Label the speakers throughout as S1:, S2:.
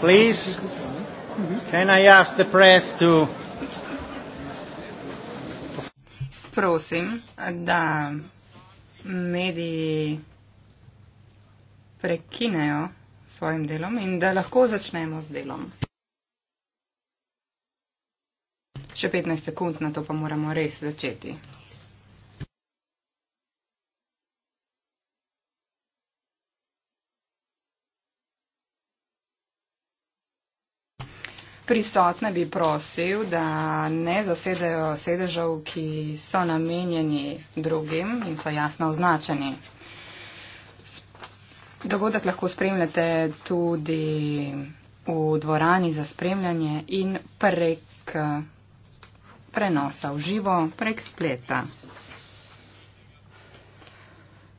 S1: please can I
S2: ask the press to prosim da mediji prekinejo svojim delom in da lahko začnemo z delom. Še 15 sekund na to pa moramo res začeti. prisotne bi prosil, da ne zasedajo sedežev, ki so namenjeni drugim in so jasno označeni. Dogodek lahko spremljate tudi v dvorani za spremljanje in prek prenosa v živo, prek spleta.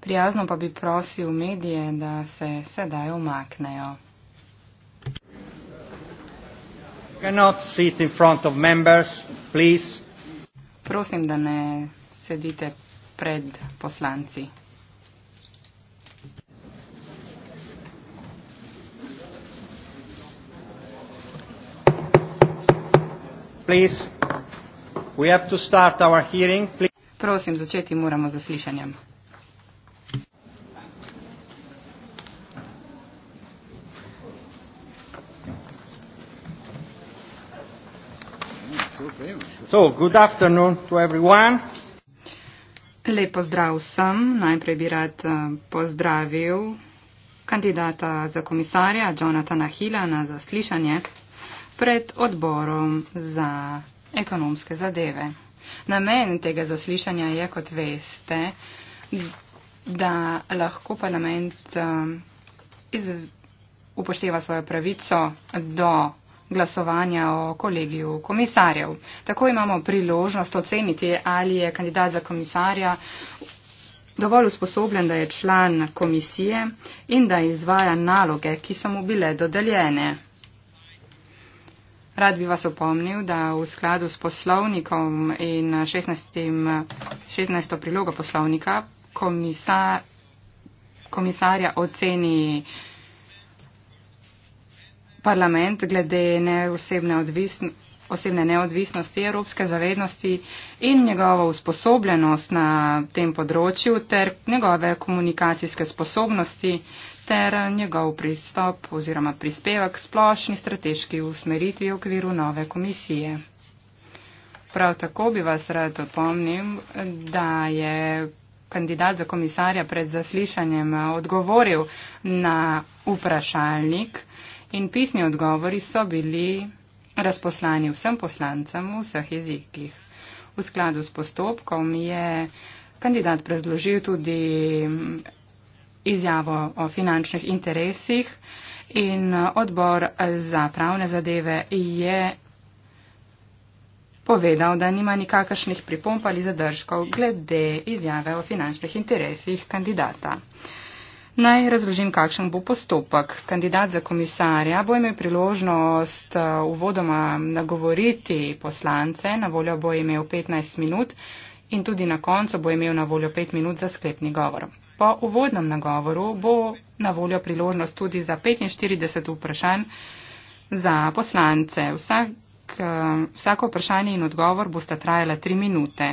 S2: Prijazno pa bi prosil medije, da se sedaj umaknejo. Prosim, da ne sedite pred poslanci. Prosim, začeti moramo z zaslišanjem.
S3: So, good afternoon
S2: to everyone. Lep pozdrav vsem. Najprej bi rad eh, pozdravil kandidata za komisarja Jonathana Hila na zaslišanje pred odborom za ekonomske zadeve. Namen tega zaslišanja je, kot veste, da lahko parlament um, iz, upošteva svojo pravico do glasovanja o kolegiju komisarjev. Tako imamo priložnost oceniti, ali je kandidat za komisarja dovolj usposobljen, da je član komisije in da izvaja naloge, ki so mu bile dodeljene. Rad bi vas opomnil, da v skladu s poslovnikom in 16. 16. prilogo poslovnika komisa, komisarja oceni parlament glede neosebne odvisnosti osebne neodvisnosti, evropske zavednosti in njegovo usposobljenost na tem področju ter njegove komunikacijske sposobnosti ter njegov pristop oziroma prispevek splošni strateški usmeritvi v okviru nove komisije. Prav tako bi vas rad opomnil, da je kandidat za komisarja pred zaslišanjem odgovoril na vprašalnik. In pisni odgovori so bili razposlani vsem poslancem v vseh jezikih. V skladu s postopkom je kandidat predložil tudi mm, izjavo o finančnih interesih in eh, odbor za pravne zadeve je povedal, da nima nikakršnih pripomp ali zadržkov glede izjave o finančnih interesih kandidata. Naj razložim, kakšen bo postopek. Kandidat za komisarja bo imel priložnost eh, uvodoma nagovoriti poslance, na voljo bo imel 15 minut in tudi na koncu bo imel na voljo 5 minut za sklepni govor. Po uvodnem nagovoru bo na voljo priložnost tudi za 45 vprašanj za poslance. Vsak, eh, vsako vprašanje in odgovor bosta trajala 3 minute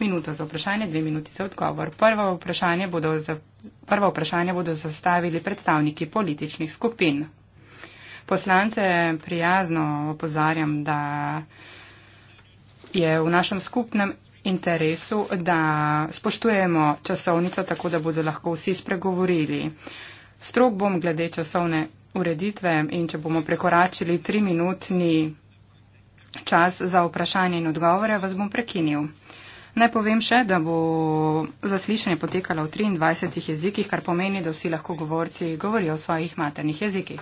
S2: minuto za vprašanje, dve minuti za odgovor. Prvo vprašanje bodo, za, prvo vprašanje bodo zastavili predstavniki političnih skupin. Poslance prijazno opozarjam, da je v našem skupnem interesu, da spoštujemo časovnico tako, da bodo lahko vsi spregovorili. Strok bom glede časovne ureditve in če bomo prekoračili tri minutni čas za vprašanje in odgovore, vas bom prekinil. Naj povem še, da bo zaslišanje potekalo v 23 jezikih, kar pomeni, da vsi lahko govorci govorijo v svojih maternih jezikih.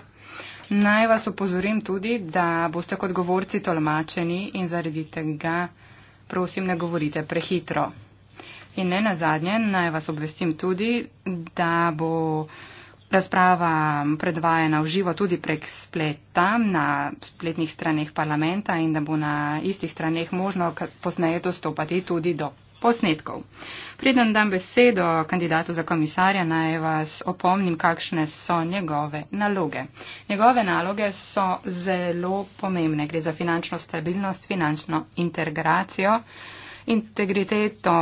S2: Naj vas opozorim tudi, da boste kot govorci tolmačeni in zaradi tega, prosim, ne govorite prehitro. In ne nazadnje, naj vas obvestim tudi, da bo. Razprava predvajena v živo tudi prek spleta na spletnih straneh parlamenta in da bo na istih straneh možno posneje dostopati tudi do posnetkov. Preden dam besedo kandidatu za komisarja, naj vas opomnim, kakšne so njegove naloge. Njegove naloge so zelo pomembne. Gre za finančno stabilnost, finančno integracijo, integriteto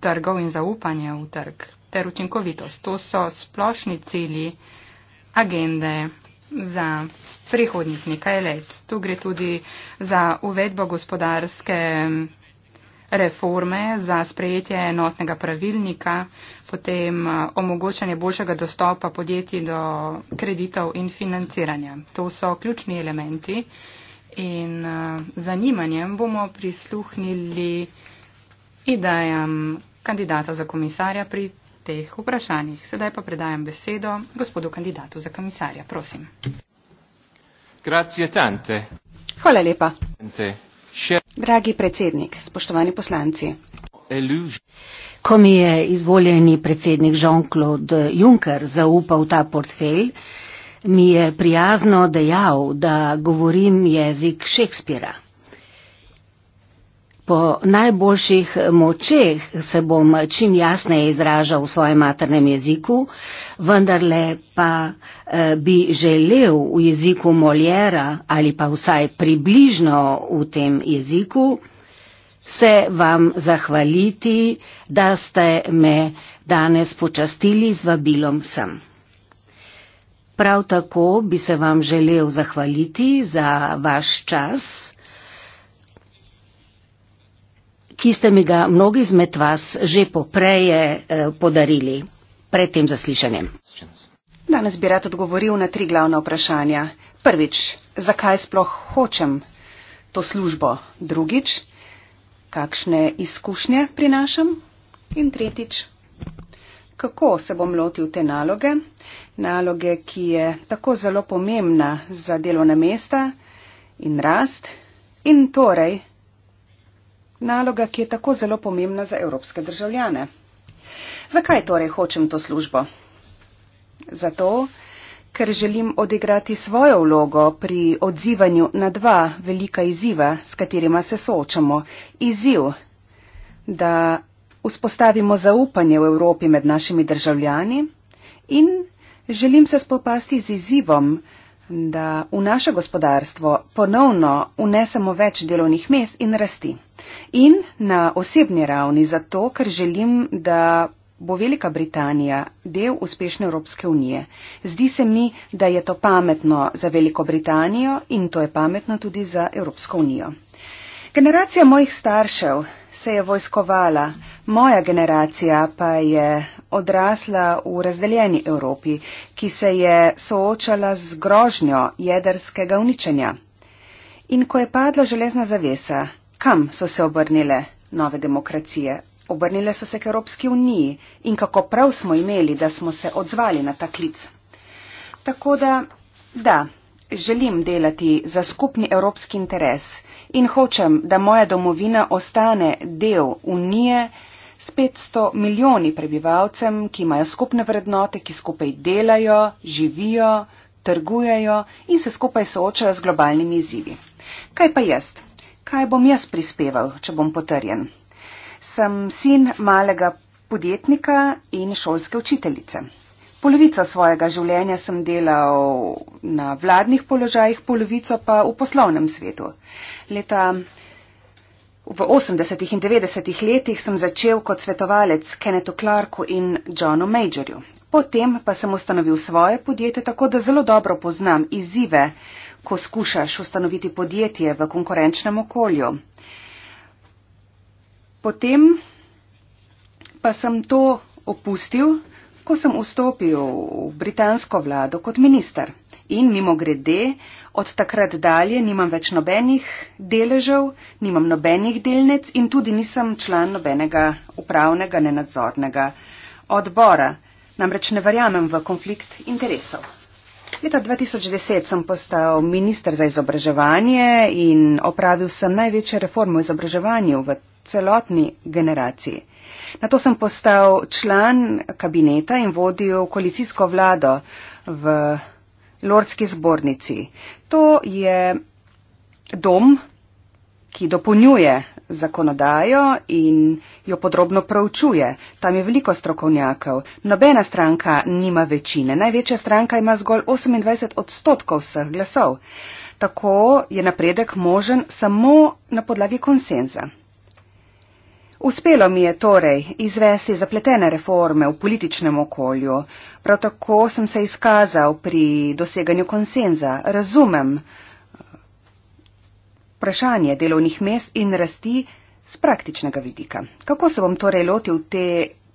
S2: trgov in zaupanje v trg ter učinkovitost. To so splošni cilji agende za prihodnjih nekaj let. Tu gre tudi za uvedbo gospodarske reforme, za sprejetje enotnega pravilnika, potem eh, omogočanje boljšega dostopa podjetij do kreditov in financiranja. To so ključni elementi in eh, zanimanjem bomo prisluhnili idejam kandidata za komisarja pri teh vprašanjih. Sedaj pa predajam besedo gospodu kandidatu
S3: za komisarja. Prosim.
S1: Grazie tante.
S2: Hvala lepa.
S3: Dragi predsednik, spoštovani poslanci.
S4: Ko mi je izvoljeni predsednik Jean-Claude Juncker zaupal ta portfelj, mi je prijazno dejal, da govorim jezik Šekspira. Po najboljših močeh se bom čim jasneje izražal v svojem maternem jeziku, vendarle pa eh, bi želel v jeziku Moljera ali pa vsaj približno v tem jeziku se vam zahvaliti, da ste me danes počastili z vabilom sem. Prav tako bi se vam želel zahvaliti za vaš čas, ki ste mi ga mnogi izmed vas že popreje eh, podarili pred tem zaslišanjem. Danes bi
S3: rad odgovoril na tri glavna vprašanja. Prvič, zakaj sploh hočem to službo? Drugič, kakšne izkušnje prinašam? In tretjič, kako se bom lotil te naloge? Naloge, ki je tako zelo pomembna za delovna mesta in rast in torej naloga, ki je tako zelo pomembna za evropske državljane. Zakaj torej hočem to službo? Zato, ker želim odigrati svojo vlogo pri odzivanju na dva velika izziva, s katerima se soočamo. Izziv, da vzpostavimo zaupanje v Evropi med našimi državljani in želim se spopasti z izzivom, da v naše gospodarstvo ponovno unesemo več delovnih mest in rasti in na osebni ravni zato, ker želim, da bo Velika Britanija del uspešne Evropske unije. Zdi se mi, da je to pametno za Veliko Britanijo in to je pametno tudi za Evropsko unijo. Generacija mojih staršev se je vojskovala, moja generacija pa je odrasla v razdeljeni Evropi, ki se je soočala z grožnjo jedrskega uničenja. In ko je padla železna zavesa, Kam so se obrnile nove demokracije? Obrnile so se k Evropski uniji in kako prav smo imeli, da smo se odzvali na ta klic. Tako da, da, želim delati za skupni evropski interes in hočem, da moja domovina ostane del unije s 500 milijoni prebivalcem, ki imajo skupne vrednote, ki skupaj delajo, živijo, trgujejo in se skupaj soočajo z globalnimi izzivi. Kaj pa jaz? kaj bom jaz prispeval, če bom potrjen. Sem sin malega podjetnika in šolske učiteljice. Polovico svojega življenja sem delal na vladnih položajih, polovico pa v poslovnem svetu. Leta v 80. in 90. letih sem začel kot svetovalec Kennethu Clarku in Johnu Majorju. Potem pa sem ustanovil svoje podjetje, tako da zelo dobro poznam izzive, ko skušaš ustanoviti podjetje v konkurenčnem okolju. Potem pa sem to opustil, ko sem vstopil v britansko vlado kot minister. In mimo grede, od takrat dalje nimam več nobenih deležev, nimam nobenih delnic in tudi nisem član nobenega upravnega nenadzornega odbora. Namreč ne verjamem v konflikt interesov. Leta 2010 sem postal minister za izobraževanje in opravil sem največjo reformo izobraževanja v celotni generaciji. Na to sem postal član kabineta in vodil koalicijsko vlado v Lordski zbornici. To je dom, ki dopolnjuje zakonodajo in jo podrobno pravčuje. Tam je veliko strokovnjakov. Nobena stranka nima večine. Največja stranka ima zgolj 28 odstotkov vseh glasov. Tako je napredek možen samo na podlagi konsenza. Uspelo mi je torej izvesti zapletene reforme v političnem okolju. Prav tako sem se izkazal pri doseganju konsenza. Razumem, vprašanje delovnih mest in rasti z praktičnega vidika. Kako se bom torej lotil te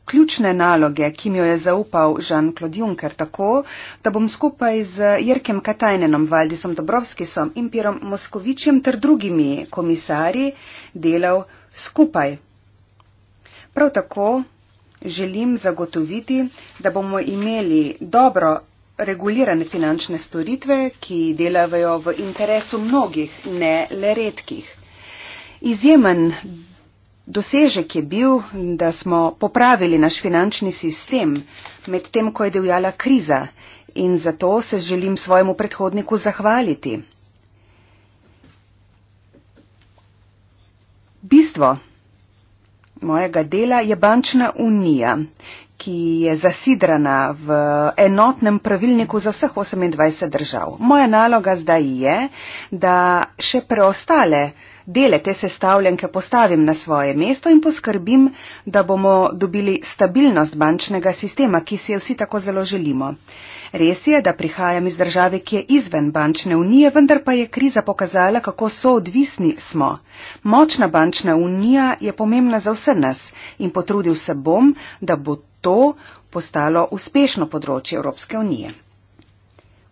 S3: ključne naloge, ki mi jo je zaupal Jean-Claude Juncker, tako, da bom skupaj z Jerkem Katajnenom, Valdisom Dobrovskisom in Pirom Moskovičem ter drugimi komisarji delal skupaj. Prav tako želim zagotoviti, da bomo imeli dobro regulirane finančne storitve, ki delajo v interesu mnogih, ne le redkih. Izjemen dosežek je bil, da smo popravili naš finančni sistem med tem, ko je divjala kriza in zato se želim svojemu predhodniku zahvaliti. Bistvo mojega dela je bančna unija, ki je zasidrana v enotnem pravilniku za vseh 28 držav. Moja naloga zdaj je, da še preostale dele te sestavljenke postavim na svoje mesto in poskrbim, da bomo dobili stabilnost bančnega sistema, ki si jo vsi tako zelo želimo. Res je, da prihajam iz države, ki je izven bančne unije, vendar pa je kriza pokazala, kako soodvisni smo. Močna bančna unija je pomembna za vse nas in potrudil se bom, da bo to postalo uspešno področje Evropske unije.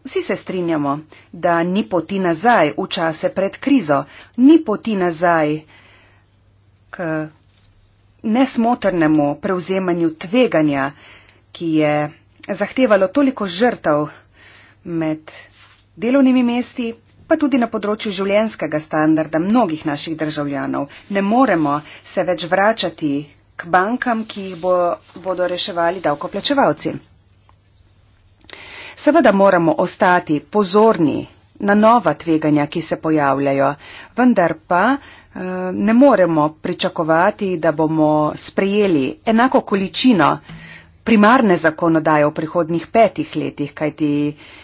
S3: Vsi se strinjamo, da ni poti nazaj v čase pred krizo, ni poti nazaj k nesmotrnemu prevzemanju tveganja, ki je zahtevalo toliko žrtev med delovnimi mesti, pa tudi na področju življenskega standarda mnogih naših državljanov. Ne moremo se več vračati k bankam, ki jih bo, bodo reševali davkoplačevalci. Seveda moramo ostati pozorni na nova tveganja, ki se pojavljajo, vendar pa eh, ne moremo pričakovati, da bomo sprejeli enako količino primarne zakonodaje v prihodnih petih letih, kajti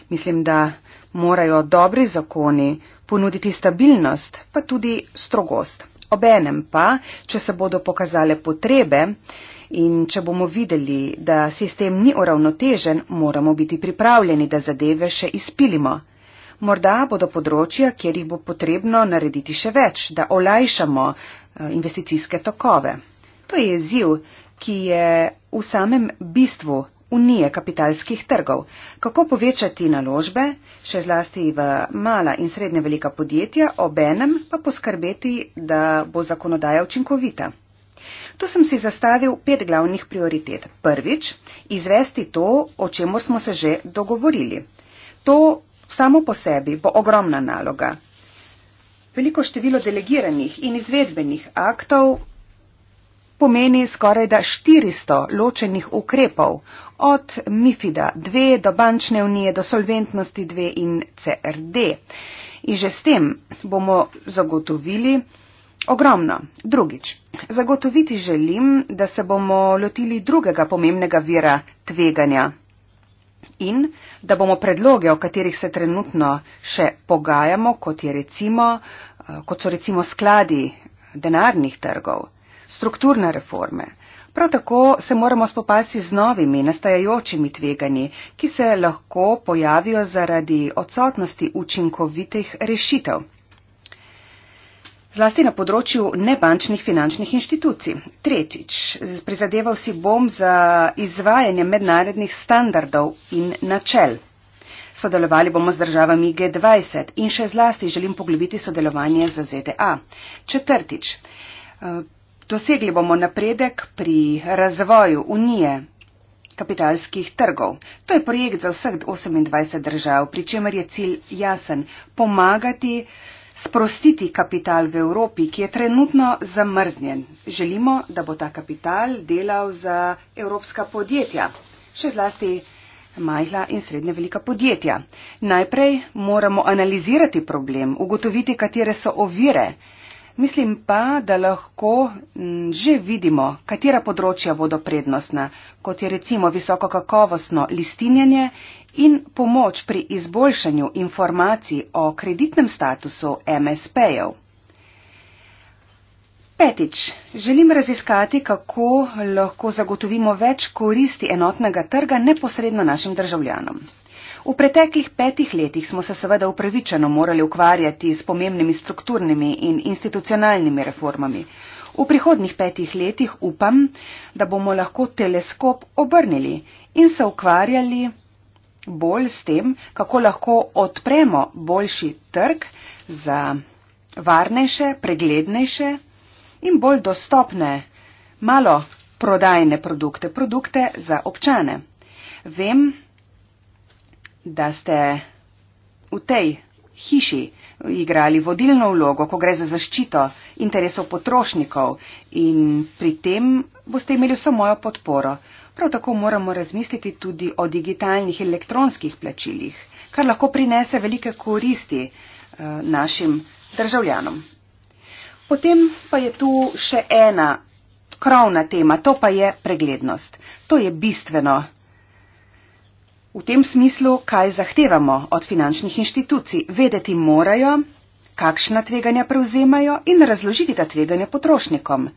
S3: mislim, da morajo dobri zakoni ponuditi stabilnost, pa tudi strogost. Obenem pa, če se bodo pokazale potrebe in če bomo videli, da sistem ni uravnotežen, moramo biti pripravljeni, da zadeve še izpilimo. Morda bodo področja, kjer jih bo potrebno narediti še več, da olajšamo eh, investicijske tokove. To je ziv, ki je v samem bistvu unije kapitalskih trgov, kako povečati naložbe, še zlasti v mala in srednje velika podjetja, obenem pa poskrbeti, da bo zakonodaja učinkovita. Tu sem si zastavil pet glavnih prioritet. Prvič, izvesti to, o čemu smo se že dogovorili. To samo po sebi bo ogromna naloga. Veliko število delegiranih in izvedbenih aktov pomeni skoraj da 400 ločenih ukrepov, od MIFID-a 2 do bančne unije do solventnosti 2 in CRD. In že s tem bomo zagotovili ogromno. Drugič, zagotoviti želim, da se bomo lotili drugega pomembnega vira tveganja in da bomo predloge, o katerih se trenutno še pogajamo, kot, recimo, eh, kot so recimo skladi denarnih trgov, strukturne reforme. Prav tako se moramo spopasti z novimi nastajajočimi tveganji, ki se lahko pojavijo zaradi odsotnosti učinkovitih rešitev. Zlasti na področju nebančnih finančnih inštitucij. Tretjič, prizadeval si bom za izvajanje mednarednih standardov in načel. Sodelovali bomo z državami G20 in še zlasti želim poglobiti sodelovanje za ZDA. Četrtič, dosegli bomo napredek pri razvoju unije kapitalskih trgov. To je projekt za vseh 28 držav, pri čemer je cilj jasen - pomagati sprostiti kapital v Evropi, ki je trenutno zamrznjen. Želimo, da bo ta kapital delal za evropska podjetja, še zlasti majhna in srednje velika podjetja. Najprej moramo analizirati problem, ugotoviti, katere so ovire, Mislim pa, da lahko m, že vidimo, katera področja bodo prednostna, kot je recimo visokokakovostno listinjanje in pomoč pri izboljšanju informacij o kreditnem statusu MSP-jev. Petič, želim raziskati, kako lahko zagotovimo več koristi enotnega trga neposredno našim državljanom. V preteklih petih letih smo se seveda upravičeno morali ukvarjati s pomembnimi strukturnimi in institucionalnimi reformami. V prihodnih petih letih upam, da bomo lahko teleskop obrnili in se ukvarjali bolj s tem, kako lahko odpremo boljši trg za varnejše, preglednejše in bolj dostopne malo prodajne produkte, produkte za občane. Vem, da ste v tej hiši igrali vodilno vlogo, ko gre za zaščito interesov potrošnikov in pri tem boste imeli vso mojo podporo. Prav tako moramo razmisliti tudi o digitalnih elektronskih plačilih, kar lahko prinese velike koristi eh, našim državljanom. Potem pa je tu še ena krovna tema, to pa je preglednost. To je bistveno v tem smislu, kaj zahtevamo od finančnih inštitucij. Vedeti morajo, kakšna tveganja prevzemajo in razložiti ta tveganja potrošnikom.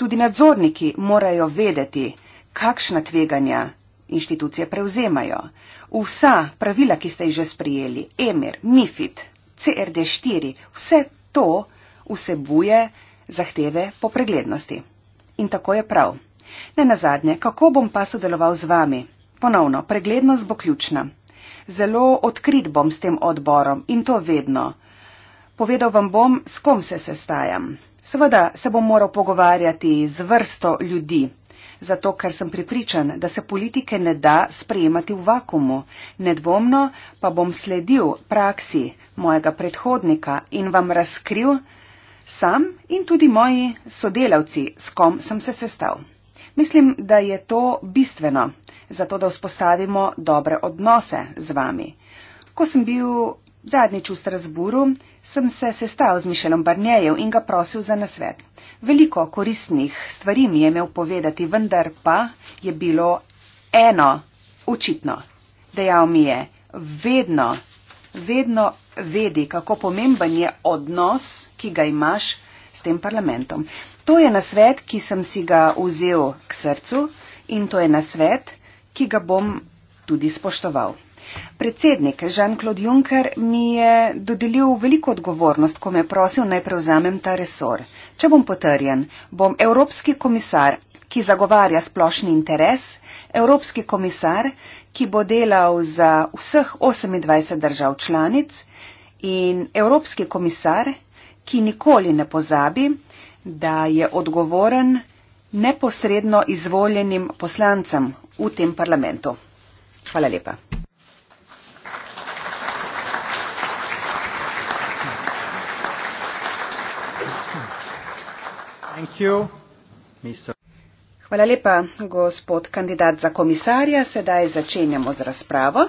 S3: Tudi nadzorniki morajo vedeti, kakšna tveganja inštitucije prevzemajo. Vsa pravila, ki ste jih že sprijeli, EMIR, MIFID, CRD4, vse to vsebuje zahteve po preglednosti. In tako je prav. Ne na zadnje, kako bom pa sodeloval z vami? Ponovno, preglednost bo ključna. Zelo odkrit bom s tem odborom in to vedno. Povedal vam bom, s kom se sestajam. Seveda se bom moral pogovarjati z vrsto ljudi, zato ker sem pripričan, da se politike ne da sprejemati v vakumu. Nedvomno pa bom sledil praksi mojega predhodnika in vam razkril sam in tudi moji sodelavci, s kom sem se sestal. Mislim, da je to bistveno, zato da vzpostavimo dobre odnose z vami. Ko sem bil zadnjič v Strasburu, sem se sestal z Mišelom Barnjejev in ga prosil za nasvet. Veliko koristnih stvari mi je imel povedati, vendar pa je bilo eno očitno. Dejal mi je, vedno, vedno vedi, kako pomemben je odnos, ki ga imaš s tem parlamentom. To je nasvet, ki sem si ga vzel k srcu in to je nasvet, ki ga bom tudi spoštoval. Predsednik Jean-Claude Juncker mi je dodelil veliko odgovornost, ko me je prosil naj prevzamem ta resor. Če bom potrjen, bom evropski komisar, ki zagovarja splošni interes, evropski komisar, ki bo delal za vseh 28 držav članic in evropski komisar, ki nikoli ne pozabi, da je odgovoren neposredno izvoljenim poslancem v tem parlamentu. Hvala lepa. Hvala lepa, gospod kandidat za komisarja. Sedaj začenjamo z razpravo.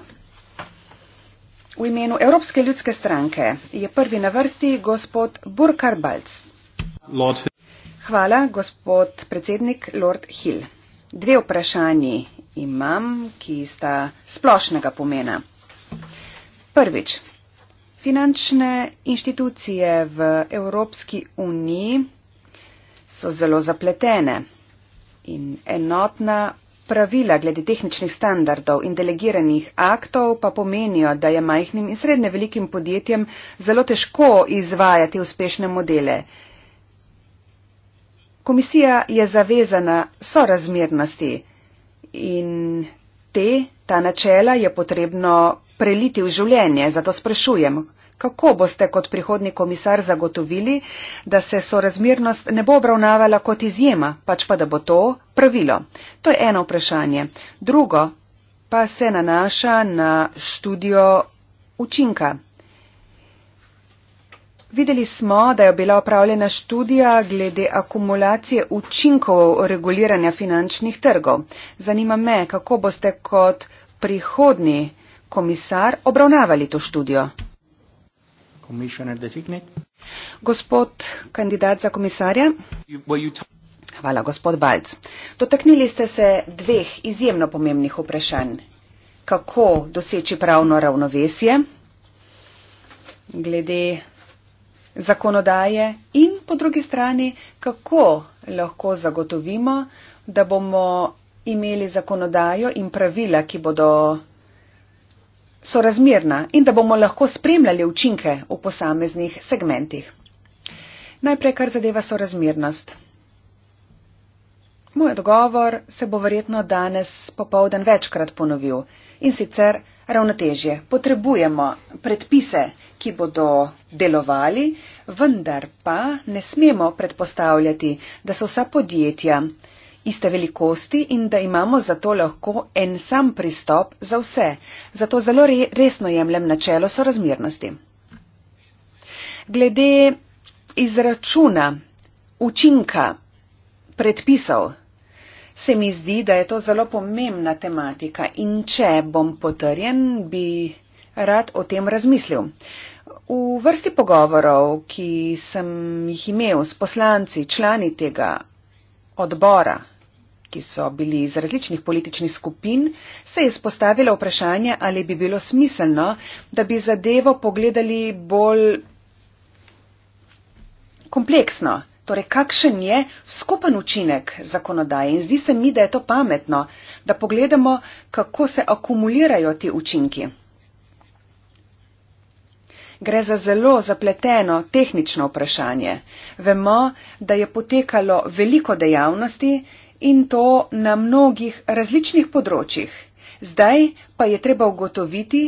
S3: V imenu Evropske ljudske stranke je prvi na vrsti gospod Burkhard Balc. Hvala, gospod predsednik Lord Hill. Dve vprašanji imam, ki sta splošnega pomena. Prvič, finančne inštitucije v Evropski uniji so zelo zapletene in enotna pravila glede tehničnih standardov in delegiranih aktov pa pomenijo, da je majhnim in srednje velikim podjetjem zelo težko izvajati uspešne modele. Komisija je zavezana sorazmernosti in te, ta načela je potrebno preliti v življenje. Zato sprašujem, kako boste kot prihodni komisar zagotovili, da se sorazmernost ne bo obravnavala kot izjema, pač pa da bo to pravilo? To je eno vprašanje. Drugo pa se nanaša na študijo učinka. Videli smo, da je bila opravljena študija glede akumulacije učinkov reguliranja finančnih trgov. Zanima me, kako boste kot prihodni komisar obravnavali to študijo. Gospod kandidat za komisarja. Hvala, gospod Balc. Dotaknili ste se dveh izjemno pomembnih vprašanj. Kako doseči pravno ravnovesje glede zakonodaje in po drugi strani, kako lahko zagotovimo, da bomo imeli zakonodajo in pravila, ki bodo sorazmerna in da bomo lahko spremljali učinke v posameznih segmentih. Najprej, kar zadeva sorazmernost. Moj odgovor se bo verjetno danes popovdan večkrat ponovil in sicer ravnotežje. Potrebujemo predpise, ki bodo delovali, vendar pa ne smemo predpostavljati, da so vsa podjetja iste velikosti in da imamo zato lahko en sam pristop za vse. Zato zelo re resno jemljem načelo sorazmernosti. Glede izračuna učinka predpisov se mi zdi, da je to zelo pomembna tematika in če bom potrjen, bi rad o tem razmislil. V vrsti pogovorov, ki sem jih imel s poslanci, člani tega odbora, ki so bili iz različnih političnih skupin, se je spostavilo vprašanje, ali bi bilo smiselno, da bi zadevo pogledali bolj kompleksno. Torej, kakšen je skupen učinek zakonodaje? In zdi se mi, da je to pametno, da pogledamo, kako se akumulirajo ti učinki gre za zelo zapleteno tehnično vprašanje. Vemo, da je potekalo veliko dejavnosti in to na mnogih različnih področjih. Zdaj pa je treba ugotoviti,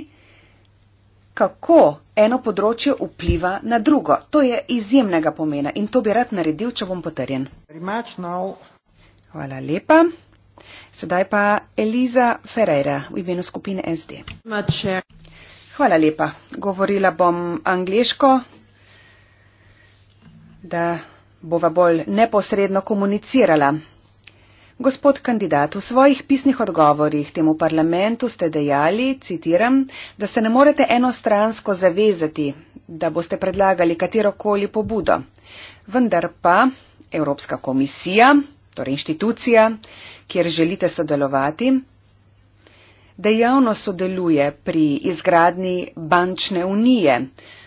S3: kako eno področje vpliva na drugo. To je izjemnega pomena in to bi rad naredil, če bom potrjen. Hvala lepa. Sedaj pa Eliza Ferreira v imenu skupine SD. Hvala lepa. Govorila bom angliško, da bova bolj neposredno komunicirala. Gospod kandidat, v svojih pisnih odgovorih temu parlamentu ste dejali, citiram, da se ne morete enostransko zavezati, da boste predlagali katerokoli pobudo. Vendar pa Evropska komisija, torej inštitucija, kjer želite sodelovati, dejavno sodeluje pri izgradnji bančne unije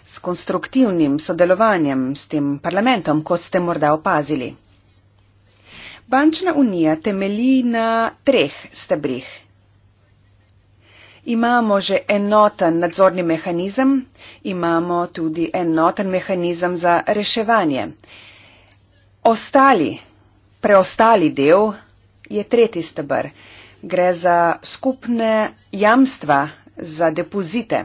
S3: s konstruktivnim sodelovanjem s tem parlamentom, kot ste morda opazili. Bančna unija temelji na treh stebrih. Imamo že enoten nadzorni mehanizem, imamo tudi enoten mehanizem za reševanje. Ostali, preostali del je tretji stebr gre za skupne jamstva, za depozite.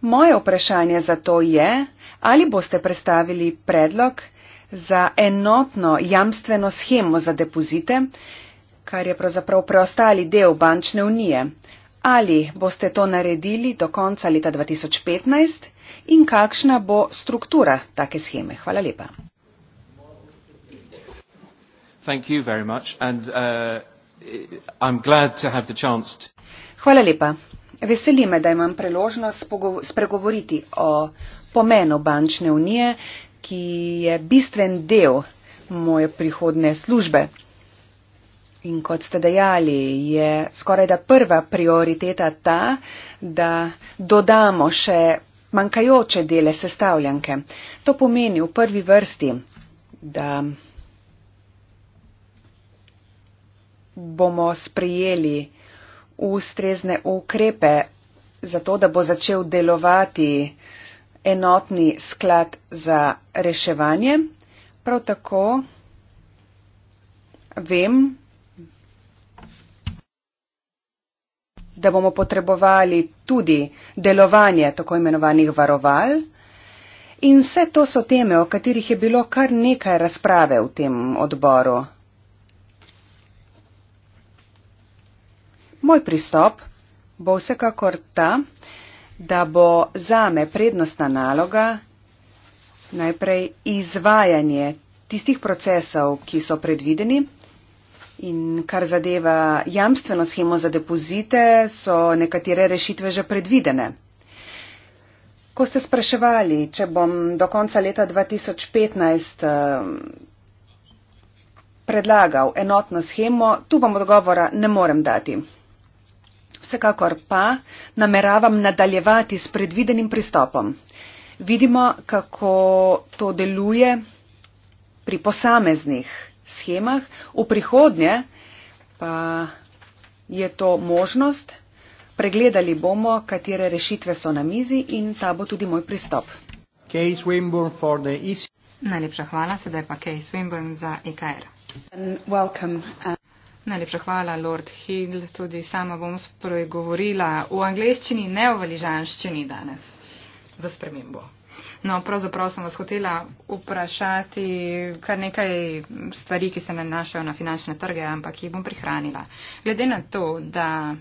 S3: Moje vprašanje zato je, ali boste predstavili predlog za enotno jamstveno schemo za depozite, kar je pravzaprav preostali del bančne unije. Ali boste to naredili do konca leta 2015 in kakšna bo struktura take scheme? Hvala lepa. Uh, Hvala lepa. Veseli me, da imam priložnost spregovoriti o pomenu bančne unije, ki je bistven del moje prihodne službe. In kot ste dejali, je skoraj da prva prioriteta ta, da dodamo še manjkajoče dele sestavljanke. To pomeni v prvi vrsti, da bomo sprijeli ustrezne ukrepe, zato da bo začel delovati enotni sklad za reševanje. Prav tako vem, da bomo potrebovali tudi delovanje tako imenovanih varoval. In vse to so teme, o katerih je bilo kar nekaj razprave v tem odboru. Moj pristop bo vsekakor ta, da bo zame prednostna naloga najprej izvajanje tistih procesov, ki so predvideni. In kar zadeva jamstveno schemo za depozite, so nekatere rešitve že predvidene. Ko ste spraševali, če bom do konca leta 2015 eh, predlagal enotno schemo, tu vam odgovora ne morem dati vsekakor pa nameravam nadaljevati s predvidenim pristopom. Vidimo, kako to deluje pri posameznih schemah, v prihodnje pa je to možnost. Pregledali bomo, katere rešitve so na mizi in ta bo tudi moj pristop.
S2: Najlepša hvala, sedaj pa Kej Swinburne za EKR. And welcome, uh... Najlepša hvala, Lord Hill. Tudi sama bom spregovorila v angleščini, ne v valižanščini danes. Za spremembo. No, pravzaprav sem vas hotela vprašati kar nekaj stvari, ki se nanašajo na finančne trge, ampak jih bom prihranila. Glede na to, da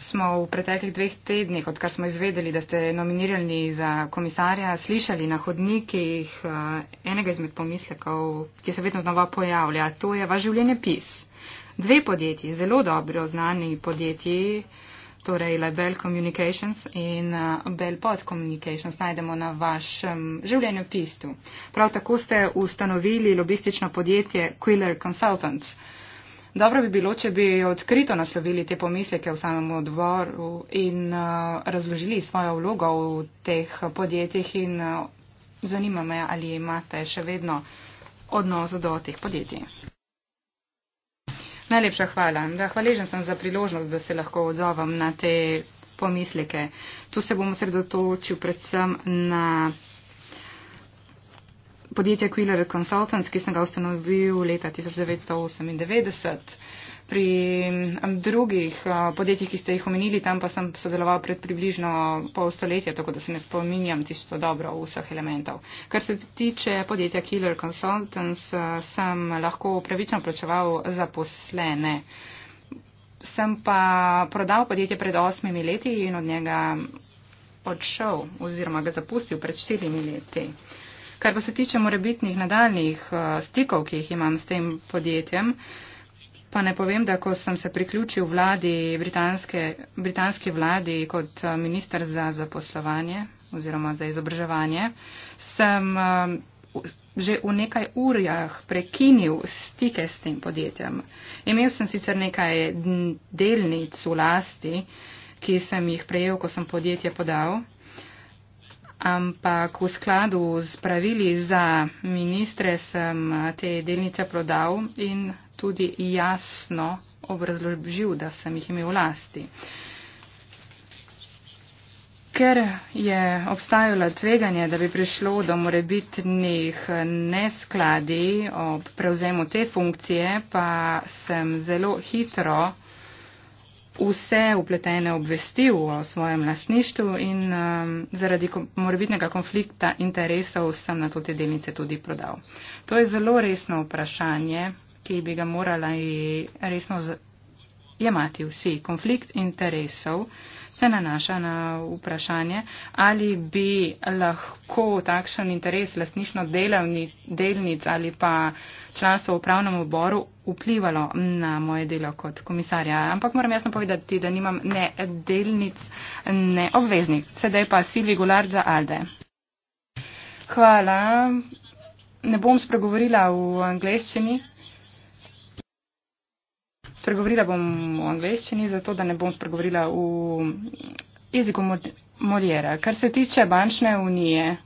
S2: smo v preteklih dveh tednih, odkar smo izvedeli, da ste nominirali za komisarja, slišali na hodnikih eh, enega izmed pomislekov, ki se vedno znova pojavlja, to je vaš življenjepis dve podjetji, zelo dobro znani podjetji, torej Label Communications in uh, Bell Pod Communications, najdemo na vašem življenju pistu. Prav tako ste ustanovili lobistično podjetje Quiller Consultants. Dobro bi bilo, če bi odkrito naslovili te pomisleke v samem odboru in uh, razložili svojo vlogo v teh podjetjih in uh, zanima me, ali imate še vedno odnos do teh podjetij. Najlepša hvala. Da, hvaležen sem za priložnost, da se lahko odzovem na te pomisleke. Tu se bom osredotočil predvsem na podjetje Quiller Consultants, ki sem ga ustanovil leta 1998 pri um, drugih uh, podjetjih, ki ste jih omenili, tam pa sem sodeloval pred približno pol stoletja, tako da se ne spominjam tisto dobro vseh elementov. Kar se tiče podjetja Killer Consultants, uh, sem lahko pravično plačeval za poslene. Sem pa prodal podjetje pred osmimi leti in od njega odšel oziroma ga zapustil pred štirimi leti. Kar pa se tiče morebitnih nadaljnih uh, stikov, ki jih imam s tem podjetjem, uh, Pa ne povem, da ko sem se priključil vladi, britanski vladi kot eh, minister za zaposlovanje oziroma za izobraževanje, sem eh, že v nekaj urjah prekinil stike s tem podjetjem. Imel sem sicer nekaj delnic v lasti, ki sem jih prejel, ko sem podjetje podal, ampak v skladu z pravili za ministre sem eh, te delnice prodal in tudi jasno obrazložil, da sem jih imel vlasti. Ker je obstajalo tveganje, da bi prišlo do morebitnih neskladi ob prevzemu te funkcije, pa sem zelo hitro vse upletene obvestil o svojem lasništvu in um, zaradi morebitnega konflikta interesov sem na to te delnice tudi prodal. To je zelo resno vprašanje, ki bi ga morali resno jemati vsi. Konflikt interesov se nanaša na vprašanje, ali bi lahko takšen interes lastnično delavni, delnic ali pa članstvo v upravnem oboru vplivalo na moje delo kot komisarja. Ampak moram jasno povedati, da nimam ne delnic, ne obveznic. Sedaj pa Silvi Gulard za Alde. Hvala. Ne bom spregovorila v angleščini. Spregovorila bom v angleščini, zato da ne bom spregovorila v jeziku Moljera. Kar se tiče bančne unije,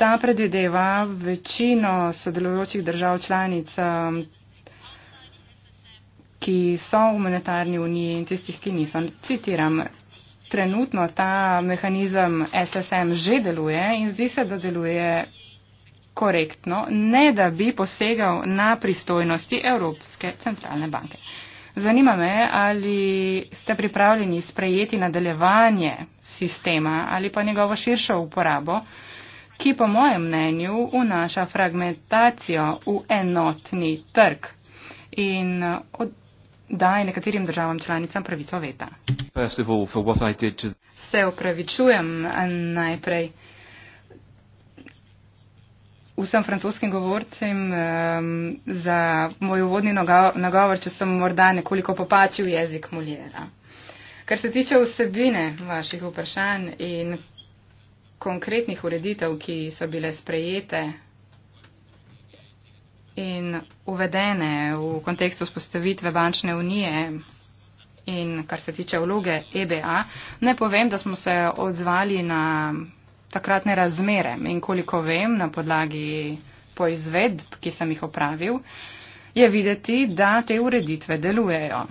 S2: ta predvideva večino sodelujočih držav članic, um, ki so v monetarni uniji in tistih, ki niso. Citiram, trenutno ta mehanizem SSM že deluje in zdi se, da deluje korektno, ne da bi posegal na pristojnosti Evropske centralne banke. Zanima me, ali ste pripravljeni sprejeti nadaljevanje sistema ali pa njegovo širšo uporabo, ki po mojem mnenju vnaša fragmentacijo v enotni trg in daje nekaterim državam članicam pravico veta. Se opravičujem najprej vsem francoskim govorcem um, za moj uvodni nagovor, če sem morda nekoliko popačil jezik Muljera. Kar se tiče vsebine vaših vprašanj in konkretnih ureditev, ki so bile sprejete in uvedene v kontekstu spostavitve bančne unije in kar se tiče vloge EBA, ne povem, da smo se odzvali na takratne razmere. In koliko vem na podlagi poizvedb, ki sem jih opravil, je videti, da te ureditve delujejo.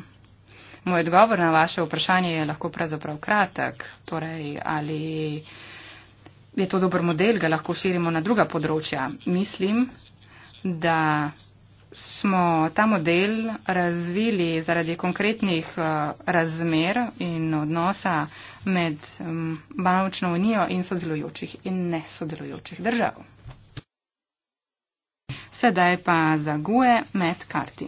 S2: Moj odgovor na vaše vprašanje je lahko pravzaprav kratek. Torej, ali je to dober model, ga lahko širimo na druga področja. Mislim, da smo ta model razvili zaradi konkretnih eh, razmer in odnosa med um, Banovčno unijo in sodelujočih in nesodelujočih držav. Sedaj pa za GUE med karti.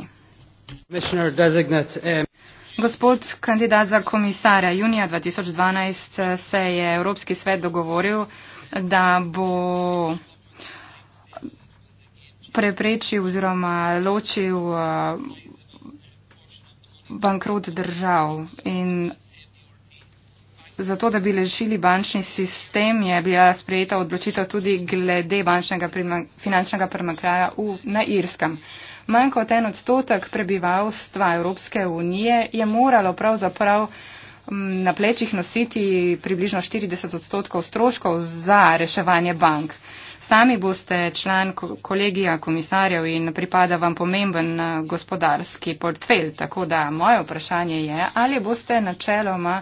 S2: Gospod kandidat za komisarja, junija 2012 se je Evropski svet dogovoril, da bo preprečil oziroma ločil eh, bankrot držav in Zato, da bi ležili bančni sistem, je bila sprejeta odločitev tudi glede bančnega finančnega premakraja v, na Irskem. Manj kot en odstotek prebivalstva Evropske unije je moralo pravzaprav na plečih nositi približno 40 odstotkov stroškov za reševanje bank. Sami boste član kolegija komisarjev in pripada vam pomemben eh, gospodarski portfelj, tako da moje vprašanje je, ali boste načeloma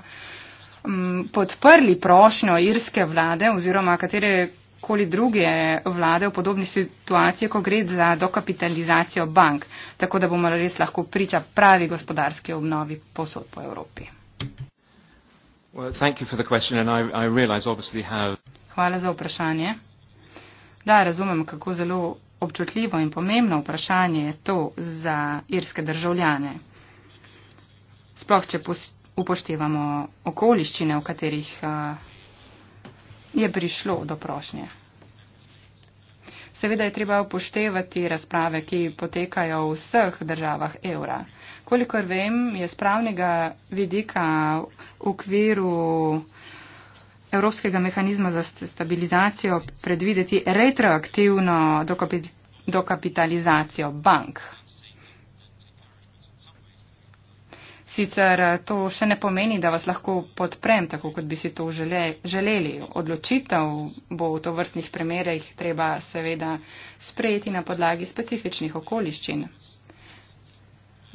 S2: podprli prošnjo irske vlade oziroma katere koli druge vlade v podobni situaciji, ko gre za dokapitalizacijo bank, tako da bomo res lahko priča pravi gospodarski obnovi posod po Evropi. Hvala za vprašanje. Da, razumem, kako zelo občutljivo in pomembno vprašanje je to za irske državljane. Sploh, če upoštevamo okoliščine, v katerih je prišlo do prošnje. Seveda je treba upoštevati razprave, ki potekajo v vseh državah evra. Kolikor vem, je spravnega vidika v okviru Evropskega mehanizma za stabilizacijo predvideti retroaktivno dokapitalizacijo bank. Sicer eh, to še ne pomeni, da vas lahko podprem, tako kot bi si to želeli. Odločitev bo v to vrstnih primerih treba seveda sprejeti na podlagi specifičnih okoliščin.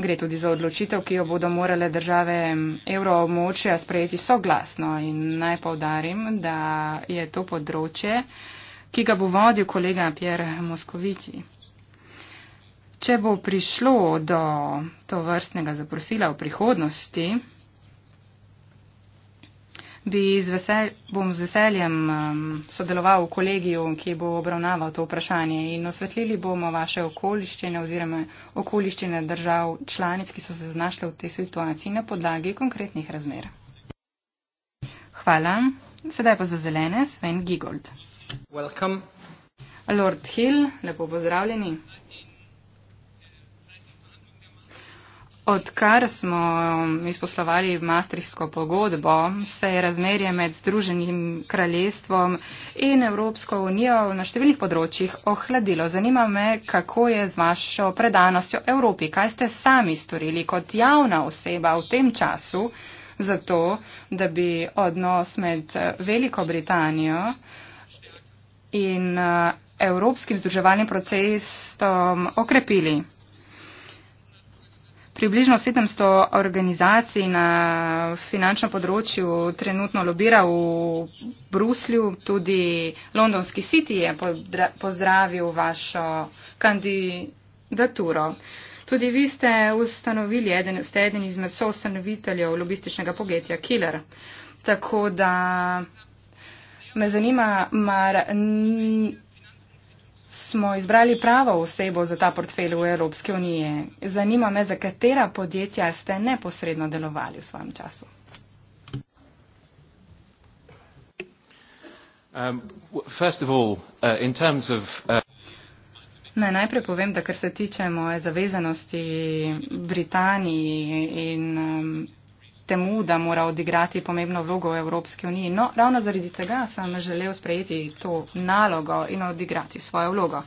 S2: Gre tudi za odločitev, ki jo bodo morale države evroobmočja sprejeti soglasno in naj povdarim, da je to področje, ki ga bo vodil kolega Pierre Moscovici. Če bo prišlo do tovrstnega zaprosila v prihodnosti, bi z vesel, bom z veseljem um, sodeloval v kolegiju, ki bo obravnaval to vprašanje in osvetlili bomo vaše okoliščine oziroma okoliščine držav članic, ki so se znašle v tej situaciji na podlagi konkretnih razmer. Hvala. Sedaj pa za zelene Sven Gigold. Welcome. Lord Hill, lepo pozdravljeni. Odkar smo izposlovali mastrisko pogodbo, se je razmerje med Združenim kraljestvom in Evropsko unijo na številnih področjih ohladilo. Zanima me, kako je z vašo predanostjo Evropi, kaj ste sami storili kot javna oseba v tem času, zato da bi odnos med Veliko Britanijo in eh, Evropskim združevalnim procesom okrepili približno 700 organizacij na finančnem področju trenutno lobira v Bruslju. Tudi Londonski City je pozdravil vašo kandidaturo. Tudi vi ste ustanovili, eden, ste eden izmed soustanoviteljev lobističnega podjetja Killer. Tako da me zanima, mar. N, smo izbrali pravo osebo za ta portfelj v Evropski uniji. Zanima me, za katera podjetja ste neposredno delovali v svojem času.
S1: Um, uh,
S2: Ne, uh, najprej povem, da kar se tiče moje zavezanosti Britaniji in um, temu, da mora odigrati pomembno vlogo v Evropski uniji. No, ravno zaradi tega sem želel sprejeti to nalogo in odigrati svojo vlogo.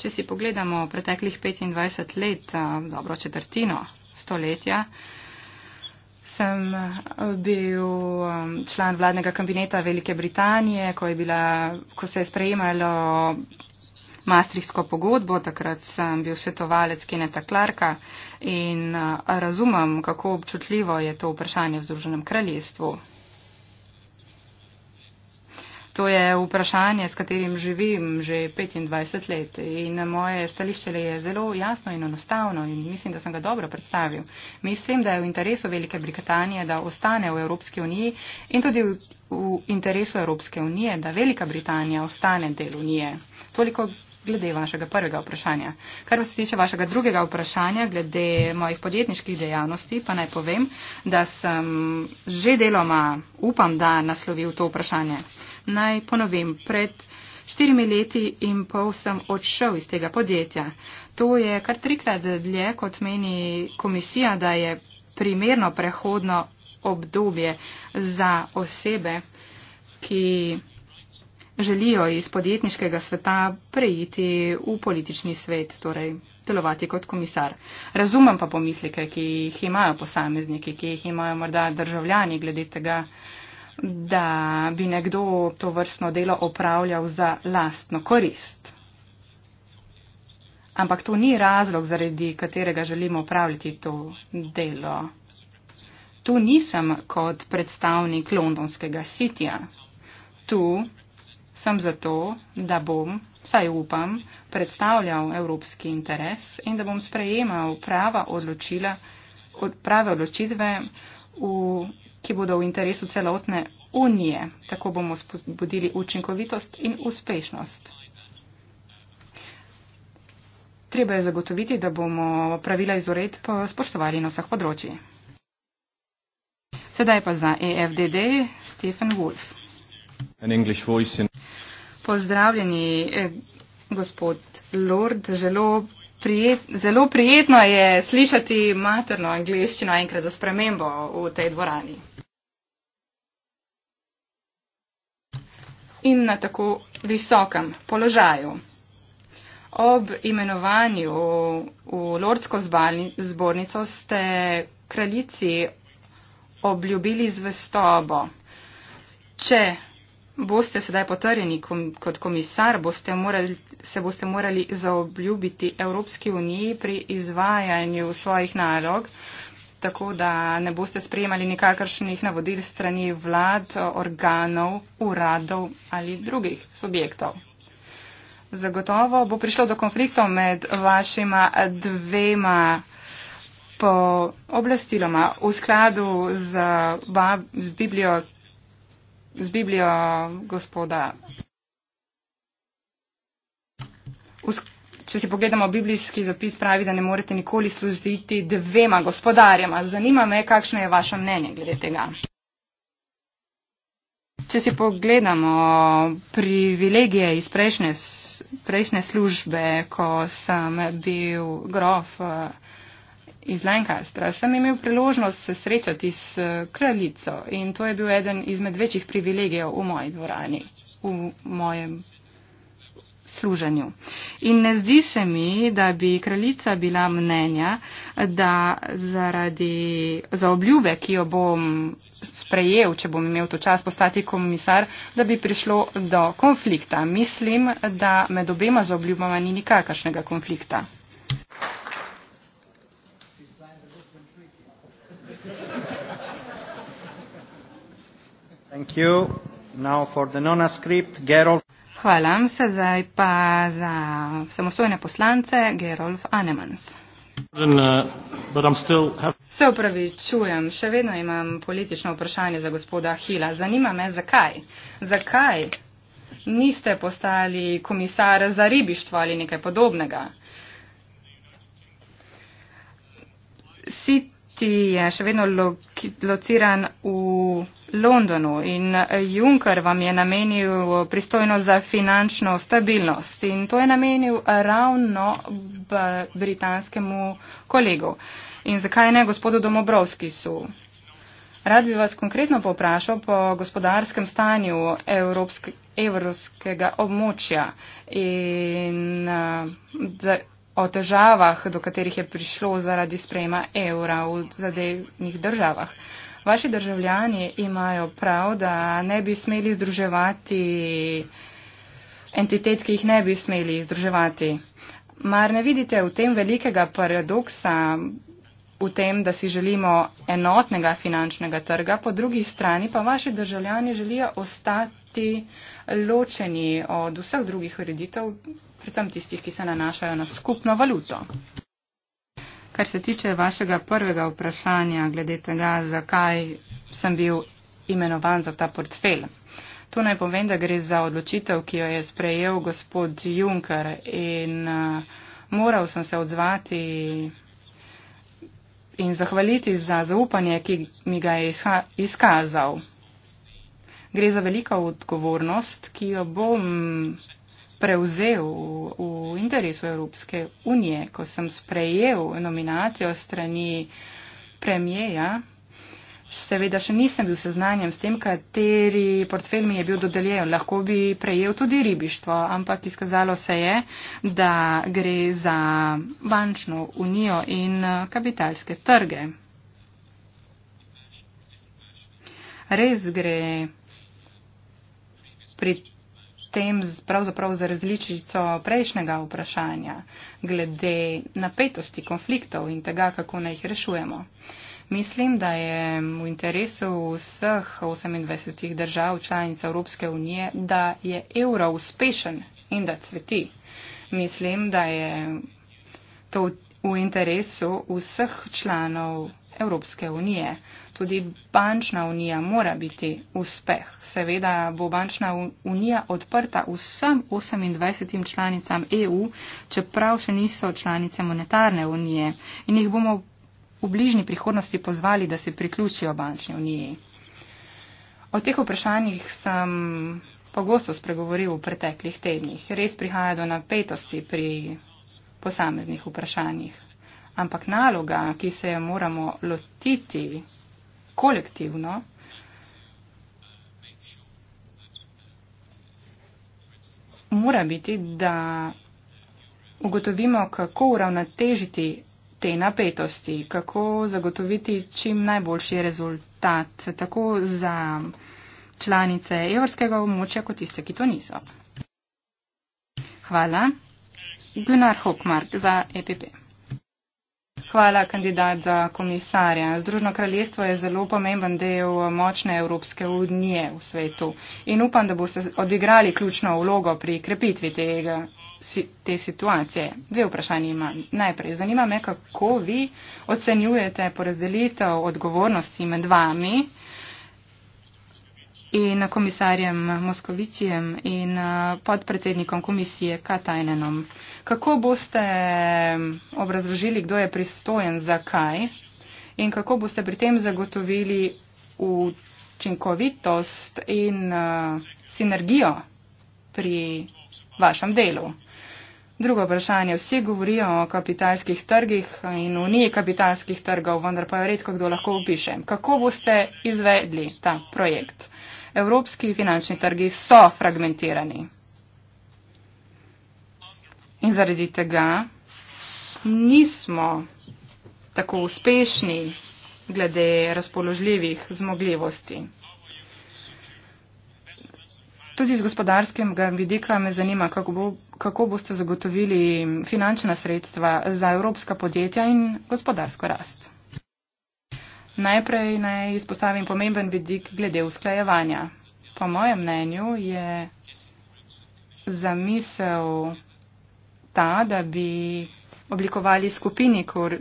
S2: Če si pogledamo preteklih 25 let, eh, dobro četrtino stoletja, sem eh, bil eh, član vladnega kabineta Velike Britanije, ko, bila, ko se je sprejemalo mastrihsko pogodbo, takrat sem bil svetovalec Keneta Clarka in razumem, kako občutljivo je to vprašanje v Združenem kraljestvu. To je vprašanje, s katerim živim že 25 let in moje stališče je zelo jasno in enostavno in mislim, da sem ga dobro predstavil. Mislim, da je v interesu Velike Britanije, da ostane v Evropski uniji in tudi v interesu Evropske unije, da Velika Britanija ostane del unije. Toliko glede vašega prvega vprašanja. Kar se tiče vašega drugega vprašanja, glede mojih podjetniških dejavnosti, pa naj povem, da sem že deloma upam, da naslovil to vprašanje. Naj ponovim, pred štirimi leti in pol sem odšel iz tega podjetja. To je kar trikrat dlje, kot meni komisija, da je primerno prehodno obdobje za osebe, ki želijo iz podjetniškega sveta preiti v politični svet, torej delovati kot komisar. Razumem pa pomislike, ki jih imajo posamezniki, ki jih imajo morda državljani glede tega, da bi nekdo to vrstno delo opravljal za lastno korist. Ampak to ni razlog, zaradi katerega želimo opravljati to delo. Tu nisem kot predstavnik londonskega sitja. Tu sem zato, da bom, saj upam, predstavljal evropski interes in da bom sprejemal prava odločila, prave odločitve, v, ki bodo v interesu celotne unije. Tako bomo spodbudili učinkovitost in uspešnost. Treba je zagotoviti, da bomo pravila iz ured spoštovali na vseh področjih. Sedaj pa za EFDD Stephen Wolf.
S1: An English voice in
S2: pozdravljeni, eh, gospod Lord. Zelo, prijet, zelo prijetno je slišati materno angliščino enkrat za spremembo v tej dvorani. In na tako visokem položaju. Ob imenovanju v Lordsko zbornico ste kraljici obljubili zvestobo. Če boste sedaj potrjeni kom, kot komisar, boste morali, se boste morali zaobljubiti Evropski uniji pri izvajanju svojih nalog, tako da ne boste sprejemali nikakršnih navodil strani vlad, organov, uradov ali drugih subjektov. Zagotovo bo prišlo do konfliktov med vašima dvema po oblastiloma v skladu z, bab, z Biblijo z Biblijo gospoda. Če si pogledamo biblijski zapis, pravi, da ne morete nikoli služiti dvema gospodarjema. Zanima me, kakšno je vaše mnenje glede tega. Če si pogledamo privilegije iz prejšnje, prejšnje službe, ko sem bil grof eh, iz Lancastra, sem imel priložnost se srečati s eh, kraljico in to je bil eden izmed večjih privilegijev v moji dvorani, v mojem služenju. In ne zdi se mi, da bi kraljica bila mnenja, da zaradi za obljube, ki jo bom sprejel, če bom imel to čas postati komisar, da bi prišlo do konflikta. Mislim, da med obema zaobljubama ni nikakršnega konflikta. Hvala. Sedaj pa za samostojne poslance Gerolf Anemans.
S1: Uh,
S2: Se upravičujem, še vedno imam politično vprašanje za gospoda Hila. Zanima me, zakaj? Zakaj niste postali komisar za ribištvo ali nekaj podobnega? Siti je še vedno lo lociran v Londonu in Juncker vam je namenil pristojnost za finančno stabilnost in to je namenil ravno britanskemu kolegu. In zakaj ne gospodu Domobrovski su? Rad bi vas konkretno poprašal po gospodarskem stanju evropske, evropskega območja in za, o težavah, do katerih je prišlo zaradi sprejema evra v zadevnih državah. Vaši državljani imajo prav, da ne bi smeli združevati entitet, ki jih ne bi smeli združevati. Mar ne vidite v tem velikega paradoksa, v tem, da si želimo enotnega finančnega trga, po drugi strani pa vaši državljani želijo ostati ločeni od vseh drugih ureditev, predvsem tistih, ki se nanašajo na skupno valuto? Kar se tiče vašega prvega vprašanja glede tega, zakaj sem bil imenovan za ta portfel. To naj povem, da gre za odločitev, ki jo je sprejel gospod Juncker in uh, moral sem se odzvati in zahvaliti za zaupanje, ki mi ga je izha, izkazal. Gre za veliko odgovornost, ki jo bom prevzel v, v interesu Evropske unije, ko sem sprejel nominacijo strani premijeja. Seveda še nisem bil seznanjen s tem, kateri portfelj mi je bil dodeljen. Lahko bi prejel tudi ribištvo, ampak izkazalo se je, da gre za bančno unijo in kapitalske trge. Res gre pri tem pravzaprav za različico prejšnjega vprašanja glede napetosti konfliktov in tega, kako naj jih rešujemo. Mislim, da je v interesu vseh 28 držav članic Evropske unije, da je evro uspešen in da cveti. Mislim, da je to v interesu vseh članov Evropske unije, tudi bančna unija mora biti uspeh. Seveda bo bančna unija odprta vsem 28 članicam EU, čeprav še niso članice monetarne unije in jih bomo v bližnji prihodnosti pozvali, da se priključijo bančni uniji. O teh vprašanjih sem pogosto spregovoril v preteklih tednih. Res prihaja do napetosti pri posameznih vprašanjih. Ampak naloga, ki se jo moramo lotiti kolektivno. Mora biti, da ugotovimo, kako uravnotežiti te napetosti, kako zagotoviti čim najboljši rezultat, tako za članice evropskega območja, kot tiste, ki to niso. Hvala. Gunnar Hokmark za EPP. Hvala, kandidat za komisarja. Združno kraljestvo je zelo pomemben del močne Evropske unije v svetu in upam, da boste odigrali ključno vlogo pri krepitvi tega, te situacije. Dve vprašanje imam. Najprej, zanima me, kako vi ocenjujete porazdelitev odgovornosti med vami in komisarjem Moskovičijem in podpredsednikom komisije Katajnenom. Kako boste obrazložili, kdo je pristojen za kaj in kako boste pri tem zagotovili učinkovitost in uh, sinergijo pri vašem delu? Drugo vprašanje. Vsi govorijo o kapitalskih trgih in uniji kapitalskih trgov, vendar pa je redko kdo lahko upiše. Kako boste izvedli ta projekt? Evropski finančni trgi so fragmentirani. In zaradi tega nismo tako uspešni glede razpoložljivih zmogljivosti. Tudi z gospodarskega vidika me zanima, kako, bo, kako boste zagotovili finančna sredstva za evropska podjetja in gospodarsko rast. Najprej naj izpostavim pomemben vidik glede usklajevanja. Po mojem mnenju je zamisel ta, da bi oblikovali skupini kor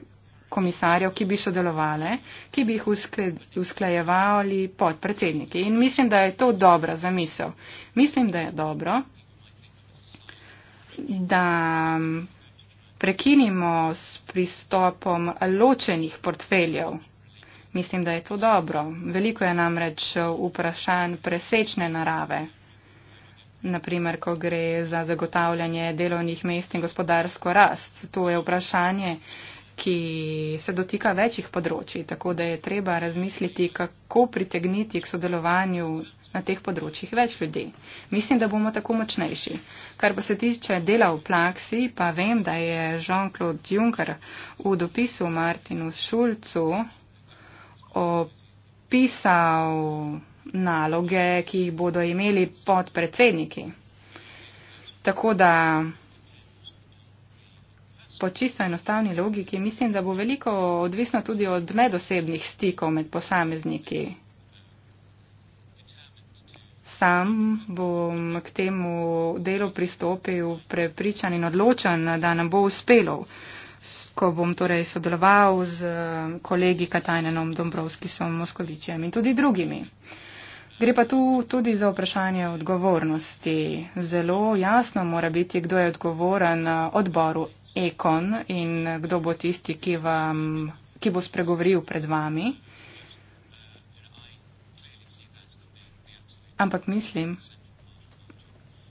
S2: komisarjev, ki bi sodelovali, ki bi jih uskle, usklejevali pod predsedniki. In mislim, da je to dobra zamisel. Mislim, da je dobro, da prekinimo s pristopom ločenih portfeljev. Mislim, da je to dobro. Veliko je namreč vprašanj presečne narave naprimer, ko gre za zagotavljanje delovnih mest in gospodarsko rast. To je vprašanje, ki se dotika večjih področji, tako da je treba razmisliti, kako pritegniti k sodelovanju na teh področjih več ljudi. Mislim, da bomo tako močnejši. Kar pa se tiče dela v praksi, pa vem, da je Jean-Claude Juncker v dopisu Martinu Šulcu opisal naloge, ki jih bodo imeli podpredsedniki. Tako da po čisto enostavni logiki mislim, da bo veliko odvisno tudi od medosebnih stikov med posamezniki. Sam bom k temu delu pristopil prepričan in odločen, da nam bo uspelo, ko bom torej sodeloval z kolegi Katajnenom Dombrovskisom Moskovičem in tudi drugimi. Gre pa tu tudi za vprašanje odgovornosti. Zelo jasno mora biti, kdo je odgovoren eh, odboru Ekon in eh, kdo bo tisti, ki, vam, ki bo spregovoril pred vami. Ampak mislim,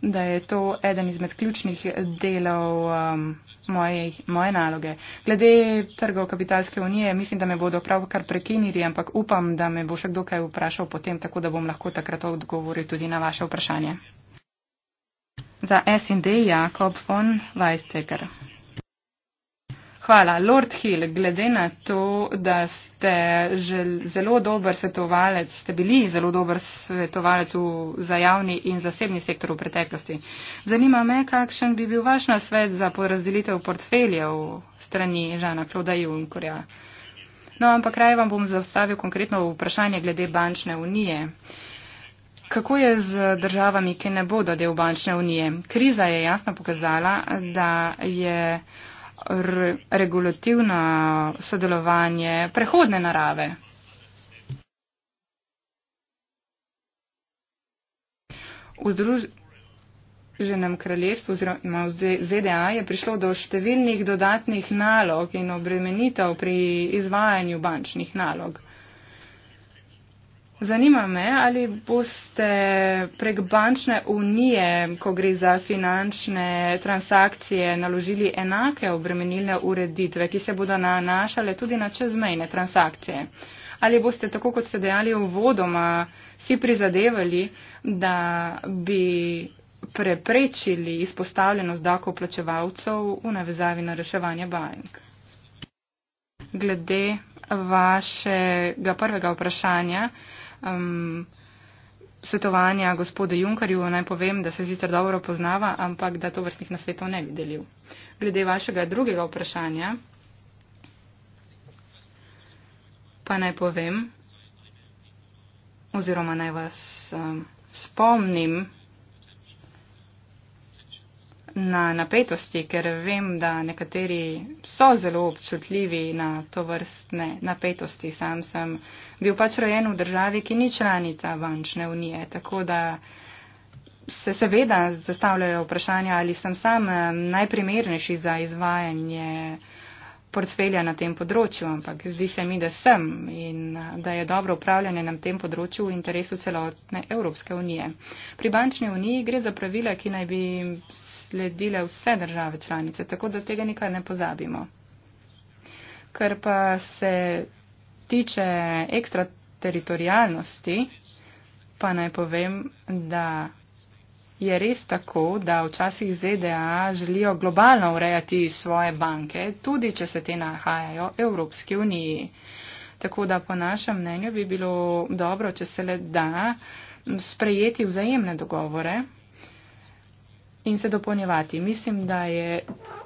S2: da je to eden izmed ključnih delov. Um, moje, moje naloge. Glede trgov kapitalske unije, mislim, da me bodo prav kar prekinili, ampak upam, da me bo še kdo kaj vprašal potem, tako da bom lahko takrat odgovoril tudi na vaše vprašanje. Za SND Jakob von Weistegger. Hvala. Lord Hill, glede na to, da ste že zelo dober svetovalec, ste bili zelo dober svetovalec v, za javni in zasebni sektor v preteklosti, zanima me, kakšen bi bil vaš nasvet za porazdelitev portfeljev strani Žana Kloda Junkorja. No, ampak raje vam bom zastavil konkretno vprašanje glede bančne unije. Kako je z državami, ki ne bodo del bančne unije? Kriza je jasno pokazala, da je regulativno sodelovanje prehodne narave. V Združenem kraljestvu oziroma v ZDA je prišlo do številnih dodatnih nalog in obremenitev pri izvajanju bančnih nalog. Zanima me, ali boste prek bančne unije, ko gre za finančne transakcije, naložili enake obremenilne ureditve, ki se bodo nanašale tudi na čezmejne transakcije. Ali boste, tako kot ste dejali v vodoma, si prizadevali, da bi preprečili izpostavljenost dako plačevalcev v navezavi na reševanje bank? Glede vašega prvega vprašanja, um, svetovanja gospodu Junkarju, naj povem, da se sicer dobro poznava, ampak da to vrstnih nasvetov ne bi delil. Glede vašega drugega vprašanja, pa naj povem, oziroma naj vas um, spomnim, na napetosti, ker vem, da nekateri so zelo občutljivi na to vrstne napetosti. Sam sem bil pač rojen v državi, ki ni članica vančne unije, tako da se seveda zastavljajo vprašanja, ali sem sam eh, najprimernejši za izvajanje portfelja na tem področju, ampak zdi se mi, da sem in eh, da je dobro upravljanje na tem področju v interesu celotne Evropske unije. Pri bančni uniji gre za pravila, ki naj bi sledile vse države članice, tako da tega nikar ne pozabimo. Ker pa se tiče ekstrateritorijalnosti, pa naj povem, da Je res tako, da včasih ZDA želijo globalno urejati svoje banke, tudi če se te nahajajo v Evropski uniji. Tako da po našem mnenju bi bilo dobro, če se le da, sprejeti vzajemne dogovore, in se dopolnjevati. Mislim, da je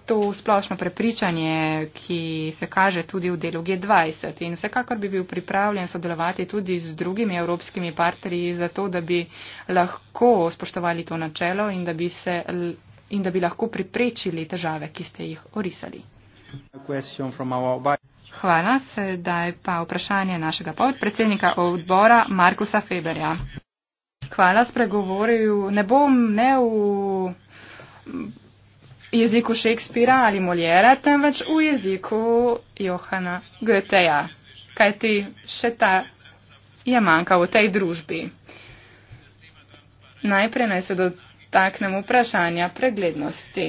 S2: to splošno prepričanje, ki se kaže tudi v delu G20 in vsekakor bi bil pripravljen sodelovati tudi z drugimi evropskimi partnerji za to, da bi lahko spoštovali to načelo in da bi, se, in da bi lahko priprečili težave, ki ste jih orisali. Hvala, sedaj pa vprašanje našega podpredsednika odbora Markusa Feberja hvala spregovoril. Ne bom ne v jeziku Šekspira ali Moljera, temveč v jeziku Johana Goetheja, kajti še ta je manjkal v tej družbi. Najprej naj se dotaknem vprašanja preglednosti.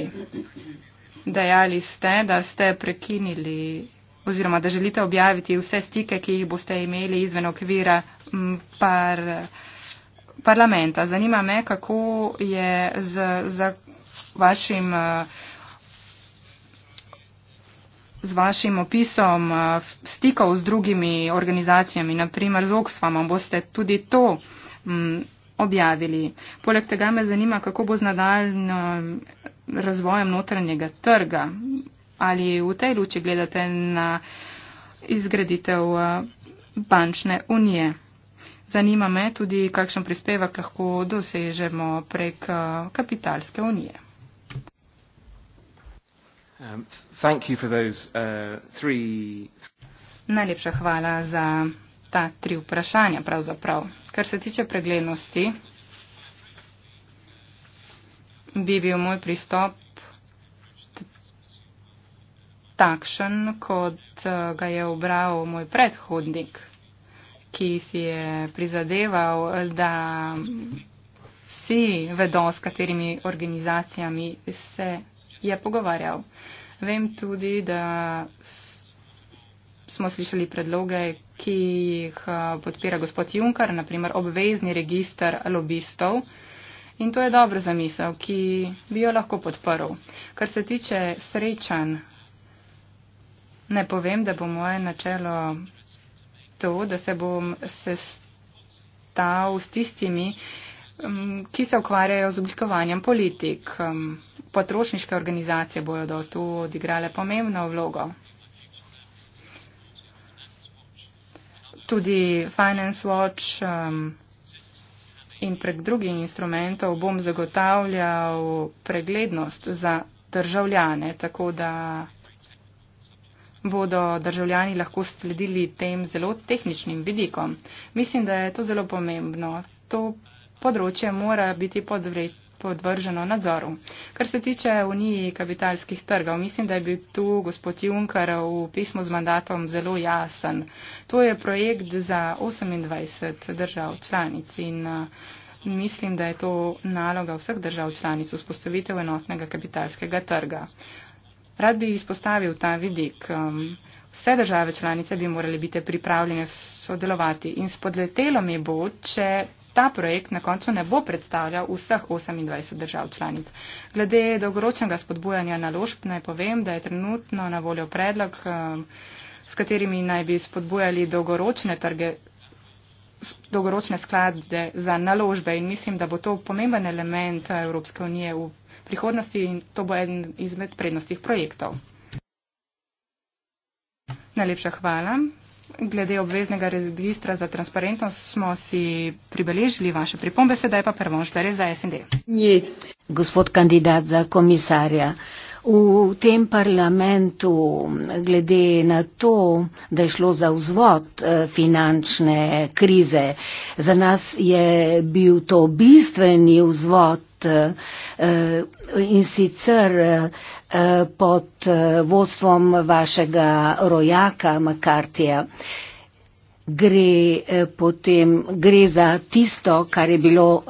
S2: Dejali ste, da ste prekinili oziroma da želite objaviti vse stike, ki jih boste imeli izven okvira par parlamenta. Zanima me, kako je z, z vašim. Eh, z vašim opisom eh, stikov z drugimi organizacijami, naprimer z Oxfamom, boste tudi to mm, objavili. Poleg tega me zanima, kako bo z nadaljnjim eh, razvojem notranjega trga. Ali v tej luči gledate na izgraditev bančne unije? Zanima me tudi, kakšen prispevek lahko dosežemo prek eh, kapitalske unije.
S1: Um, uh,
S2: Najlepša hvala za ta tri vprašanja pravzaprav. Kar se tiče preglednosti, bi bil moj pristop takšen, kot eh, ga je obral moj predhodnik ki si je prizadeval, da vsi vedo, s katerimi organizacijami se je pogovarjal. Vem tudi, da smo slišali predloge, ki jih eh, podpira gospod Juncker, naprimer obvezni registr lobistov. In to je dobra zamisel, ki bi jo lahko podprl. Kar se tiče srečanj, ne povem, da bo moje načelo to, da se bom sestal s tistimi, mm, ki se ukvarjajo z oblikovanjem politik. Mm, potrošniške organizacije bodo tu odigrale pomembno vlogo. Tudi Finance Watch mm, in prek drugih instrumentov bom zagotavljal preglednost za državljane, tako da bodo državljani lahko sledili tem zelo tehničnim vidikom. Mislim, da je to zelo pomembno. To področje mora biti podvrečeno podvrženo nadzoru. Kar se tiče Uniji kapitalskih trgov, mislim, da je bil tu gospod Juncker v pismu z mandatom zelo jasen. To je projekt za 28 držav članic in uh, mislim, da je to naloga vseh držav članic vzpostavitev enotnega kapitalskega trga. Rad bi izpostavil ta vidik. Um, vse države članice bi morali biti pripravljene sodelovati in spodletelo mi bo, če ta projekt na koncu ne bo predstavljal vseh 28 držav članic. Glede dolgoročnega spodbujanja naložb naj povem, da je trenutno na voljo predlog, um, s katerimi naj bi spodbujali dolgoročne trge dolgoročne sklade za naložbe in mislim, da bo to pomemben element Evropske unije v prihodnosti in to bo eden izmed prednostih projektov. Najlepša hvala. Glede obveznega registra za transparentnost smo si pribeležili vaše pripombe, sedaj pa Pervonš Berez za SND.
S4: Je. Gospod kandidat za komisarja, v tem parlamentu glede na to, da je šlo za vzvod eh, finančne krize, za nas je bil to bistveni vzvod Eh, in sicer eh, pod eh, vodstvom vašega rojaka Makartija. Gre, potem, gre za tisto, kar je bilo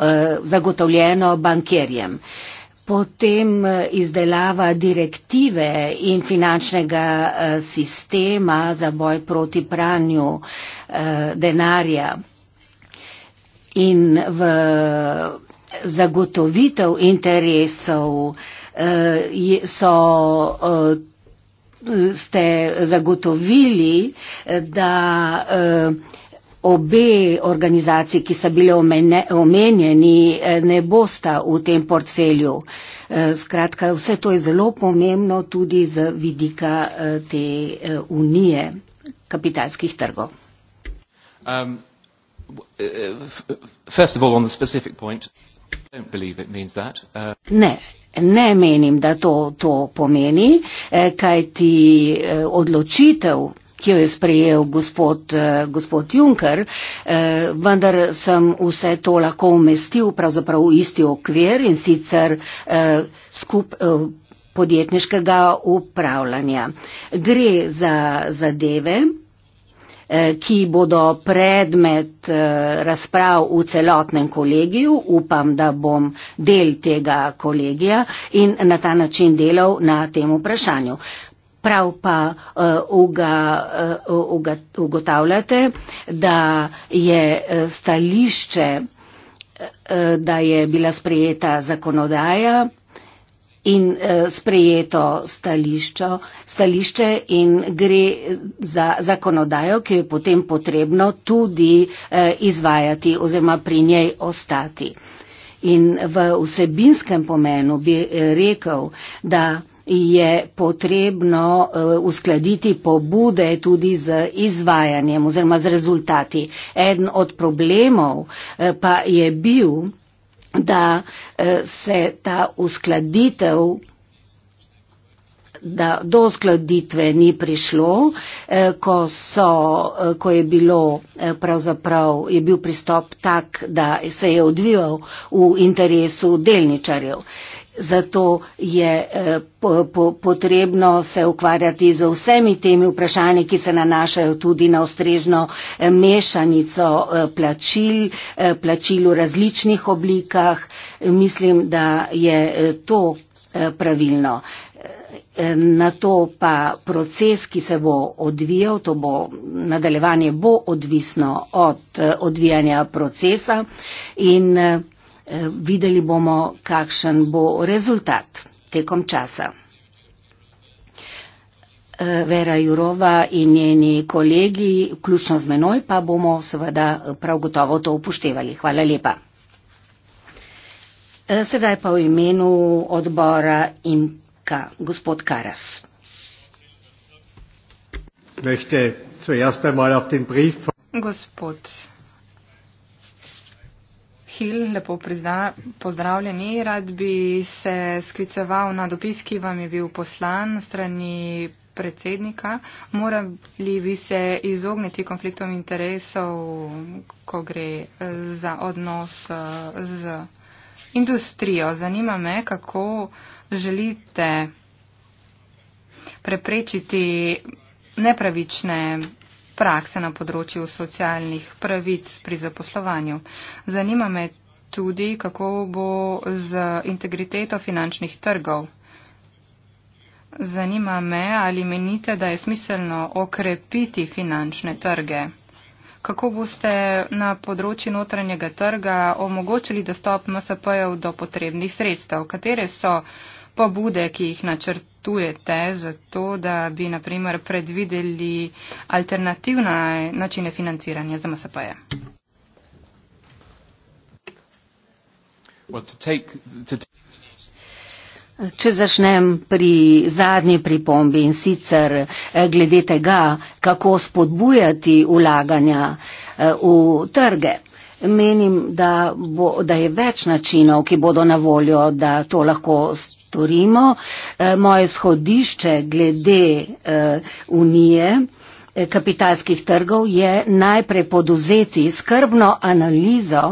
S4: zagotovljeno bankirjem. Potem izdelava direktive in finančnega sistema za boj proti pranju denarja. In v zagotovitev interesov, eh, so, eh, ste zagotovili, eh, da obe organizaciji, ki sta bile omenjeni, ne bosta v tem portfelju. Skratka, vse to je zelo pomembno tudi z vidika te unije kapitalskih trgov.
S1: Um, first of all, on the specific point. Uh,
S4: ne, ne menim, da to, to pomeni, eh, kaj ti eh, odločitev, ki jo je sprejel gospod, eh, gospod Juncker, vendar sem vse to lahko umestil pravzaprav v isti okvir in sicer skup podjetniškega upravljanja. Gre za zadeve Eh, ki bodo predmet eh, razprav v celotnem kolegiju. Upam, da bom del tega kolegija in na ta način delal na tem vprašanju. Prav pa eh, uga, uga, ugotavljate, da je stališče, da je bila sprejeta zakonodaja, in eh, sprejeto stališče, stališče in gre za zakonodajo, ki je potem potrebno tudi eh, izvajati oziroma pri njej ostati. In v vsebinskem pomenu bi eh, rekel, da je potrebno uskladiti pobude tudi z izvajanjem oziroma z rezultati. Eden od problemov pa je bil, da eh, se ta uskladitev, da do uskladitve ni prišlo, eh, ko, so, eh, ko je, bilo, je bil pristop tak, da se je odvijal v interesu delničarjev. Zato je eh, po, po, potrebno se ukvarjati z vsemi temi vprašanji, ki se nanašajo tudi na ustrežno eh, mešanico eh, plačil, plačil v različnih oblikah. Mislim, da je to pravilno. Na to pa proces, ki se bo odvijal, to bo nadaljevanje, bo odvisno od odvijanja procesa. In, Eh, videli bomo, kakšen bo rezultat tekom časa. Eh, Vera Jurova in njeni kolegi, vključno z menoj, pa bomo seveda eh, prav gotovo to upoštevali. Hvala lepa. Sedaj pa v imenu odbora IMKA, gospod Karas. Gospod
S2: Hil, lepo prizna, pozdravljeni. Rad bi se skliceval na dopis, ki vam je bil poslan strani predsednika. Morali bi se izogniti konfliktom interesov, ko gre eh, za odnos eh, z industrijo. Zanima me, kako želite preprečiti nepravične prakse na področju socialnih pravic pri zaposlovanju. Zanima me tudi, kako bo z integriteto finančnih trgov. Zanima me, ali menite, da je smiselno okrepiti finančne trge. Kako boste na področju notranjega trga omogočili dostop MSP-jev do potrebnih sredstev? Katere so pobude, ki jih načrtujete? svetujete za to, da bi naprimer predvideli alternativne načine financiranja za MSP-je?
S4: Če začnem pri zadnji pripombi in sicer eh, glede tega, kako spodbujati ulaganja eh, v trge. Menim, da, bo, da je več načinov, ki bodo na voljo, da to lahko spodbujamo storimo. Eh, moje shodišče glede eh, unije eh, kapitalskih trgov je najprej poduzeti skrbno analizo,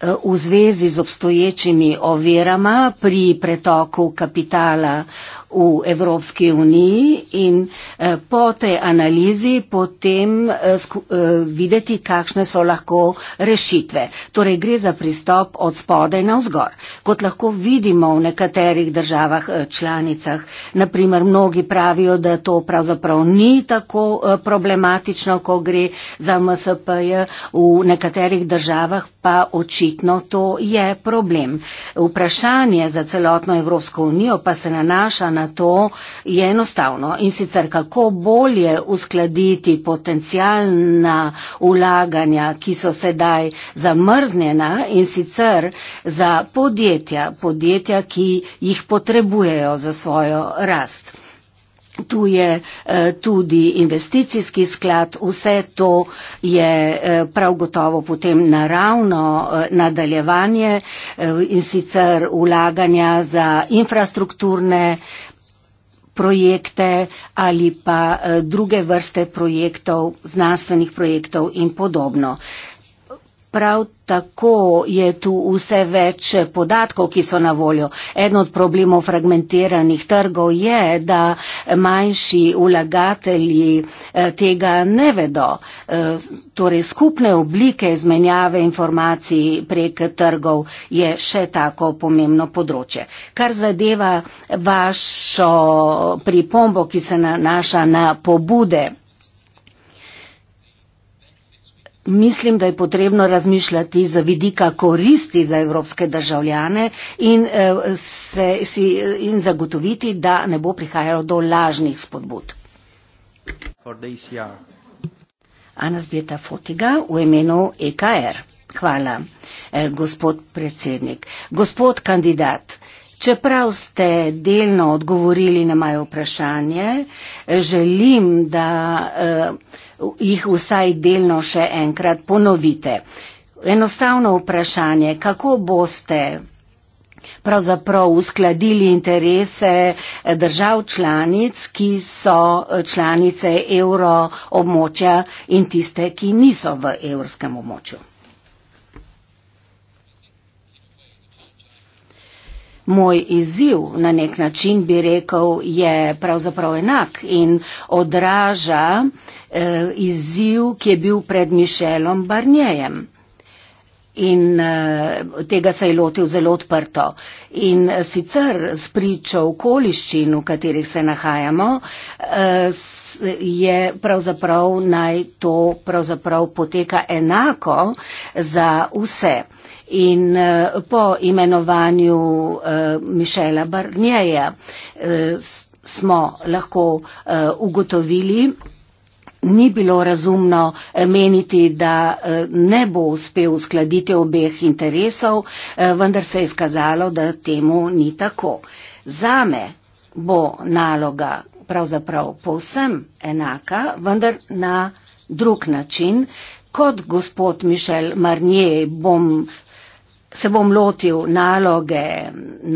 S4: v zvezi z obstoječimi ovirama pri pretoku kapitala v Evropski uniji in eh, po tej analizi potem eh, eh, videti, kakšne so lahko rešitve. Torej gre za pristop od spodaj na vzgor. Kot lahko vidimo v nekaterih državah članicah, naprimer mnogi pravijo, da to pravzaprav ni tako problematično, ko gre za MSP-je, v nekaterih državah pa očitno očitno to je problem. Vprašanje za celotno Evropsko unijo pa se nanaša na to, je enostavno in sicer kako bolje uskladiti potencijalna ulaganja, ki so sedaj zamrznjena in sicer za podjetja, podjetja, ki jih potrebujejo za svojo rast. Tu je eh, tudi investicijski sklad, vse to je eh, prav gotovo potem naravno eh, nadaljevanje in sicer ulaganja za infrastrukturne projekte ali pa druge vrste projektov, znanstvenih projektov in podobno. Uh, Prav tako je tu vse več podatkov, ki so na voljo. En od problemov fragmentiranih trgov je, da manjši ulagatelji eh, tega ne vedo. Eh, torej skupne oblike izmenjave informacij prek trgov je še tako pomembno področje. Kar zadeva vašo pripombo, ki se nanaša na pobude. mislim, da je potrebno razmišljati za vidika koristi za evropske državljane in, eh, se, si, in zagotoviti, da ne bo prihajalo do lažnih spodbud. E Ana Zbjeta Fotiga v imenu EKR. Hvala, eh, gospod predsednik. Gospod kandidat. Čeprav ste delno odgovorili na moje vprašanje, želim, da uh, jih vsaj delno še enkrat ponovite. Enostavno vprašanje, kako boste pravzaprav uskladili interese držav članic, ki so članice evroobmočja in tiste, ki niso v evropskem območju. Moj izziv na nek način bi rekel je pravzaprav enak in odraža eh, izziv, ki je bil pred Mišelom Barnjejem. In eh, tega se je lotil zelo odprto. In eh, sicer s pričo okoliščin, v katerih se nahajamo, eh, je pravzaprav naj to pravzaprav poteka enako za vse in eh, po imenovanju eh, Mišela Barnjeja eh, smo lahko ugotovili, Ni bilo razumno meniti, da ne bo uspel uskladiti obeh interesov, vendar se je skazalo, da temu ni tako. Zame bo naloga pravzaprav povsem enaka, vendar na drug način. Kot gospod Mišel Marnije bom se bom lotil naloge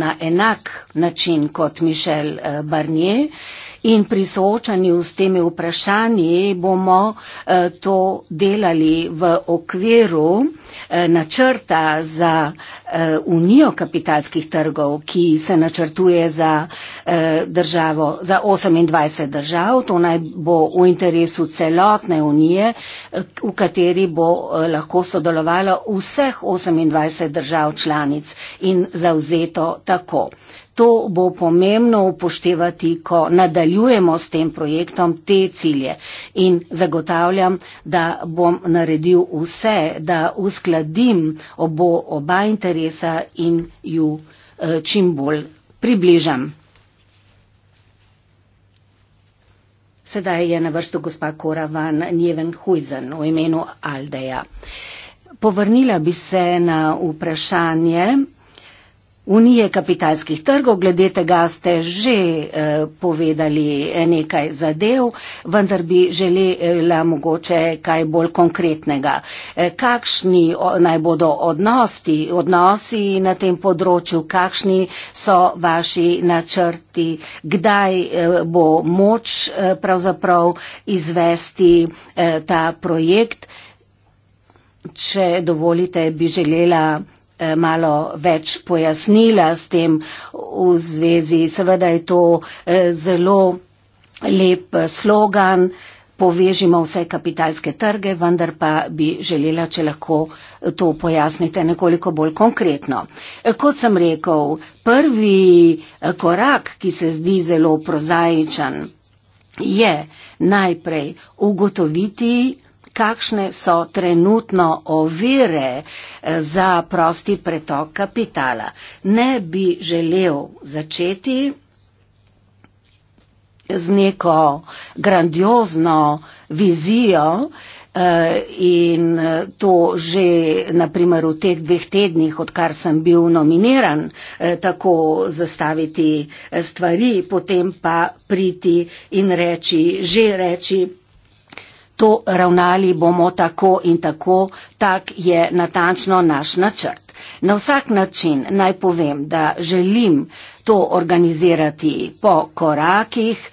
S4: na enak način kot Mišel eh, Barnier in pri soočanju s temi vprašanji bomo eh, to delali v okviru eh, načrta za eh, unijo kapitalskih trgov, ki se načrtuje za, državo, za 28 držav. To naj bo v interesu celotne unije, v kateri bo lahko sodelovalo vseh 28 držav članic in zauzeto tako. To bo pomembno upoštevati, ko nadaljujemo s tem projektom te cilje. In zagotavljam, da bom naredil vse, da uskladim obo, oba interesa in ju eh, čim bolj približam. Sedaj je na vrstu gospa Kora van Njeven Huizen v imenu Aldeja. Povrnila bi se na vprašanje, Unije kapitalskih trgov, glede tega ste že eh, povedali eh, nekaj zadev, vendar bi želela mogoče kaj bolj konkretnega. Eh, kakšni o, naj bodo odnosti, odnosi na tem področju, kakšni so vaši načrti, kdaj eh, bo moč eh, pravzaprav izvesti eh, ta projekt. Če dovolite, bi želela. Eh, malo več pojasnila s tem v zvezi. Seveda je to eh, zelo lep eh, slogan, povežimo vse kapitalske trge, vendar pa bi želela, če lahko to pojasnite nekoliko bolj konkretno. Kot sem rekel, prvi korak, ki se zdi zelo prozaičen, je najprej ugotoviti, kakšne so trenutno ovire eh, za prosti pretok kapitala. Ne bi želel začeti z neko grandiozno vizijo eh, in eh, to že naprimer v teh dveh tednih, odkar sem bil nominiran, tako zastaviti stvari, potem pa priti in reči, že reči to ravnali bomo tako in tako, tak je natančno naš načrt. Na vsak način naj povem, da želim to organizirati po korakih,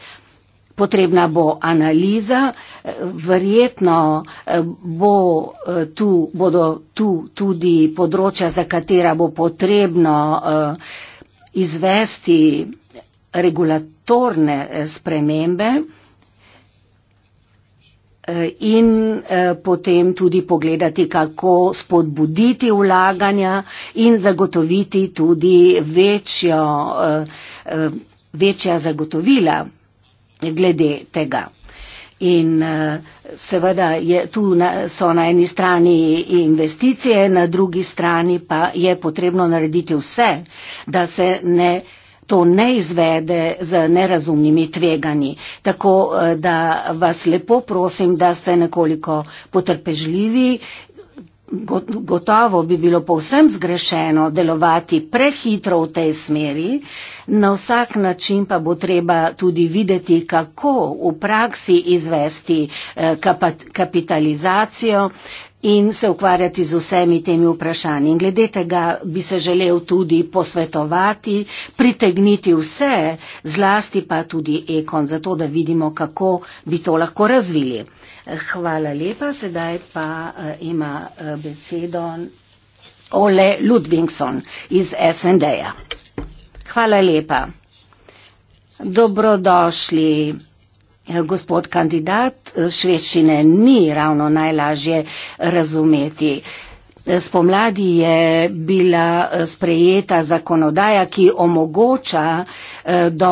S4: potrebna bo analiza, verjetno eh, bo eh, tu, bodo tu tudi področja, za katera bo potrebno eh, izvesti regulatorne spremembe. Eh, in eh, potem tudi pogledati, kako spodbuditi vlaganja in zagotoviti tudi večjo, eh, večja zagotovila glede tega. In seveda je, tu so na eni strani investicije, na drugi strani pa je potrebno narediti vse, da se ne to ne izvede z nerazumnimi tveganji. Tako eh, da vas lepo prosim, da ste nekoliko potrpežljivi. Gotovo bi bilo povsem zgrešeno delovati prehitro v tej smeri, na vsak način pa bo treba tudi videti, kako v praksi izvesti eh, kapitalizacijo, in se ukvarjati z vsemi temi vprašanji. In glede tega bi se želel tudi posvetovati, pritegniti vse, zlasti pa tudi ekon, zato da vidimo, kako bi to lahko razvili. Hvala lepa, sedaj pa eh, ima eh, besedo Ole Ludvingson iz SND-ja. Hvala lepa. Dobrodošli. Gospod kandidat, eh, švedščine ni ravno najlažje razumeti. Eh, spomladi je bila eh, sprejeta zakonodaja, ki omogoča, do,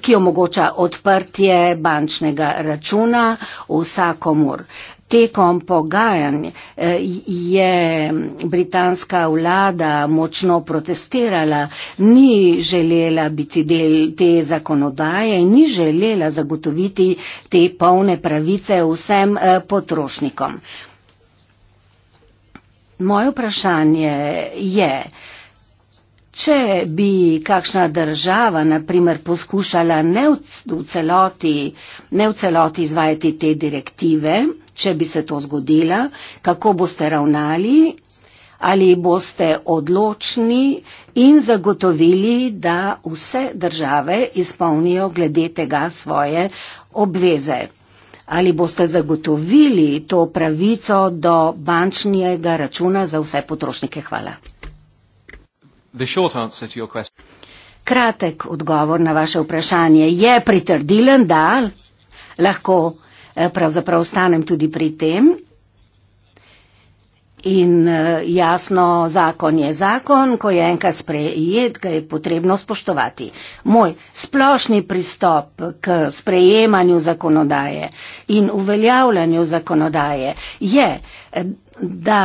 S4: ki omogoča odprtje bančnega računa vsakomur. Tekom pogajanj eh, je britanska vlada močno protestirala, ni želela biti del te zakonodaje in ni želela zagotoviti te polne pravice vsem eh, potrošnikom. Moje vprašanje je, če bi kakšna država, na primer, poskušala ne v celoti, celoti izvajati te direktive, če bi se to zgodila, kako boste ravnali, ali boste odločni in zagotovili, da vse države izpolnijo glede tega svoje obveze. Ali boste zagotovili to pravico do bančnega računa za vse potrošnike? Hvala. Kratek odgovor na vaše vprašanje je pritrdilen, da lahko Eh, pravzaprav ostanem tudi pri tem. In eh, jasno, zakon je zakon, ko je enkrat sprejet, ga je potrebno spoštovati. Moj splošni pristop k sprejemanju zakonodaje in uveljavljanju zakonodaje je, eh, da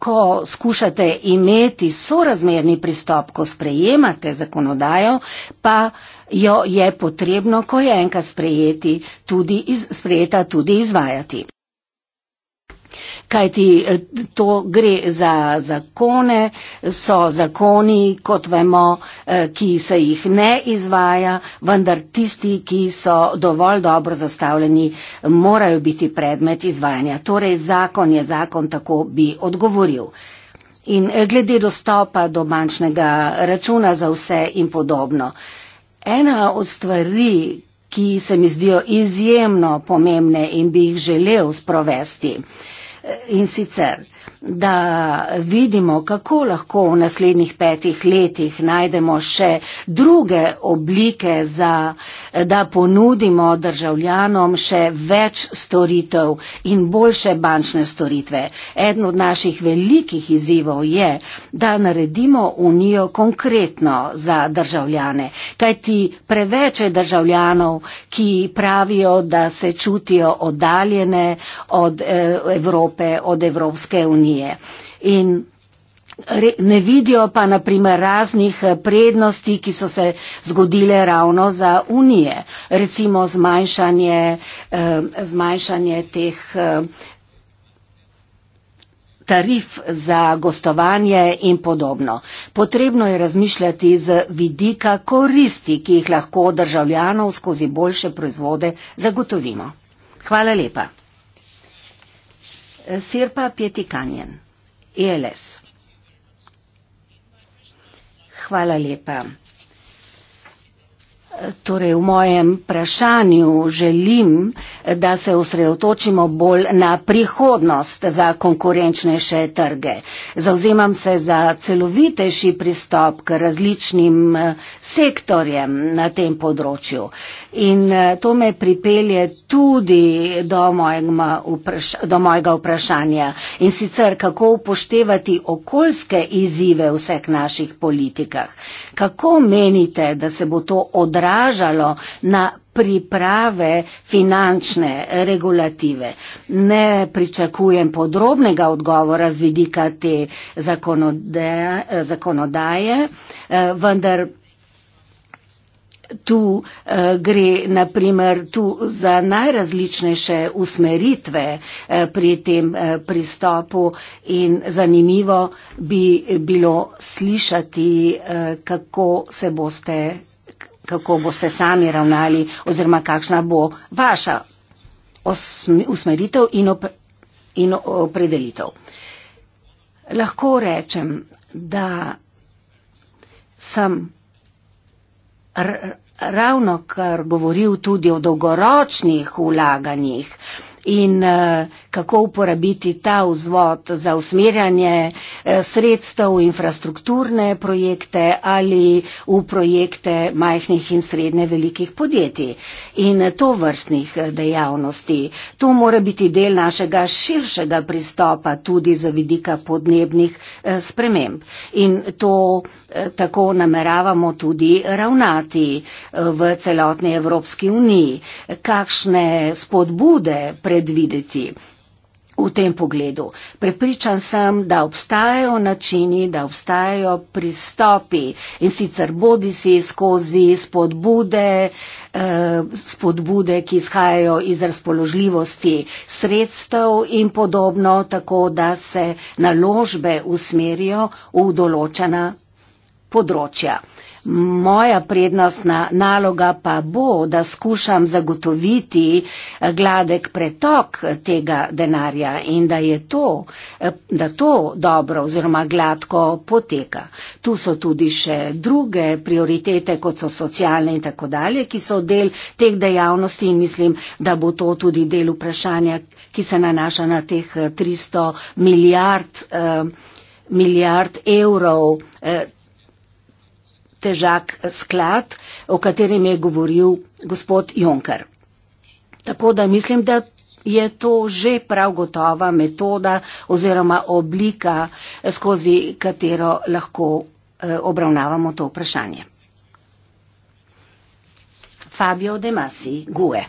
S4: ko skušate imeti sorazmerni pristop, ko sprejemate zakonodajo, pa uh, jo je potrebno, ko je enkrat sprejeti, tudi iz, sprejeta, tudi izvajati. Kaj ti eh, to gre za zakone, so zakoni, kot vemo, eh, ki se jih ne izvaja, vendar tisti, ki so dovolj dobro zastavljeni, morajo biti predmet izvajanja. Torej zakon je zakon, tako bi odgovoril. In eh, glede dostopa do bančnega računa za vse in podobno. Ena od stvari, ki se mi zdijo izjemno pomembne in bi jih želel sprovesti, eh, in sicer da vidimo, kako lahko v naslednjih petih letih najdemo še druge oblike, za, da ponudimo državljanom še več storitev in boljše bančne storitve. Eden od naših velikih izzivov je, da naredimo unijo konkretno za državljane, kajti preveč je državljanov, ki pravijo, da se čutijo oddaljene od eh, Evrope, od Evropske unije unije. In ne vidijo pa naprimer raznih eh, prednosti, ki so se zgodile ravno za unije. Recimo zmanjšanje, eh, zmanjšanje teh eh, tarif za gostovanje in podobno. Potrebno je razmišljati z vidika koristi, ki jih lahko državljanov skozi boljše proizvode zagotovimo. Hvala lepa. Sirpa Pietikanjen, ELS. Hvala lepa. Torej, v mojem vprašanju želim, da se osredotočimo bolj na prihodnost za konkurenčnejše trge. Zauzemam se za celovitejši pristop k različnim eh, sektorjem na tem področju. In eh, to me pripelje tudi do mojega, vpraš do mojega vprašanja in sicer kako upoštevati okoljske izzive v vseh naših politikah. Kako menite, da se bo to odrazilo? odražalo na priprave finančne regulative. Ne pričakujem podrobnega odgovora z vidika te eh, zakonodaje, zakonodaje eh, vendar. Tu eh, gre naprimer tu za najrazličnejše usmeritve eh, pri tem eh, pristopu in zanimivo bi bilo slišati, eh, kako se boste kako boste sami ravnali oziroma kakšna bo vaša usmeritev in, op in opredelitev. Lahko rečem, da sem ravno kar govoril tudi o dolgoročnih vlaganjih. Uh, in eh, kako uporabiti ta vzvod za usmerjanje eh, sredstev v infrastrukturne projekte ali v projekte majhnih in srednje velikih podjetij in to vrstnih eh, dejavnosti. To mora biti del našega širšega pristopa tudi za vidika podnebnih sprememb in to Eh, tako nameravamo tudi ravnati eh, v celotni Evropski uniji. Kakšne spodbude predvideti? V tem pogledu prepričan sem, da obstajajo načini, da obstajajo pristopi in sicer bodi si skozi spodbude, eh, spodbude, ki izhajajo iz razpoložljivosti sredstev in podobno, tako da se naložbe usmerijo v določena področja. Moja prednostna naloga pa bo, da skušam zagotoviti eh, gladek pretok eh, tega denarja in da je to, eh, da to dobro oziroma gladko poteka. Tu so tudi še druge prioritete, kot so socialne in tako dalje, ki so del teh dejavnosti in mislim, da bo to tudi del vprašanja, ki se nanaša na teh 300 milijard, milijard evrov težak sklad, o katerem je govoril gospod Junker. Tako da mislim, da je to že prav gotova metoda oziroma oblika, skozi katero lahko eh, obravnavamo to vprašanje. Fabio De Masi, Gue.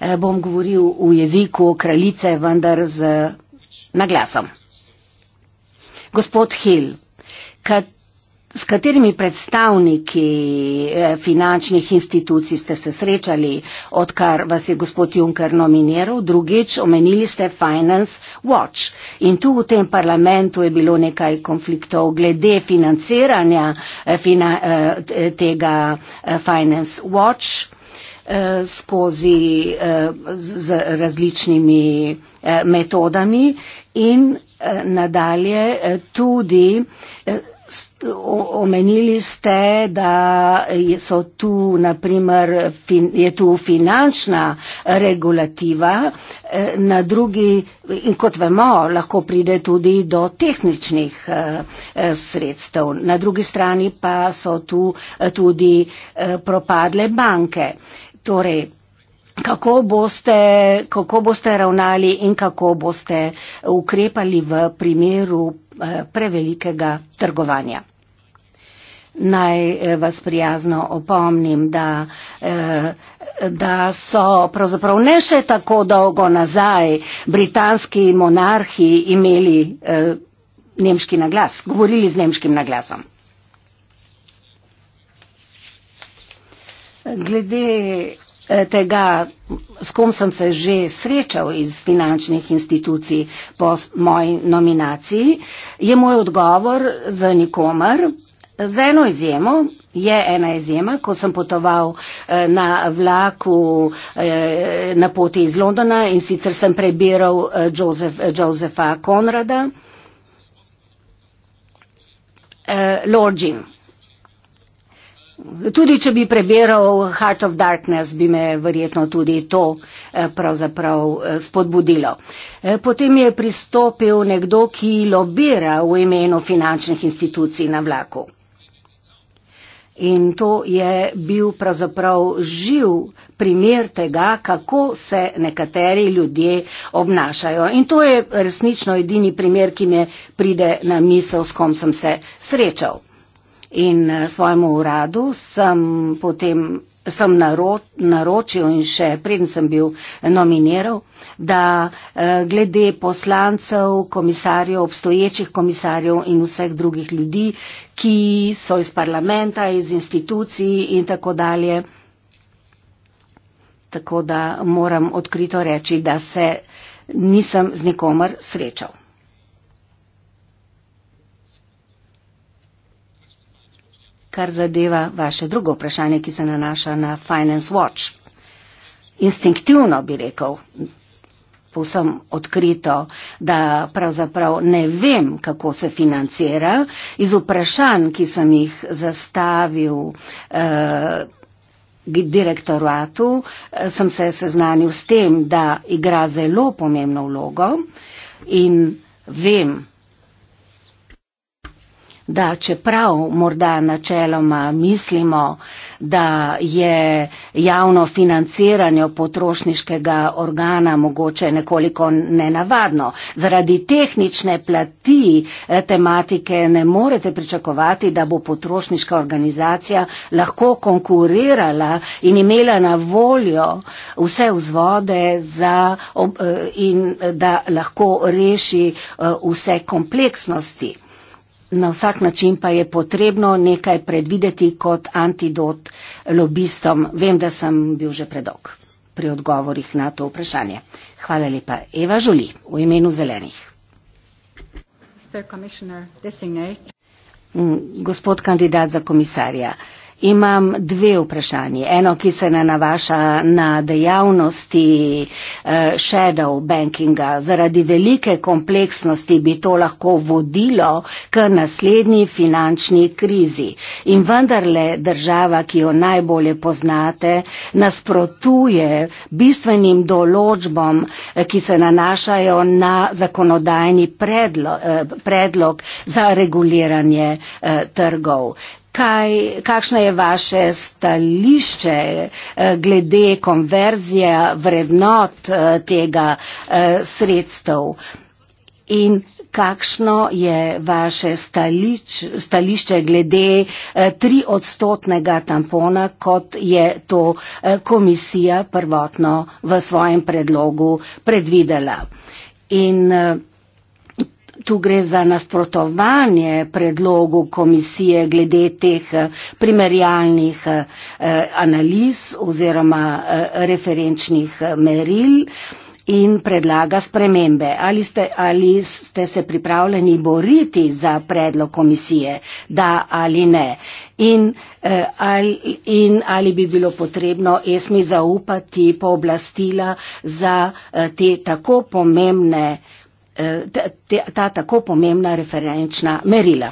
S4: Eh, bom govoril v jeziku kraljice, vendar z naglasom. Gospod Hill, kat, s katerimi predstavniki eh, finančnih institucij ste se srečali, odkar vas je gospod Juncker nominiral, drugič omenili ste Finance Watch. In tu v tem parlamentu je bilo nekaj konfliktov glede financiranja eh, fina, eh, tega Finance Watch skozi z različnimi metodami in nadalje tudi omenili ste, da so tu, naprimer, je tu finančna regulativa, eh, na drugi, in kot vemo, lahko pride tudi do tehničnih eh, eh, sredstev. Na drugi strani pa so tu tudi propadle banke. Torej, kako boste, kako boste ravnali in kako boste ukrepali v primeru Eh, prevelikega trgovanja. Naj eh, vas prijazno opomnim, da, eh, da so pravzaprav ne še tako dolgo nazaj britanski monarhi imeli nemški naglas, govorili z nemškim naglasom. Glede Eh, tega, s kom sem se že srečal iz finančnih institucij po moji nominaciji, je moj odgovor za nikomer. Z eno izjemo, je ena izjema, ko sem potoval eh, na vlaku eh, na poti iz Londona in sicer sem prebiral Josefa Konrada, Lord Jim. Tudi če bi prebiral Heart of Darkness, bi me verjetno tudi to eh, pravzaprav eh, spodbudilo. Eh, potem je pristopil nekdo, ki lobira v imenu finančnih institucij na vlaku. In to je bil pravzaprav živ primer tega, kako se nekateri ljudje obnašajo. In to je resnično edini primer, ki mi pride na misel, s kom sem se srečal in eh, svojemu uradu sem potem sem naročil in še predtem sem bil nominiral, da eh, glede poslancev, komisarjev, obstoječih komisarjev in vseh drugih ljudi, ki so iz parlamenta, iz institucij in tako dalje, tako da moram odkrito reči, da se nisem z nikomer srečal. kar zadeva vaše drugo vprašanje, ki se nanaša na Finance Watch. Instinktivno bi rekel, povsem odkrito, da pravzaprav ne vem, kako se financira. Iz vprašanj, ki sem jih zastavil eh, direktoratu, eh, sem se seznanil s tem, da igra zelo pomembno vlogo in vem, da čeprav morda načeloma mislimo, da je javno financiranje potrošniškega organa mogoče nekoliko nenavadno. Zaradi tehnične plati eh, tematike ne morete pričakovati, da bo potrošniška organizacija lahko konkurirala in imela na voljo vse vzvode za, eh, in da lahko reši eh, vse kompleksnosti na vsak način pa je potrebno nekaj predvideti kot antidot lobistom. Vem, da sem bil že predolg pri odgovorih na to vprašanje. Hvala lepa. Eva Žuli, v imenu zelenih. Mm, gospod kandidat za komisarja. Imam dve vprašanje. Eno, ki se ne navaša na dejavnosti eh, shadow bankinga. Zaradi velike kompleksnosti bi to lahko vodilo k naslednji finančni krizi. In vendarle država, ki jo najbolje poznate, nasprotuje bistvenim določbom, eh, ki se nanašajo na zakonodajni predlog, eh, predlog za reguliranje trgov kaj, kakšno je vaše stališče eh, glede konverzije vrednot eh, tega eh, sredstev in kakšno je vaše stališ, stališče glede tri odstotnega tampona, kot je to komisija prvotno v svojem predlogu predvidela. In uh, tu gre za nasprotovanje predlogu komisije glede teh eh, primerjalnih eh, analiz oziroma eh, referenčnih meril in predlaga spremembe. Ali ste, ali ste se pripravljeni boriti za predlog komisije, da ali ne? In, ali, in ali bi bilo potrebno esmi zaupati pooblastila za te tako pomembne eh, ta, ta, ta tako pomembna referenčna merila.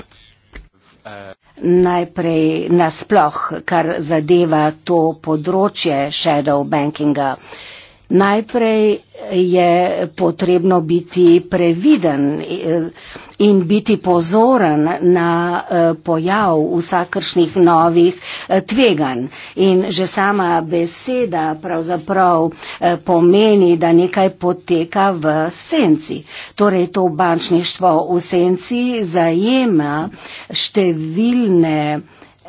S4: Najprej nasploh, kar zadeva to področje shadow bankinga. Uh, Najprej je potrebno biti previden eh, in biti pozoren na eh, pojav vsakršnih novih eh, tvegan. In že sama beseda pravzaprav pomeni, da nekaj poteka v senci. Torej to bančništvo v senci zajema številne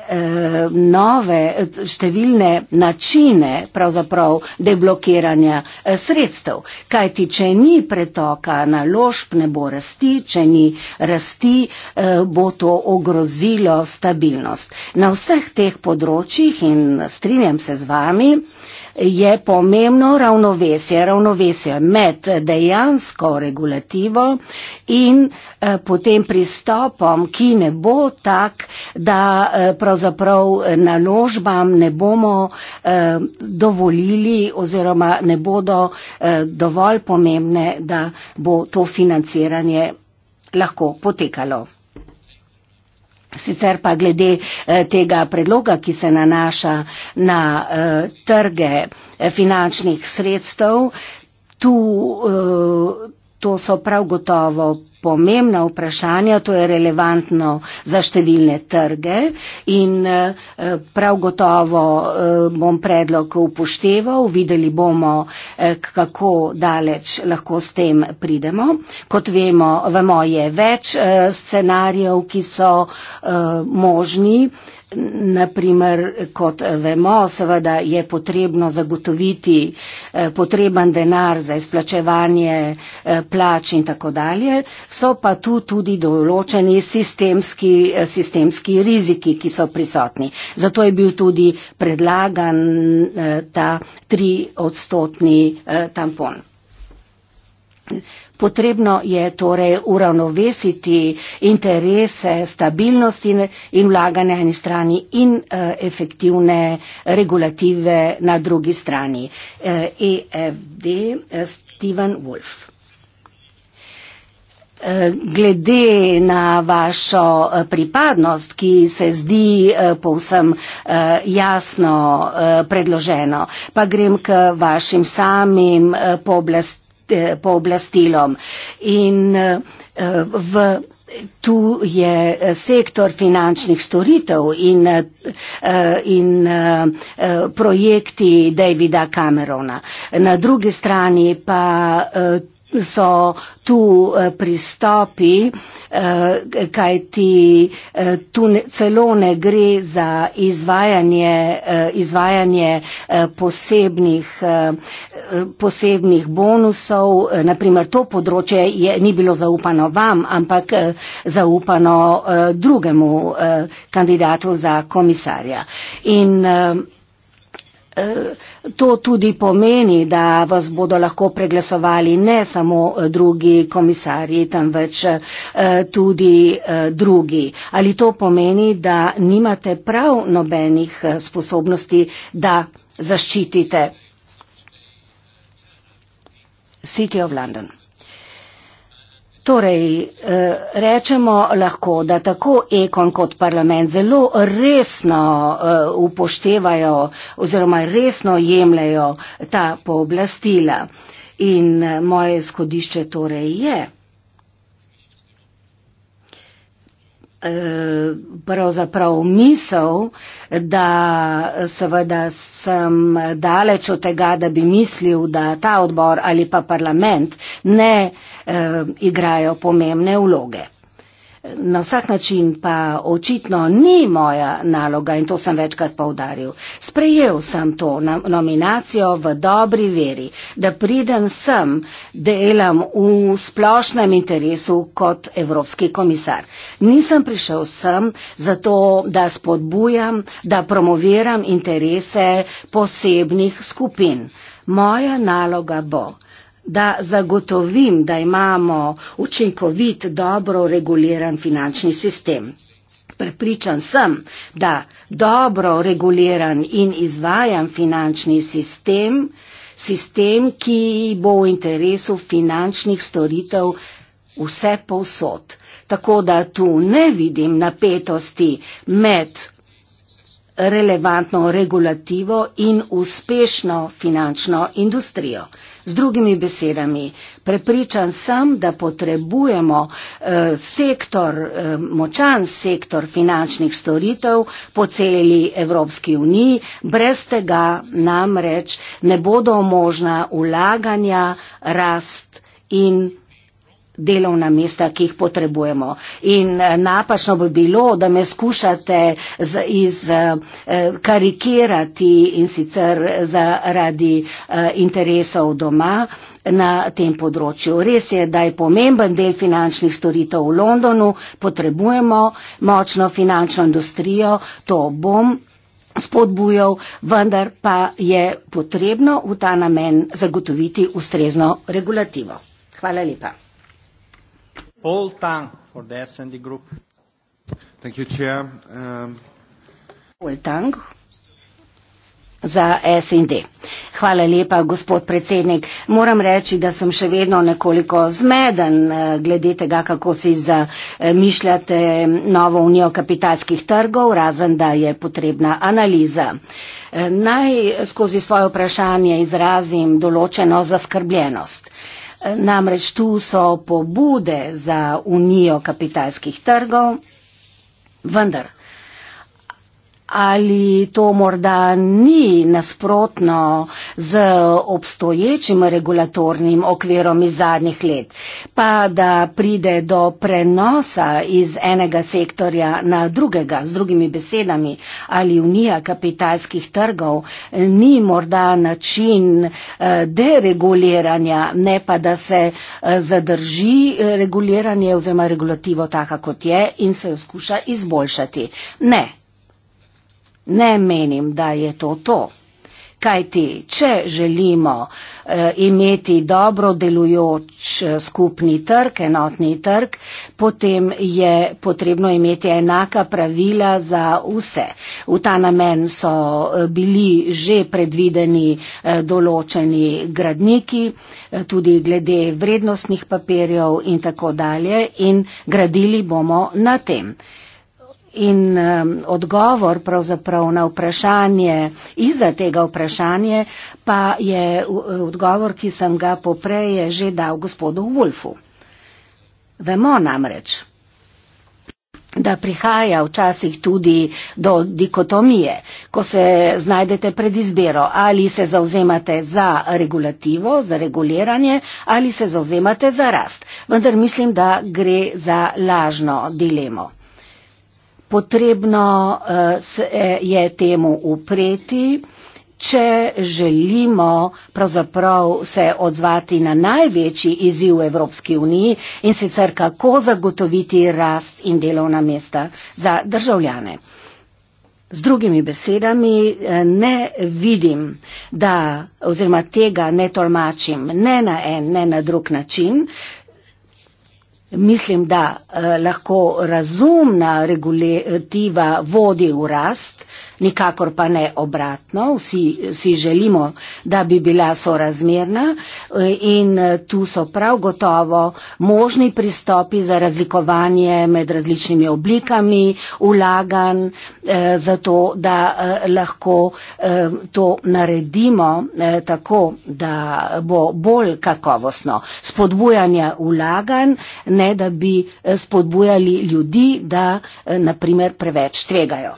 S4: Eh, nove eh, številne načine pravzaprav deblokiranja eh, sredstev. Kajti, če ni pretoka na ložb, ne bo rasti, če ni rasti, bo to ogrozilo stabilnost. Na vseh teh področjih in strinjam se z vami, je pomembno ravnovesje, ravnovesje med dejansko regulativo in eh, potem pristopom, ki ne bo tak, da eh, pravzaprav naložbam ne bomo eh, dovolili oziroma ne bodo dovolj pomembne, da bo to financiranje lahko potekalo. Sicer pa glede eh, tega predloga, ki se nanaša na eh, trge eh, finančnih sredstev, tu, to so prav gotovo pomembna vprašanja, to je relevantno za številne trge in eh, prav gotovo eh, bom predlog upošteval, videli bomo, eh, kako daleč lahko s tem pridemo. Kot vemo, vemo je več scenarijev, ki so možni. Naprimer, kot vemo, seveda je potrebno zagotoviti potreben denar za izplačevanje plač in tako dalje so pa tu tudi določeni sistemski, sistemski riziki, ki so prisotni. Zato je bil tudi predlagan eh, ta tri odstotni eh, tampon. Potrebno je torej uravnovesiti interese stabilnosti in vlaganja na eni strani in eh, efektivne regulative na drugi strani. EFD e Steven Wolf. Eh, glede na vašo eh, pripadnost, ki se zdi eh, povsem jasno predloženo. Pa grem k vašim samim pooblastilom. In v, tu je sektor finančnih storitev in, in projekti Davida Camerona. Na drugi strani pa so tu eh, pristopi, eh, kaj ti eh, tu celo ne gre za izvajanje, izvajanje posebnih, posebnih bonusov. Naprimer, to področje je, ni bilo zaupano vam, ampak zaupano drugemu kandidatu za komisarja. In, Eh, to tudi pomeni, da vas bodo lahko preglasovali ne samo eh, drugi komisarji, temveč eh, tudi drugi. Ali to pomeni, da nimate prav nobenih sposobnosti, da zaščitite City of London? Torej, eh, rečemo lahko, da tako ekon kot parlament zelo resno eh, upoštevajo oziroma resno jemljajo ta pooblastila. In eh, moje skodišče torej je, Eh, pravzaprav misel, da seveda sem daleč od tega, da bi mislil, da ta odbor ali pa parlament ne eh, igrajo pomembne vloge. Na vsak način pa očitno ni moja naloga in to sem večkrat povdaril. Sprejel sem to nominacijo v dobri veri, da pridem sem, delam v splošnem interesu kot evropski komisar. Nisem prišel sem zato, da spodbujam, da promoviram interese posebnih skupin. Moja naloga bo da zagotovim, da imamo učinkovit, dobro reguliran finančni sistem. Prepričan sem, da dobro reguliran in izvajan finančni sistem, sistem, ki bo v interesu finančnih storitev vse povsod. Tako da tu ne vidim napetosti med relevantno regulativo in uspešno finančno industrijo. Z drugimi besedami, prepričan sem, da potrebujemo eh, sektor, eh, močan sektor finančnih storitev po celi Evropski uniji, brez tega namreč ne bodo možna ulaganja, rast in delovna mesta, ki jih potrebujemo. In eh, napačno bi bilo, da me skušate z, iz, eh, eh, karikirati in sicer zaradi interesov doma na tem področju. Res je, da je pomemben del finančnih storitev v Londonu, potrebujemo močno finančno industrijo, to bom spodbujal, vendar pa je potrebno v ta namen zagotoviti ustrezno regulativo. Hvala lepa.
S2: Paul Tang for the SND
S4: Group. Thank you, Chair. Um... Paul Tang. za SND. Hvala lepa, gospod predsednik. Moram reči, da sem še vedno nekoliko zmeden eh, glede tega, kako si zamišljate eh, novo unijo kapitalskih trgov, razen da je potrebna analiza. Eh, naj skozi svoje vprašanje izrazim določeno zaskrbljenost. Namreč tu so pobude za unijo kapitalskih trgov, vendar ali to morda ni nasprotno z obstoječim regulatornim okvirom iz zadnjih let, pa da pride do prenosa iz enega sektorja na drugega, z drugimi besedami, ali unija kapitalskih trgov ni morda način eh, dereguliranja, ne pa da se eh, zadrži eh, reguliranje oziroma regulativo taka, kot je in se jo skuša izboljšati. Ne. Ne menim, da je to to. Kaj ti, če želimo eh, imeti dobro delujoč eh, skupni trg, enotni trg, potem je potrebno imeti enaka pravila za vse. V ta namen so eh, bili že predvideni eh, določeni gradniki, eh, tudi glede vrednostnih papirjev in tako dalje in gradili bomo na tem. Eh, In um, odgovor pravzaprav na vprašanje, iza tega vprašanje, pa je odgovor, ki sem ga popreje že dal gospodu Wolfu. Vemo namreč, da prihaja včasih tudi do dikotomije, ko se znajdete pred izbiro, ali se zauzemate za regulativo, za reguliranje, ali se zauzemate za rast. Vendar mislim, da gre za lažno dilemo potrebno eh, eh, je temu upreti, če želimo pravzaprav se odzvati na največji izziv Evropski uniji in sicer kako zagotoviti rast in delovna mesta za državljane. Z drugimi besedami eh, ne vidim, da oziroma tega ne tolmačim ne na en, ne na drug način, Mislim, da eh, lahko razumna regulativa vodi v rast eh, nikakor pa ne obratno. Vsi si želimo, da bi bila sorazmerna eh, in eh, tu so prav gotovo možni pristopi za razlikovanje med različnimi oblikami ulagan, eh, zato da lahko to naredimo tako, da bo bolj kakovostno spodbujanje ulagan, ne da bi spodbujali ljudi, da naprimer preveč tvegajo.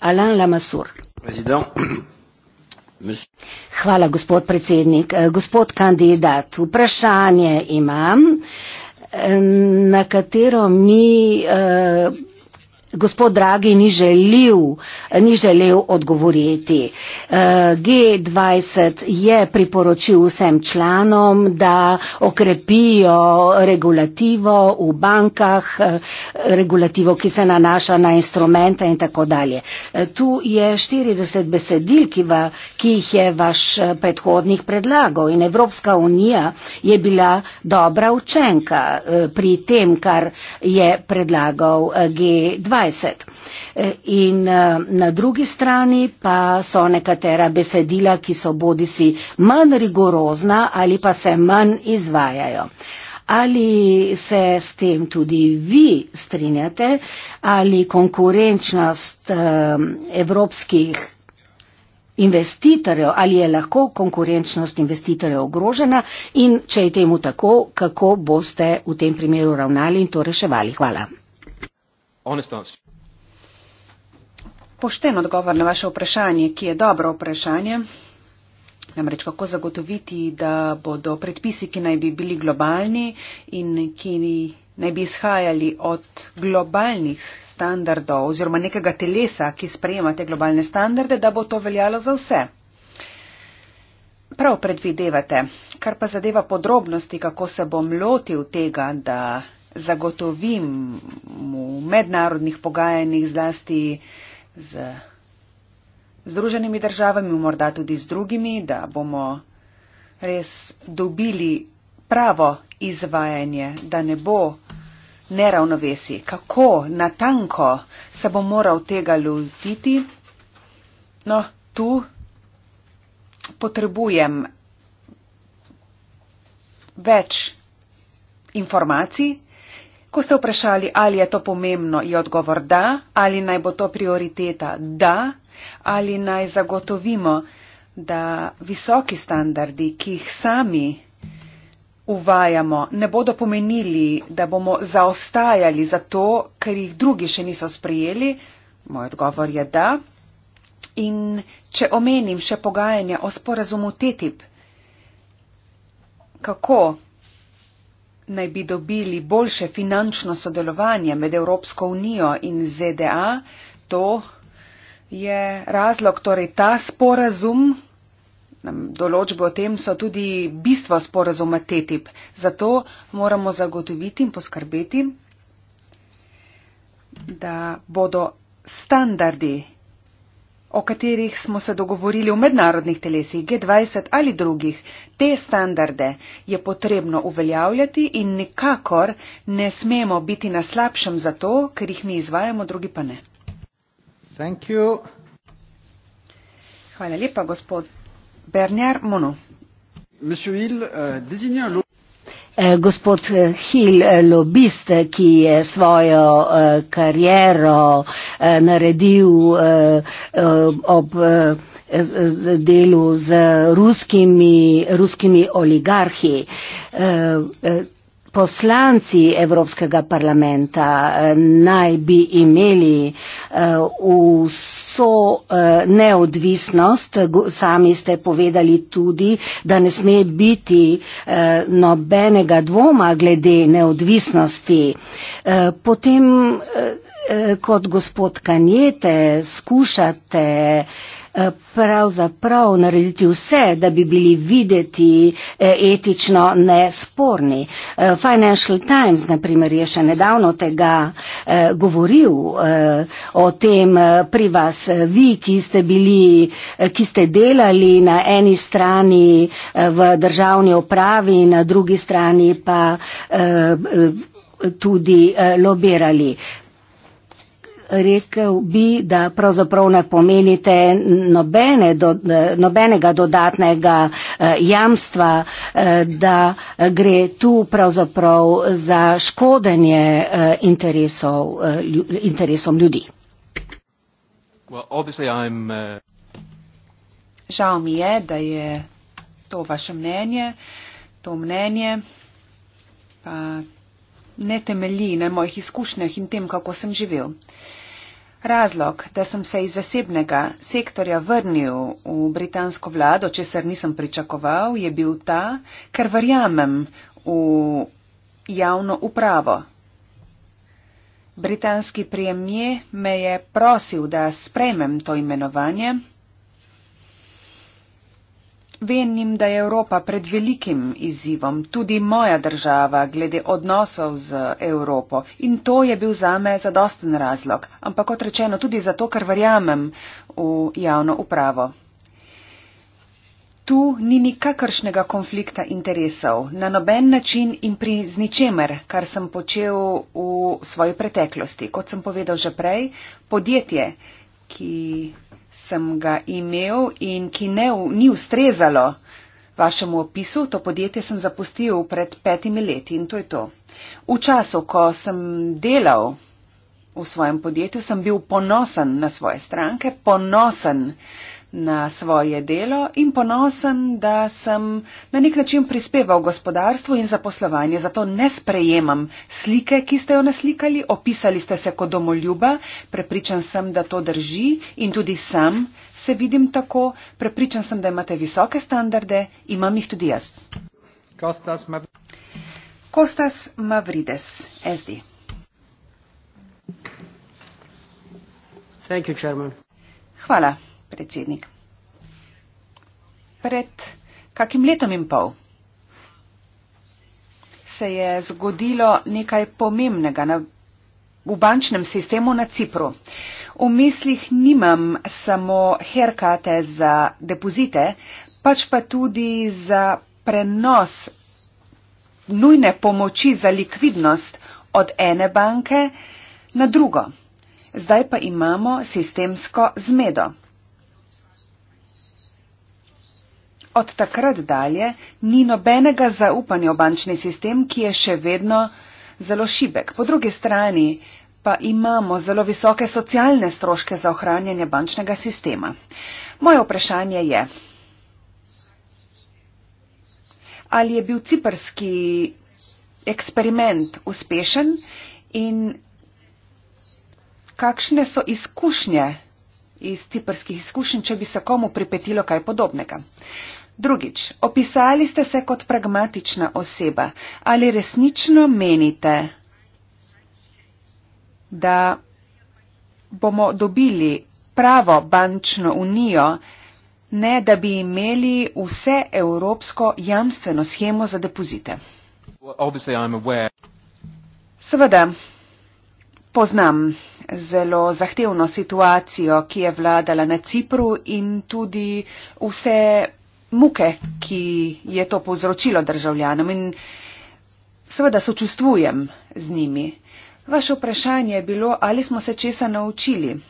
S4: Alain Lamassoure.
S1: Président.
S4: Hvala, gospod predsednik. Eh, gospod kandidat, vprašanje imam, na katero mi. Uh, gospod Dragi ni želil, ni želel odgovoriti. Eh, G20 je priporočil vsem članom, da okrepijo regulativo v bankah, eh, regulativo, ki se nanaša na instrumente in tako dalje. Eh, tu je 40 besedil, ki, va, ki jih je vaš predhodnik predlagal in Evropska unija je bila dobra učenka pri tem, kar je predlagal G20 dvajset. In eh, na drugi strani pa so nekatera besedila, ki so bodi si manj rigorozna ali pa se manj izvajajo. Ali se s tem tudi vi strinjate, ali konkurenčnost eh, evropskih investitorjev, ali je lahko konkurenčnost investitorjev ogrožena in če je temu tako, kako boste v tem primeru ravnali in to reševali? Hvala.
S3: Pošten odgovor na vaše vprašanje, ki je dobro vprašanje. Namreč kako zagotoviti, da bodo predpisi, ki naj bi bili globalni in ki naj bi izhajali od globalnih standardov oziroma nekega telesa, ki sprejema te globalne standarde, da bo to veljalo za vse. Prav predvidevate, kar pa zadeva podrobnosti, kako se bom lotil tega, da zagotovim v mednarodnih pogajanjih zlasti z Združenimi državami, morda tudi z drugimi, da bomo res dobili pravo izvajanje, da ne bo neravnovesi. Kako natanko se bo moral tega lotiti? No, tu potrebujem več informacij, Ko ste vprašali, ali je to pomembno, je odgovor da, ali naj bo to prioriteta da, ali naj zagotovimo, da visoki standardi, ki jih sami uvajamo, ne bodo pomenili, da bomo zaostajali za to, ker jih drugi še niso sprejeli. Moj odgovor je da. In če omenim še pogajanja o sporazumu TTIP, kako naj bi dobili boljše finančno sodelovanje med Evropsko unijo in ZDA. To je razlog, torej ta sporazum, določbe o tem so tudi bistvo sporazuma TTIP. Zato moramo zagotoviti in poskrbeti, da bodo standardi o katerih smo se dogovorili v mednarodnih telesih G20 ali drugih, te standarde je potrebno uveljavljati in nikakor ne smemo biti na slabšem zato, ker jih mi izvajamo, drugi pa ne. Hvala lepa, gospod Bernjar Mono.
S4: Eh, gospod eh, Hill, eh, lobist, ki je svojo kariero naredil ob delu z ruskimi, ruskimi oligarhi poslanci Evropskega parlamenta eh, naj bi imeli eh, vso eh, neodvisnost. Sami ste povedali tudi, da ne sme biti nobenega dvoma glede neodvisnosti. Potem kot gospod Kanjete skušate Eh, pravzaprav narediti vse, da bi bili videti eh, etično nesporni. Eh, Financial Times, na primer, je še nedavno tega govoril o tem pri vas. Vi, ki ste, bili, ki ste delali na eni strani v državni opravi, na drugi strani pa tudi lobirali rekel bi, da pravzaprav ne pomenite nobene do, nobenega dodatnega eh, jamstva, eh, da gre tu pravzaprav za škodenje eh, interesov, interesom ljudi.
S1: Well,
S4: Žal mi je, da je
S3: to vaše mnenje, to mnenje pa ne temelji na mojih izkušnjah in tem, kako sem živel. Uh, Razlog, da sem se iz zasebnega sektorja vrnil v britansko vlado, česar nisem pričakoval, je bil ta, ker verjamem v javno upravo. Britanski premije me je prosil, da sprejmem to imenovanje. Venim, da je Evropa pred velikim izzivom, tudi moja država, glede odnosov z Evropo. In to je bil zame zadosten razlog, ampak kot rečeno tudi zato, ker verjamem v javno upravo. Tu ni nikakršnega konflikta interesov, na noben način in pri zničemer, kar sem počel v svoji preteklosti. Kot sem povedal že prej, podjetje, ki sem ga imel in ki ne, ni ustrezalo vašemu opisu, to podjetje sem zapustil pred petimi leti in to je to. V času, ko sem delal v svojem podjetju, sem bil ponosen na svoje stranke, ponosen na svoje delo in ponosen, da sem na nek način prispeval gospodarstvu in zaposlovanje. Zato ne sprejemam slike, ki ste jo naslikali, opisali ste se kot domoljuba, prepričan sem, da to drži in tudi sam se vidim tako, prepričan sem, da imate visoke standarde, imam jih tudi jaz. Kostas, Mav Kostas Mavrides, SD. Hvala predsednik. Pred kakim letom in pol se je zgodilo nekaj pomembnega na, v bančnem sistemu na Cipru. V mislih nimam samo herkate za depozite, pač pa tudi za prenos nujne pomoči za likvidnost od ene banke na drugo. Zdaj pa imamo sistemsko zmedo. Od takrat dalje ni nobenega zaupanja v bančni sistem, ki je še vedno zelo šibek. Po drugi strani pa imamo zelo visoke socialne stroške za ohranjanje bančnega sistema. Moje vprašanje je, ali je bil ciprski eksperiment uspešen in kakšne so izkušnje iz ciprskih izkušenj, če bi se komu pripetilo kaj podobnega. Drugič, opisali ste se kot pragmatična oseba. Ali resnično menite, da bomo dobili pravo bančno unijo, ne da bi imeli vse evropsko jamstveno schemo za depozite? Seveda, poznam zelo zahtevno situacijo, ki je vladala na Cipru in tudi vse muke, ki je to povzročilo državljanom in seveda sočustvujem z njimi. Vaše vprašanje je bilo, ali smo se česa naučili.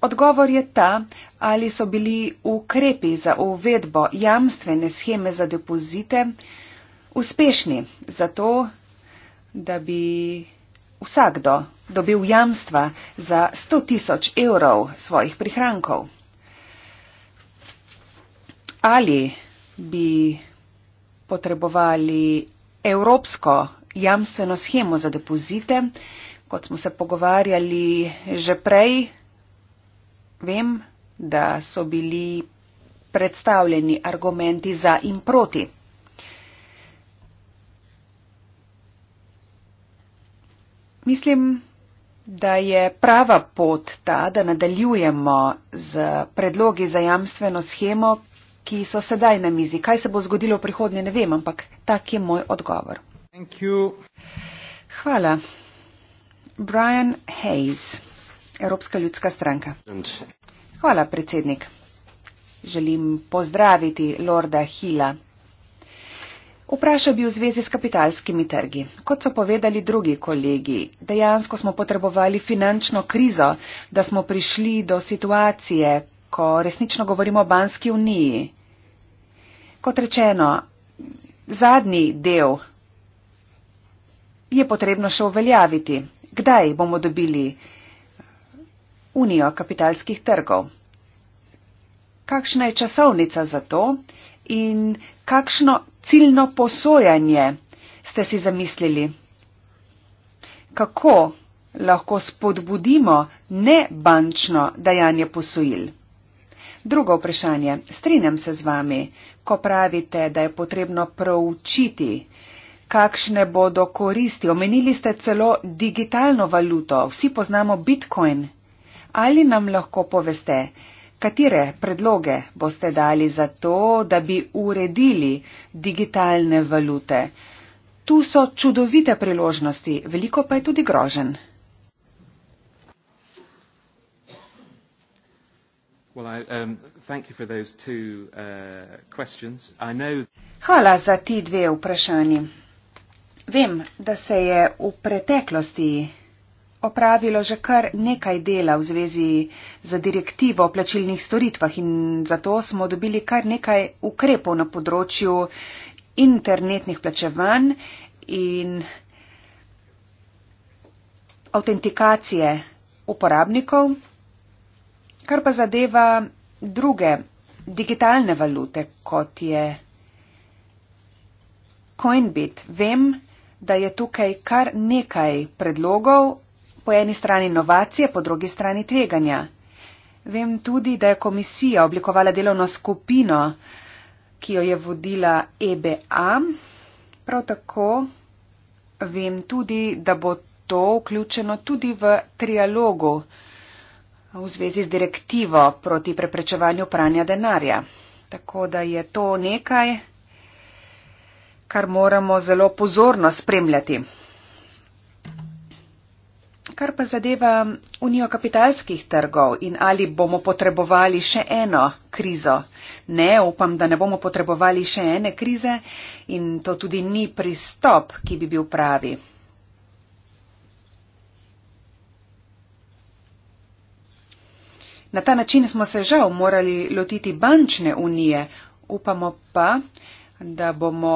S3: Odgovor je ta, ali so bili ukrepi za uvedbo jamstvene scheme za depozite uspešni za to, da bi vsakdo dobil jamstva za 100 tisoč evrov svojih prihrankov. Ali bi potrebovali evropsko jamstveno schemo za depozite, kot smo se pogovarjali že prej, vem, da so bili predstavljeni argumenti za in proti. Mislim, da je prava pot ta, da nadaljujemo z predlogi za jamstveno schemo, ki so sedaj na mizi. Kaj se bo zgodilo v prihodnje, ne vem, ampak tak je moj odgovor. Hvala. Brian Hayes, Evropska ljudska stranka. Hvala, predsednik. Želim pozdraviti Lorda Hila. Vprašal bi v zvezi s kapitalskimi trgi. Kot so povedali drugi kolegi, dejansko smo potrebovali finančno krizo, da smo prišli do situacije, ko resnično govorimo o Banski uniji. Kot rečeno, zadnji del je potrebno še uveljaviti. Kdaj bomo dobili unijo kapitalskih trgov? Kakšna je časovnica za to? in kakšno ciljno posojanje ste si zamislili? Kako lahko spodbudimo nebančno dajanje posojil? Drugo vprašanje. Strinjam se z vami, ko pravite, da je potrebno proučiti, kakšne bodo koristi. Omenili ste celo digitalno valuto, vsi poznamo Bitcoin. Ali nam lahko poveste, Katere predloge boste dali za to, da bi uredili digitalne valute? Tu so čudovite priložnosti, veliko pa je tudi grožen.
S1: Um, uh,
S3: Hvala za ti dve vprašanji. Vem, da se je v preteklosti opravilo že kar nekaj dela v zvezi z direktivo o plačilnih storitvah in zato smo dobili kar nekaj ukrepov na področju internetnih plačevanj in autentikacije uporabnikov, kar pa zadeva druge digitalne valute, kot je Coinbit. Vem, da je tukaj kar nekaj predlogov, po eni strani inovacije, po drugi strani tveganja. Vem tudi, da je komisija oblikovala delovno skupino, ki jo je vodila EBA. Prav tako vem tudi, da bo to vključeno tudi v trialogu v zvezi z direktivo proti preprečevanju pranja denarja. Tako da je to nekaj, kar moramo zelo pozorno spremljati. Kar pa zadeva unijo kapitalskih trgov in ali bomo potrebovali še eno krizo. Ne, upam, da ne bomo potrebovali še ene krize in to tudi ni pristop, ki bi bil pravi. Na ta način smo se žal morali lotiti bančne unije. Upamo pa, da bomo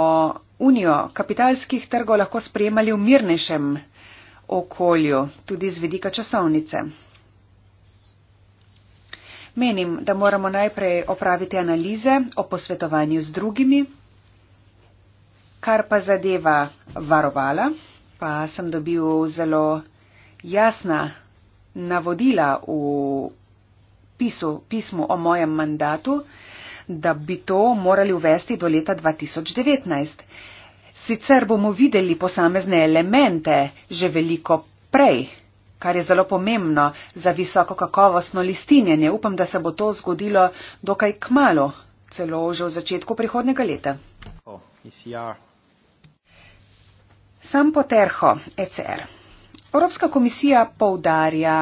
S3: unijo kapitalskih trgov lahko sprejemali v mirnejšem okolju, tudi z vidika časovnice. Menim, da moramo najprej opraviti analize o posvetovanju z drugimi, kar pa zadeva varovala, pa sem dobil zelo jasna navodila v pisu, pismu o mojem mandatu, da bi to morali uvesti do leta 2019. Sicer bomo videli posamezne elemente že veliko prej, kar je zelo pomembno za visoko kakovostno listinjenje. Upam, da se bo to zgodilo dokaj kmalo, celo že v začetku prihodnega leta. Oh, e Sam poterho ECR. Evropska komisija poudarja,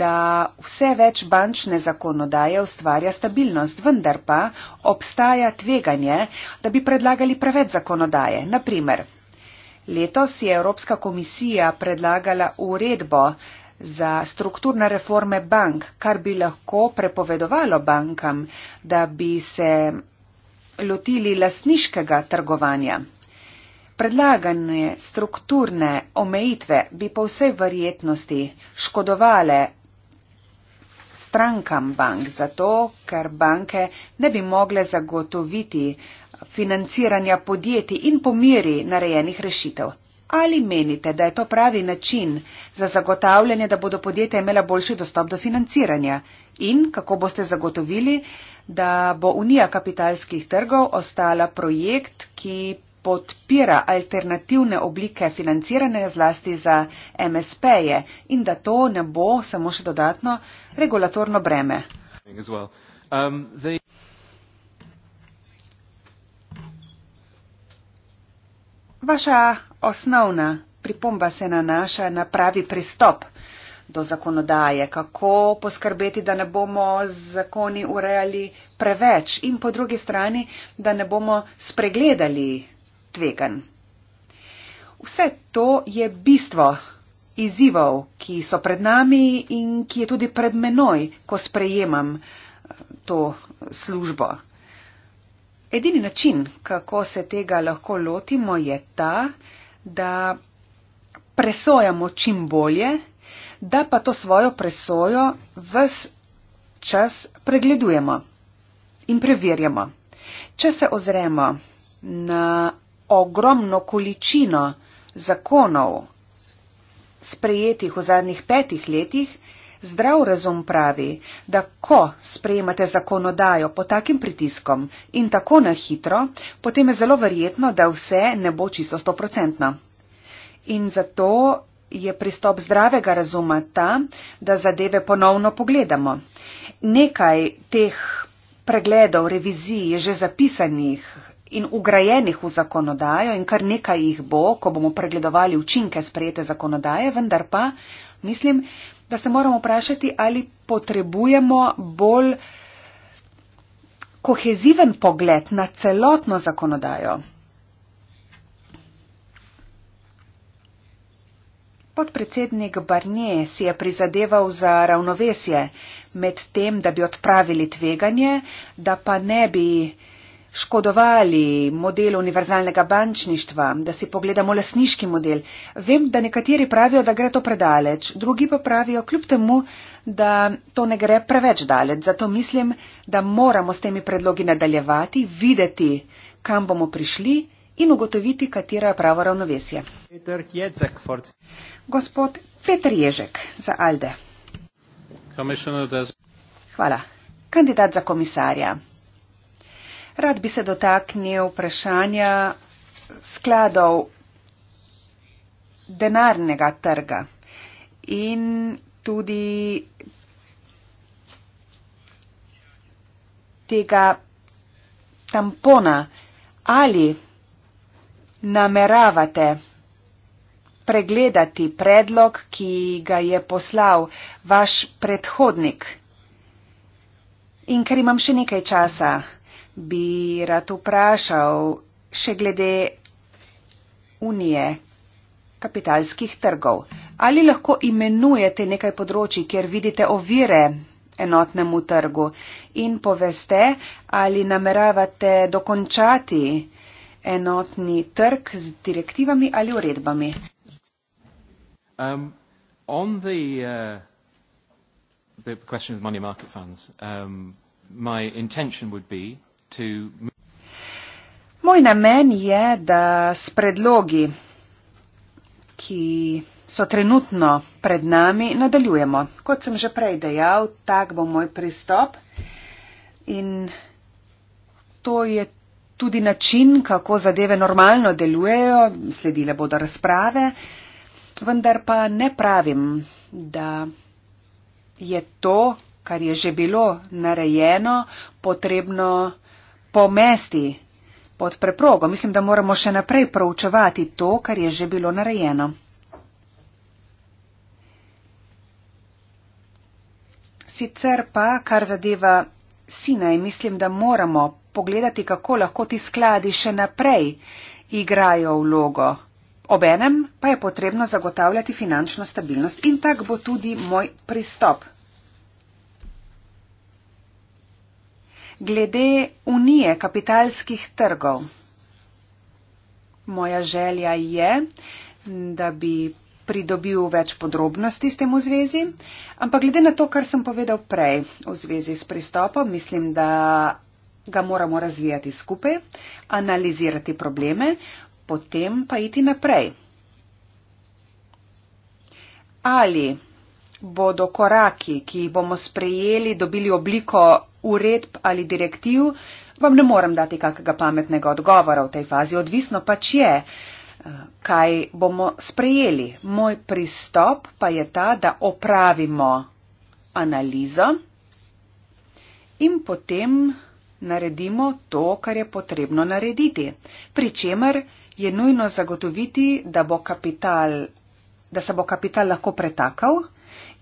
S3: da vse več bančne zakonodaje ustvarja stabilnost, vendar pa obstaja tveganje, da bi predlagali preveč zakonodaje. Naprimer, letos je Evropska komisija predlagala uredbo za strukturne reforme bank, kar bi lahko prepovedovalo bankam, da bi se lotili lasniškega trgovanja. Predlagane strukturne omejitve bi po vsej verjetnosti škodovale strankam bank, zato ker banke ne bi mogle zagotoviti financiranja podjetij in pomiri narejenih rešitev. Ali menite, da je to pravi način za zagotavljanje, da bodo podjetja imela boljši dostop do financiranja? In kako boste zagotovili, da bo Unija kapitalskih trgov ostala projekt, ki podpira alternativne oblike financiranja zlasti za MSP-je in da to ne bo samo še dodatno regulatorno breme.
S1: Um,
S3: Vaša osnovna pripomba se nanaša na pravi pristop do zakonodaje, kako poskrbeti, da ne bomo z zakoni urejali preveč in po drugi strani, da ne bomo spregledali tvegan. Vse to je bistvo izzivov, ki so pred nami in ki je tudi pred menoj, ko sprejemam eh, to službo. Edini način, kako se tega lahko lotimo, je ta, da presojamo čim bolje, da pa to svojo presojo ves čas pregledujemo in preverjamo. Če se ozremo na ogromno količino zakonov sprejetih v zadnjih petih letih, zdrav razum pravi, da ko sprejemate zakonodajo pod takim pritiskom in tako na hitro, potem je zelo verjetno, da vse ne bo čisto stoprocentno. In zato je pristop zdravega razuma ta, da zadeve ponovno pogledamo. Nekaj teh pregledov, revizij je že zapisanih in ugrajenih v zakonodajo in kar nekaj jih bo, ko bomo pregledovali učinke sprejete zakonodaje, vendar pa mislim, da se moramo vprašati, ali potrebujemo bolj koheziven pogled na celotno zakonodajo. Podpredsednik Barnier si je prizadeval za ravnovesje med tem, da bi odpravili tveganje, da pa ne bi škodovali modelu univerzalnega bančništva, da si pogledamo lasniški model. Vem, da nekateri pravijo, da gre to predaleč, drugi pa pravijo, kljub temu, da to ne gre preveč daleč. Zato mislim, da moramo s temi predlogi nadaljevati, videti, kam bomo prišli in ugotoviti, katera je prava ravnovesje. Peter Jezek, Gospod Peter Ježek za Alde. Hvala. Kandidat za komisarja. Rad bi se dotaknil vprašanja skladov denarnega trga in tudi tega tampona. Ali nameravate pregledati predlog, ki ga je poslal vaš predhodnik? In ker imam še nekaj časa, bi rad vprašal še glede unije kapitalskih trgov. Ali lahko imenujete nekaj področji, kjer vidite ovire enotnemu trgu in poveste, ali nameravate dokončati enotni trg z direktivami ali uredbami? Um, uh,
S1: The question of money market funds. Um, my intention would be to
S3: Moj namen je, da s predlogi, ki so trenutno pred nami, nadaljujemo. Kot sem že prej dejal, tak bo moj pristop in to je tudi način, kako zadeve normalno delujejo, sledile bodo razprave, vendar pa ne pravim, da je to, kar je že bilo narejeno, potrebno pomesti pod preprogo. Mislim, da moramo še naprej proučevati to, kar je že bilo narejeno. Sicer pa, kar zadeva sina, mislim, da moramo pogledati, kako lahko ti skladi še naprej igrajo vlogo. Obenem pa je potrebno zagotavljati finančno stabilnost in tak bo tudi moj pristop. glede unije kapitalskih trgov. Moja želja je, da bi pridobil več podrobnosti s tem v zvezi, ampak glede na to, kar sem povedal prej v zvezi s pristopom, mislim, da ga moramo razvijati skupaj, analizirati probleme, potem pa iti naprej. Ali bodo koraki, ki jih bomo sprejeli, dobili obliko uredb ali direktiv, vam ne morem dati kakega pametnega odgovora v tej fazi. Odvisno pač je, eh, kaj bomo sprejeli. Moj pristop pa je ta, da opravimo analizo in potem naredimo to, kar je potrebno narediti. Pričemer je nujno zagotoviti, da, kapital, da se bo kapital lahko pretakal,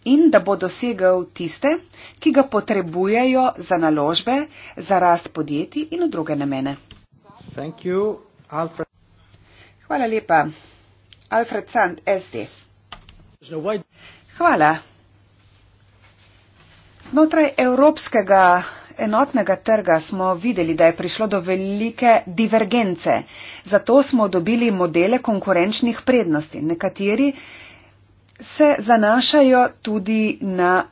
S3: in da bo dosegel tiste, ki ga potrebujejo za naložbe, za rast podjetij in v druge namene. You, Hvala lepa. Alfred Sand, SD. Hvala. Znotraj evropskega enotnega trga smo videli, da je prišlo do velike divergence. Zato smo dobili modele konkurenčnih prednosti. Nekateri se zanašajo tudi na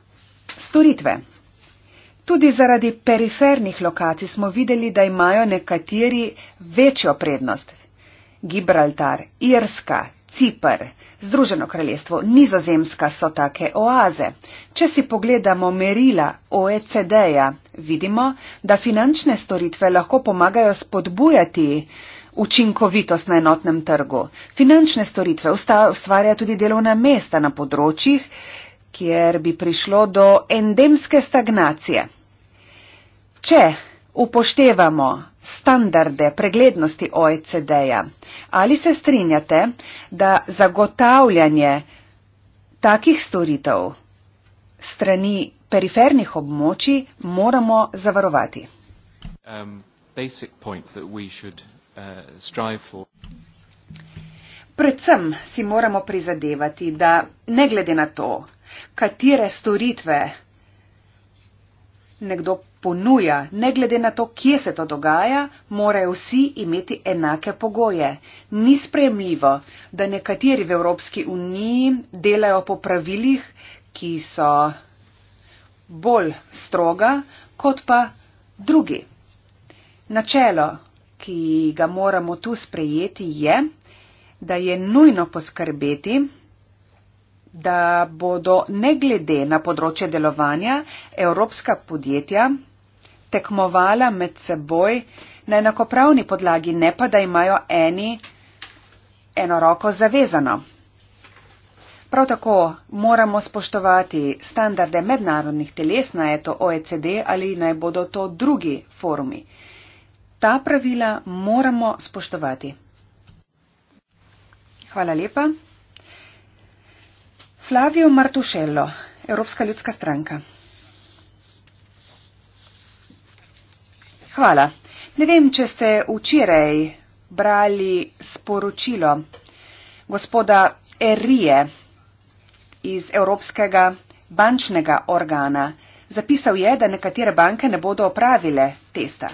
S3: storitve. Tudi zaradi perifernih lokacij smo videli, da imajo nekateri večjo prednost. Gibraltar, Irska, Cipr, Združeno kraljestvo, Nizozemska so take oaze. Če si pogledamo merila OECD-ja, vidimo, da finančne storitve lahko pomagajo spodbujati učinkovitost na enotnem trgu. Finančne storitve ustvarja tudi delovna mesta na področjih, kjer bi prišlo do endemske stagnacije. Če upoštevamo standarde preglednosti OECD-ja, ali se strinjate, da zagotavljanje takih storitev strani perifernih območij moramo zavarovati?
S1: Um, uh, strive for.
S3: Predvsem si moramo prizadevati, da ne glede na to, katere storitve nekdo ponuja, ne glede na to, kje se to dogaja, morajo vsi imeti enake pogoje. Ni sprejemljivo, da nekateri v Evropski uniji delajo po pravilih, ki so bolj stroga kot pa drugi. Načelo ki ga moramo tu sprejeti, je, da je nujno poskrbeti, da bodo ne glede na področje delovanja evropska podjetja tekmovala med seboj na enakopravni podlagi, ne pa da imajo eni eno roko zavezano. Prav tako moramo spoštovati standarde mednarodnih teles na eto OECD ali naj bodo to drugi forumi ta pravila moramo spoštovati. Hvala lepa. Flavio Martušello, Evropska ljudska stranka. Hvala. Ne vem, če ste včeraj brali sporočilo gospoda Erije iz Evropskega bančnega organa. Zapisal je, da nekatere banke ne bodo opravile testa.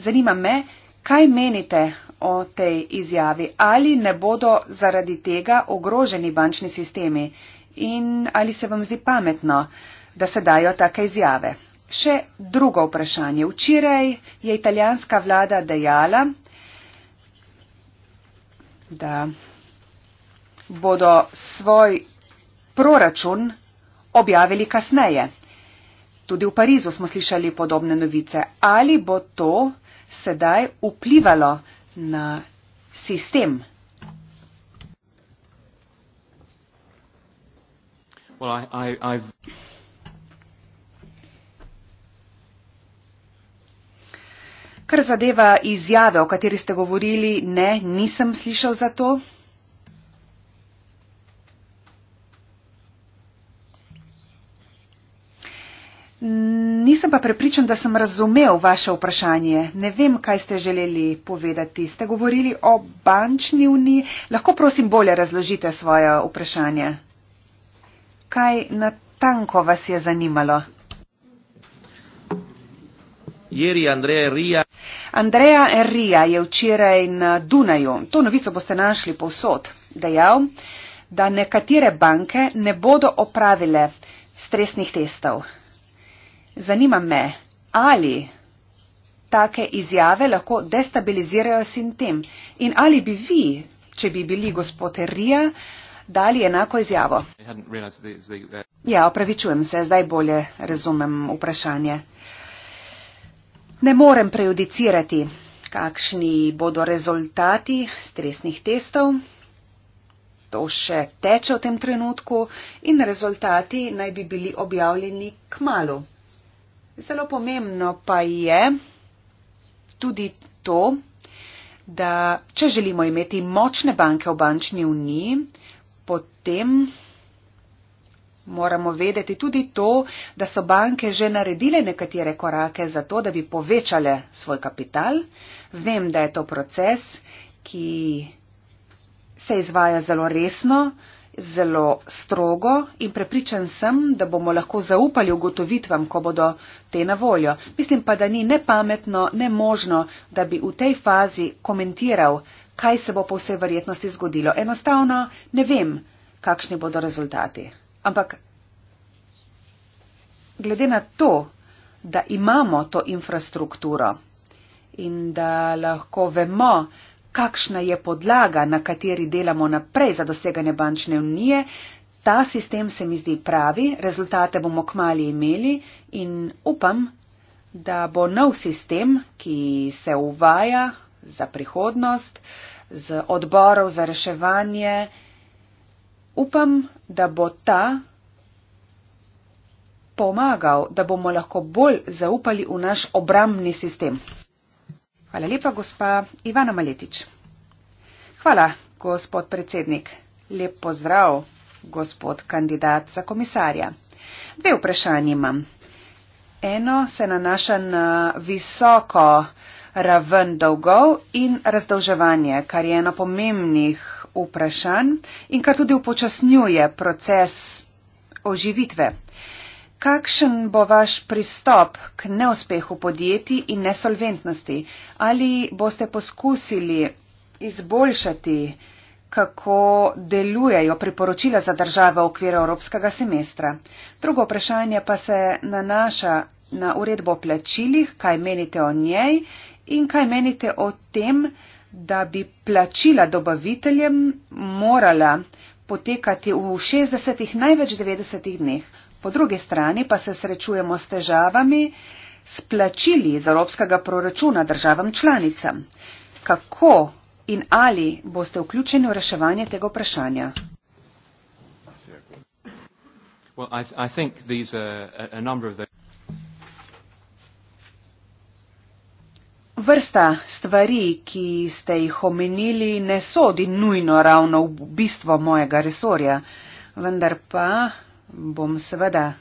S3: Zanima me, kaj menite o tej izjavi? Ali ne bodo zaradi tega ogroženi bančni sistemi? In ali se vam zdi pametno, da se dajo take izjave? Še drugo vprašanje. Včeraj je italijanska vlada dejala, da bodo svoj proračun objavili kasneje. Tudi v Parizu smo slišali podobne novice. Ali bo to sedaj vplivalo na sistem.
S1: Well, I, I,
S3: Kar zadeva izjave, o kateri ste govorili, ne, nisem slišal za to. N Nisem pa prepričan, da sem razumel vaše vprašanje. Ne vem, kaj ste želeli povedati. Ste govorili o bančni uniji. Lahko prosim bolje razložite svoje vprašanje. Kaj natanko vas je zanimalo?
S1: Jeri Andreja
S3: Rija. Andreja Rija je včeraj na Dunaju, to novico boste našli povsod, dejal, da nekatere banke ne bodo opravile stresnih testov. Zanima me, ali take izjave lahko destabilizirajo sintem in ali bi vi, če bi bili gospod Rija, dali enako izjavo. Uh, ja, opravičujem se, zdaj bolje razumem vprašanje. Ne morem prejudicirati, kakšni bodo rezultati stresnih testov. To še teče v tem trenutku in rezultati naj bi bili objavljeni k malu. Zelo pomembno pa je tudi to, da če želimo imeti močne banke v bančni uniji, potem moramo vedeti tudi to, da so banke že naredile nekatere korake za to, da bi povečale svoj kapital. Vem, da je to proces, ki se izvaja zelo resno, zelo strogo in prepričan sem, da bomo lahko zaupali ugotovitvam, ko bodo te na voljo. Mislim pa, da ni ne pametno, ne možno, da bi v tej fazi komentiral, kaj se bo po vsej verjetnosti zgodilo. Enostavno ne vem, kakšni bodo rezultati. Ampak glede na to, da imamo to infrastrukturo in da lahko vemo, kakšna je podlaga, na kateri delamo naprej za doseganje bančne unije, ta sistem se mi zdi pravi, rezultate bomo kmali imeli in upam, da bo nov sistem, ki se uvaja za prihodnost, z odborov za reševanje, upam, da bo ta pomagal, da bomo lahko bolj zaupali v naš obramni sistem. Hvala lepa, gospa Ivana Maletič. Hvala, gospod predsednik. Lep pozdrav, gospod kandidat za komisarja. Dve vprašanje imam. Eno se nanaša na visoko raven dolgov in razdolževanje, kar je eno pomembnih vprašanj in kar tudi upočasnjuje proces oživitve. Kakšen bo vaš pristop k neuspehu podjetij in nesolventnosti? Ali boste poskusili izboljšati, kako delujejo priporočila za države v okviru evropskega semestra? Drugo vprašanje pa se nanaša na uredbo o plačilih, kaj menite o njej in kaj menite o tem, da bi plačila dobaviteljem morala potekati v 60, največ 90 dneh. Po drugi strani pa se srečujemo s težavami s plačili iz evropskega proračuna državam članicam. Kako in ali boste vključeni v reševanje tega vprašanja?
S1: Well, I, I think these are a number of the.
S3: Vrsta stvari, ki ste jih omenili, ne sodi nujno ravno v bistvo mojega resorja, vendar pa bom seveda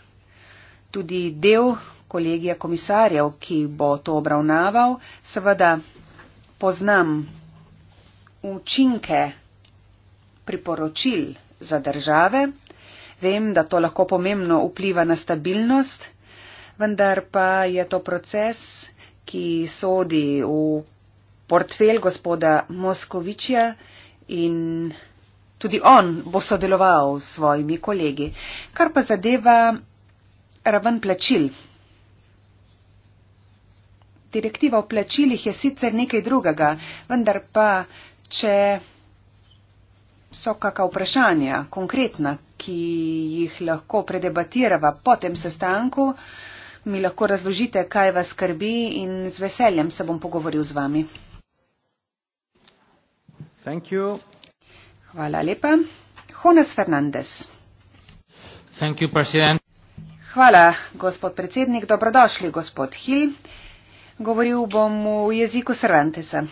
S3: tudi del kolegija komisarjev, ki bo to obravnaval. Seveda poznam učinke priporočil za države. Vem, da to lahko pomembno vpliva na stabilnost, vendar pa je to proces, ki sodi v portfel gospoda Moskovičja in tudi on bo sodeloval s svojimi kolegi. Kar pa zadeva raven plačil. Direktiva o plačilih je sicer nekaj drugega, vendar pa, če so kakav vprašanja konkretna, ki jih lahko predebatirava po tem sestanku, mi lahko razložite, kaj vas skrbi in z veseljem se bom pogovoril z vami. Thank you. Hvala lepa. Jonas Fernandez.
S1: You,
S3: Hvala, gospod predsednik. Dobrodošli, gospod Hill. Govoril bom v jeziku Cervantesa.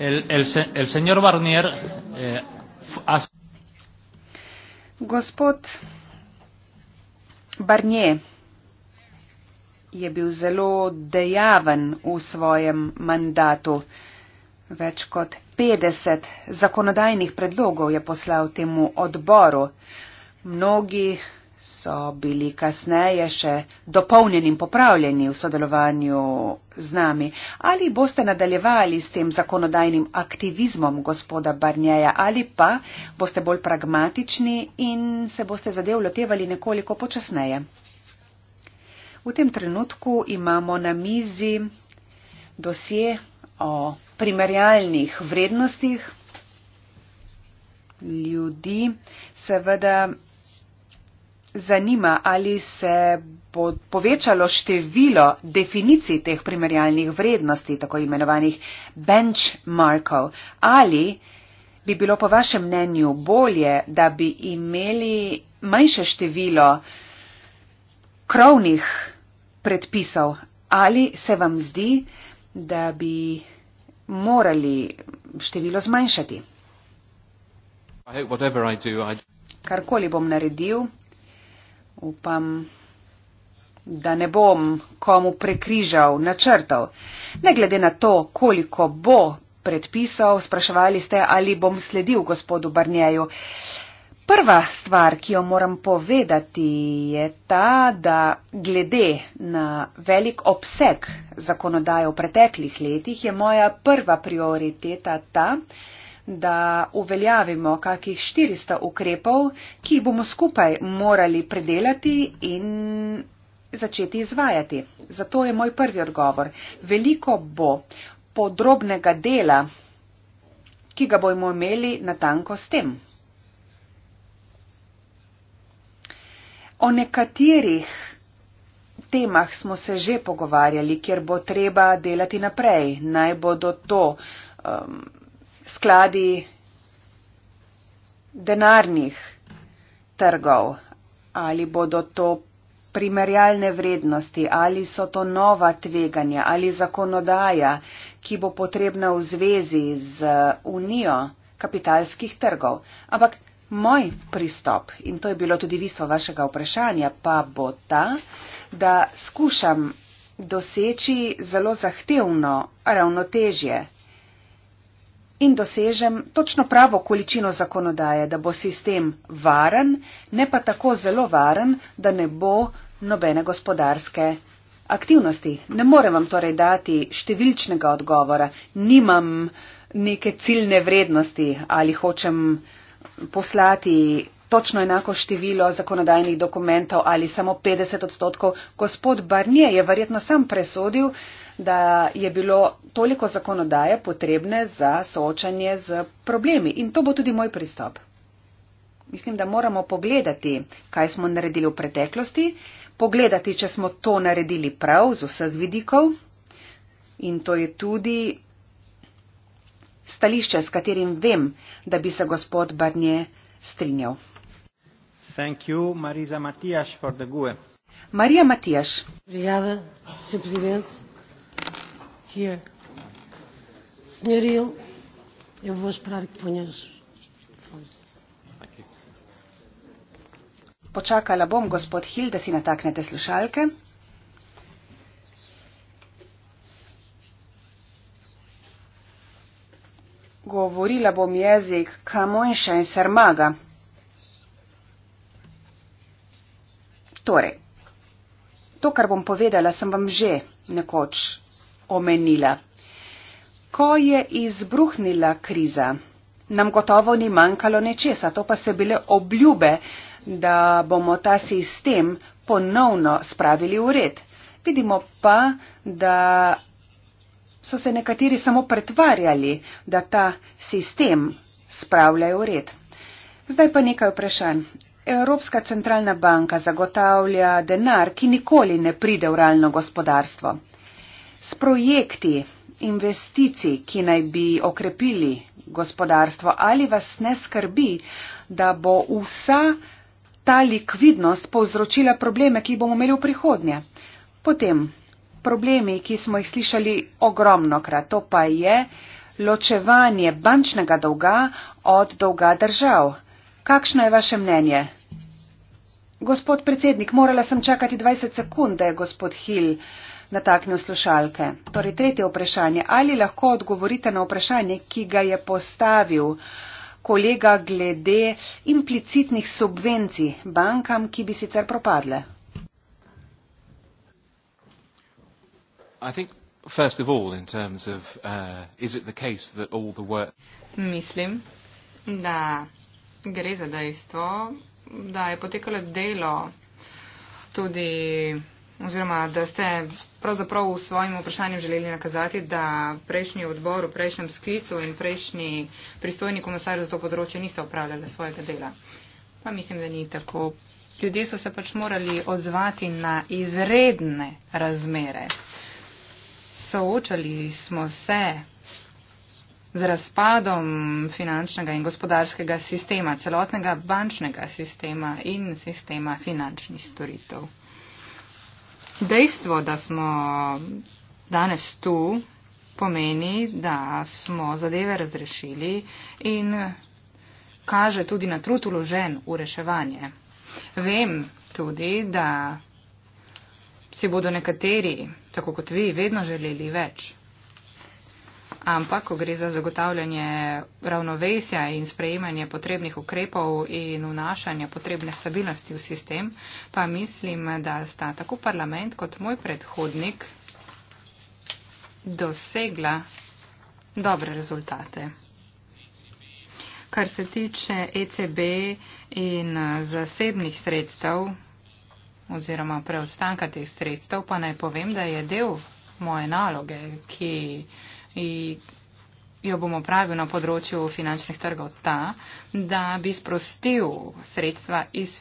S1: El, el, el señor Barnier, eh, as...
S3: Gospod Barnier je bil zelo dejaven v svojem mandatu. Več kot 50 zakonodajnih predlogov je poslal temu odboru. Mnogi so bili kasneje še dopolnjeni in popravljeni v sodelovanju z nami. Ali boste nadaljevali s tem zakonodajnim aktivizmom gospoda Barnjeja ali pa boste bolj pragmatični in se boste zadev lotevali nekoliko počasneje? V tem trenutku imamo na mizi dosje o primerjalnih vrednostih ljudi seveda zanima, ali se bo povečalo število definicij teh primerjalnih vrednosti, tako imenovanih benchmarkov, ali bi bilo po vašem mnenju bolje, da bi imeli manjše število krovnih predpisov, ali se vam zdi, da bi morali število zmanjšati. Karkoli bom naredil, upam, da ne bom komu prekrižal načrtov. Ne glede na to, koliko bo predpisov, spraševali ste, ali bom sledil gospodu Barnjeju. Uh, Prva stvar, ki jo moram povedati, je ta, da glede na velik obseg zakonodaje v preteklih letih je moja prva prioriteta ta, da uveljavimo kakih 400 ukrepov, ki jih bomo skupaj morali predelati in začeti izvajati. Zato je moj prvi odgovor. Veliko bo podrobnega dela, ki ga bomo imeli na tanko s tem. O nekaterih temah smo se že pogovarjali, kjer bo treba delati naprej. Naj bodo to um, skladi denarnih trgov ali bodo to primerjalne vrednosti, ali so to nova tveganja, ali zakonodaja, ki bo potrebna v zvezi z unijo kapitalskih trgov. Ampak moj pristop, in to je bilo tudi viso vašega vprašanja, pa bo ta, da skušam doseči zelo zahtevno ravnotežje in dosežem točno pravo količino zakonodaje, da bo sistem varen, ne pa tako zelo varen, da ne bo nobene gospodarske aktivnosti. Ne morem vam torej dati številčnega odgovora, nimam neke ciljne vrednosti ali hočem poslati točno enako število zakonodajnih dokumentov ali samo 50 odstotkov. Gospod Barnje je verjetno sam presodil, da je bilo toliko zakonodaje potrebne za soočanje z problemi. In to bo tudi moj pristop. Mislim, da moramo pogledati, kaj smo naredili v preteklosti, pogledati, če smo to naredili prav z vseh vidikov. In to je tudi stališče, s katerim vem, da bi se gospod Barnje strinjal.
S1: Thank you, Marisa Matijaš, for the GUE.
S3: Marija Matijaš. Obrigada,
S4: senhor presidente. Here. Senhor Il, eu vou esperar que ponha os fones.
S3: Počakala bom, gospod Hilde, si nataknete slušalke. Govorila bom jezik Kamonša in Sarmaga. Torej, to, kar bom povedala, sem vam že nekoč omenila. Ko je izbruhnila kriza, nam gotovo ni manjkalo nečesa, to pa so bile obljube, da bomo ta sistem ponovno spravili v red. Vidimo pa, da so se nekateri samo pretvarjali, da ta sistem spravljajo v red. Zdaj pa nekaj vprašanj. Evropska centralna banka zagotavlja denar, ki nikoli ne pride v realno gospodarstvo. S projekti investicij, ki naj bi okrepili gospodarstvo, ali vas ne skrbi, da bo vsa ta likvidnost povzročila probleme, ki jih bomo imeli v prihodnje? Potem problemi, ki smo jih slišali ogromno krat, to pa je ločevanje bančnega dolga od dolga držav. Kakšno je vaše mnenje? Gospod predsednik, morala sem čakati 20 sekund, da je gospod Hill nataknil slušalke. Torej, tretje vprašanje. Ali lahko odgovorite na vprašanje, ki ga je postavil kolega glede implicitnih subvencij bankam, ki bi sicer propadle?
S1: I think, first of all, in terms of, uh, is it the case that all the work...
S2: Mislim, da gre za dejstvo, da je potekalo delo tudi, oziroma, da ste pravzaprav v svojim vprašanju želeli nakazati, da prejšnji odbor v prejšnjem sklicu in prejšnji pristojni komisar za to področje niste upravljali svojega dela. Pa mislim, da ni tako. Ljudje so se pač morali odzvati na izredne razmere soočali smo se z razpadom finančnega in gospodarskega sistema, celotnega bančnega sistema in sistema finančnih storitev. Dejstvo, da smo danes tu, pomeni, da smo zadeve razrešili in kaže tudi na trud uložen v reševanje. Vem tudi, da si bodo nekateri tako kot vi, vedno želeli več. Ampak, ko gre za zagotavljanje ravnovesja in sprejemanje potrebnih ukrepov in vnašanje potrebne stabilnosti v sistem, pa mislim, da sta tako parlament kot moj predhodnik dosegla dobre rezultate. Kar se tiče ECB in zasebnih sredstev, oziroma preostanka teh sredstev, pa naj povem, da je del moje naloge, ki jo bom opravil na področju finančnih trgov ta, da bi sprostil sredstva iz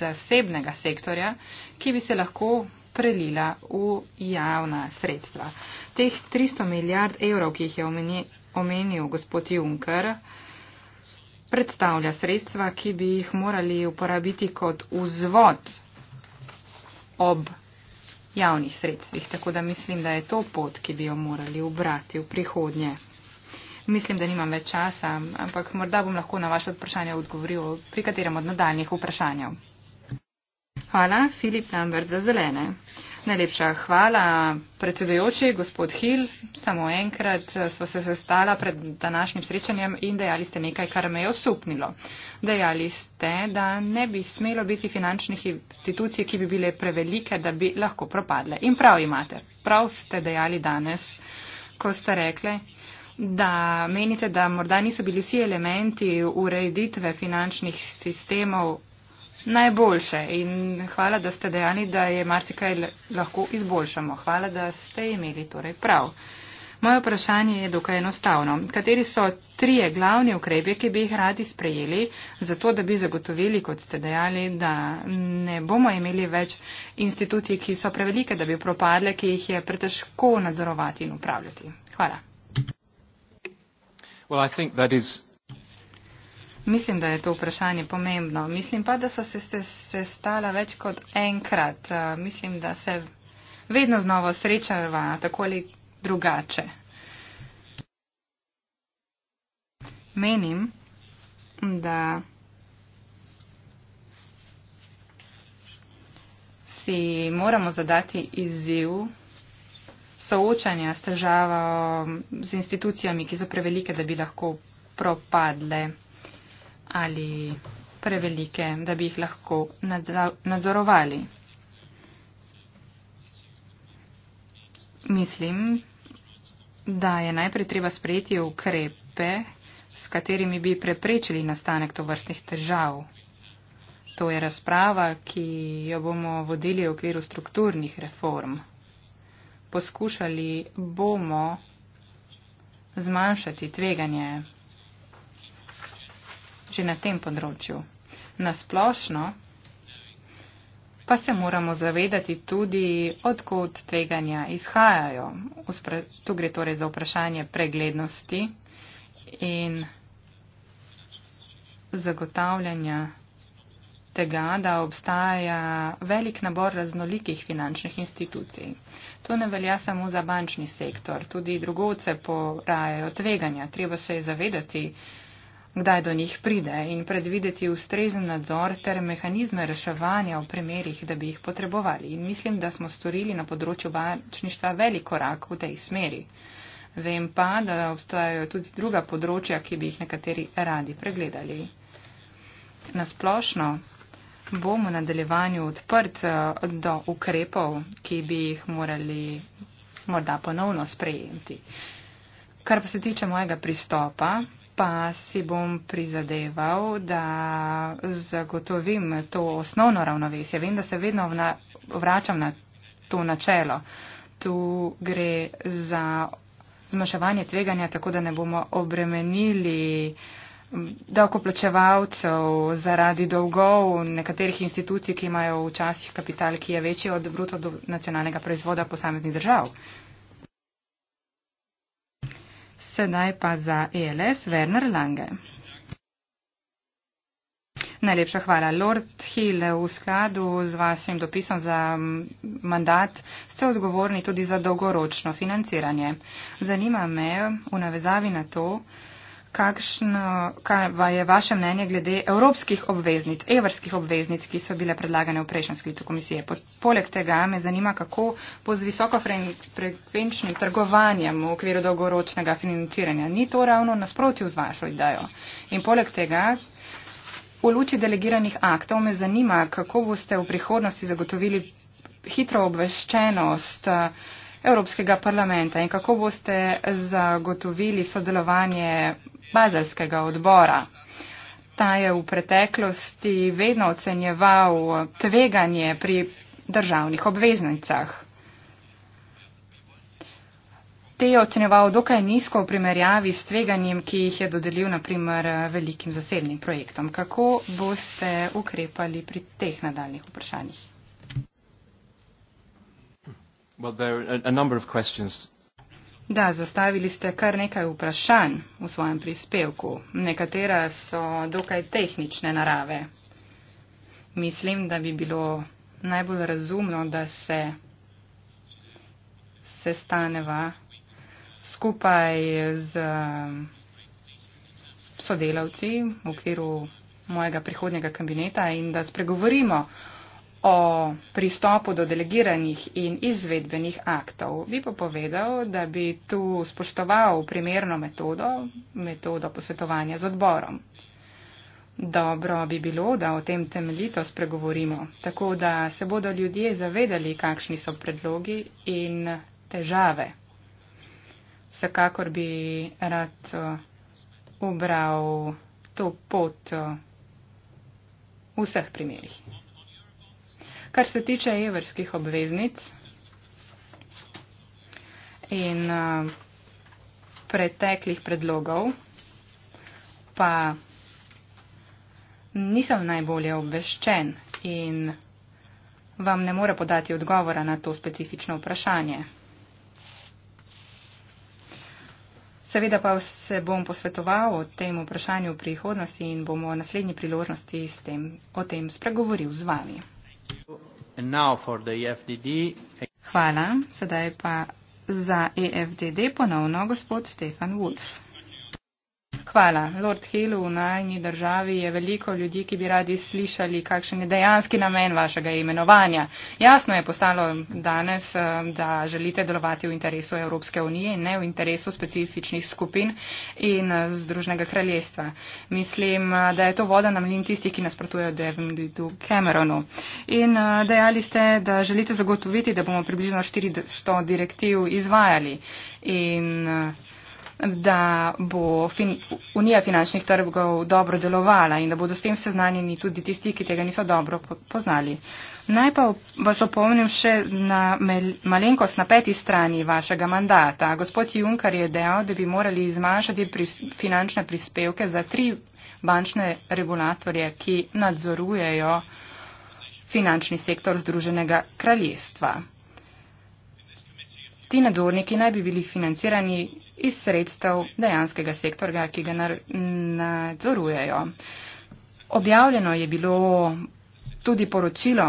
S2: zasebnega sektorja, ki bi se lahko prelila v javna sredstva. Teh 300 milijard evrov, ki jih je omenil gospod Juncker, predstavlja sredstva, ki bi jih morali uporabiti kot vzvod ob javnih sredstvih. Tako da mislim, da je to pot, ki bi jo morali obrati v prihodnje. Mislim, da nimam več časa, ampak morda bom lahko na vaše vprašanje odgovoril pri katerem od nadaljnih vprašanj. Hvala, Filip Lambert za zelene. Najlepša hvala, predsedujoči, gospod Hill. Samo enkrat eh, smo se sestala pred današnjim srečanjem in dejali ste nekaj, kar me je osupnilo. Dejali ste, da ne bi smelo biti finančnih institucij, ki bi bile prevelike, da bi lahko propadle. In prav imate. Prav ste dejali danes, ko ste rekli, da menite, da morda niso bili vsi elementi ureditve finančnih sistemov najboljše in hvala, da ste dejali, da je marsikaj lahko izboljšamo. Hvala, da ste imeli torej prav. Moje vprašanje je dokaj enostavno. Kateri so trije glavni ukrepe, ki bi jih radi sprejeli, zato da bi zagotovili, kot ste dejali, da ne bomo imeli več institucij, ki so prevelike, da bi propadle, ki jih je pretežko nadzorovati in upravljati? Hvala.
S1: Well,
S2: Mislim, da je to vprašanje pomembno. Mislim pa, da so se, se, se stala več kot enkrat. Uh, mislim, da se vedno znova srečava tako ali drugače. Menim, da si moramo zadati izziv soočanja s težavo z institucijami, ki so prevelike, da bi lahko propadle ali prevelike, da bi jih lahko nadzorovali. Mislim, da je najprej treba sprejeti ukrepe, s katerimi bi preprečili nastanek tovrstnih težav. To je razprava, ki jo bomo vodili v okviru strukturnih reform. Poskušali bomo zmanjšati tveganje že na tem področju. Nasplošno pa se moramo zavedati tudi, odkud tveganja izhajajo. Tu gre torej za vprašanje preglednosti in zagotavljanja tega, da obstaja velik nabor raznolikih finančnih institucij. To ne velja samo za bančni sektor, tudi drugoce porajajo tveganja. Treba se je zavedati, kdaj do njih pride in predvideti ustrezen nadzor ter mehanizme reševanja v primerih, da bi jih potrebovali. In mislim, da smo storili na področju bančništva velik korak v tej smeri. Vem pa, da obstajajo tudi druga področja, ki bi jih nekateri radi pregledali. Nasplošno bom v nadaljevanju odprt eh, do ukrepov, ki bi jih morali morda ponovno sprejeti. Kar pa se tiče mojega pristopa, pa si bom prizadeval, da zagotovim to osnovno ravnovesje. Vem, da se vedno vračam na to načelo. Tu gre za zmaševanje tveganja, tako da ne bomo obremenili davkoplačevalcev zaradi dolgov nekaterih institucij, ki imajo včasih kapital, ki je večji od bruto nacionalnega proizvoda posameznih držav. Sedaj pa za ELS Werner Lange. Najlepša hvala. Lord Hill, v skladu z vašim dopisom za mandat ste odgovorni tudi za dolgoročno financiranje. Zanima me v navezavi na to, kakšno kaj je vaše mnenje glede evropskih obveznic, evrskih obveznic, ki so bile predlagane v prejšnjem sklicu komisije. Poleg tega me zanima, kako bo z visokofrekvenčnim trgovanjem v okviru dolgoročnega financiranja. Ni to ravno nasprotju z vašo idejo. In poleg tega. V luči delegiranih aktov me zanima, kako boste v prihodnosti zagotovili hitro obveščenost. Uh, Evropskega parlamenta in kako boste zagotovili sodelovanje bazalskega odbora. Ta je v preteklosti vedno ocenjeval tveganje pri državnih obveznicah. Te je ocenjeval dokaj nizko v primerjavi s tveganjem, ki jih je dodelil naprimer velikim zasebnim projektom. Kako boste ukrepali pri teh nadaljnih vprašanjih? Da, zastavili ste kar nekaj vprašanj v svojem prispevku. Nekatera so dokaj tehnične narave. Mislim, da bi bilo najbolj razumno, da se sestaneva skupaj z um, sodelavci v okviru mojega prihodnjega kabineta in da spregovorimo o pristopu do delegiranih in izvedbenih aktov. Bi pa povedal, da bi tu spoštoval primerno metodo, metodo posvetovanja z odborom. Dobro bi bilo, da o tem temeljito spregovorimo, tako da se bodo ljudje zavedali, kakšni so predlogi in težave. Vsekakor bi rad eh, ubral to pot eh, v vseh primerjih. Kar se tiče evrskih obveznic in eh, preteklih predlogov, pa nisem najbolje obveščen in vam ne more podati odgovora na to specifično vprašanje. Seveda pa se bom posvetoval o tem vprašanju v prihodnosti in bom v naslednji priložnosti s tem, o tem spregovoril z vami. E Hvala. Sedaj pa za EFDD ponovno gospod Stefan Wolf. Hvala. Lord Hill, v najni državi je veliko ljudi, ki bi radi slišali, kakšen je dejanski namen vašega imenovanja. Jasno je postalo danes, eh, da želite delovati v interesu Evropske unije in ne v interesu specifičnih skupin in eh, Združnega kraljestva. Mislim, eh, da je to voda na mlin tistih, ki nasprotujejo Devendu Cameronu. In dejali ste, da želite zagotoviti, da bomo približno 400 direktiv izvajali. In, uh, da bo fin Unija finančnih trgov dobro delovala in da bodo s tem seznanjeni tudi tisti, ki tega niso dobro poznali. Naj pa vas opomnim še na malenkost na peti strani vašega mandata. Gospod Juncker je dejal, da bi morali zmanjšati pris finančne prispevke za tri bančne regulatorje, ki nadzorujejo finančni sektor Združenega kraljestva. Ti nadzorniki naj bi bili financirani iz sredstev dejanskega sektorja, ki ga nadzorujejo. Objavljeno je bilo tudi poročilo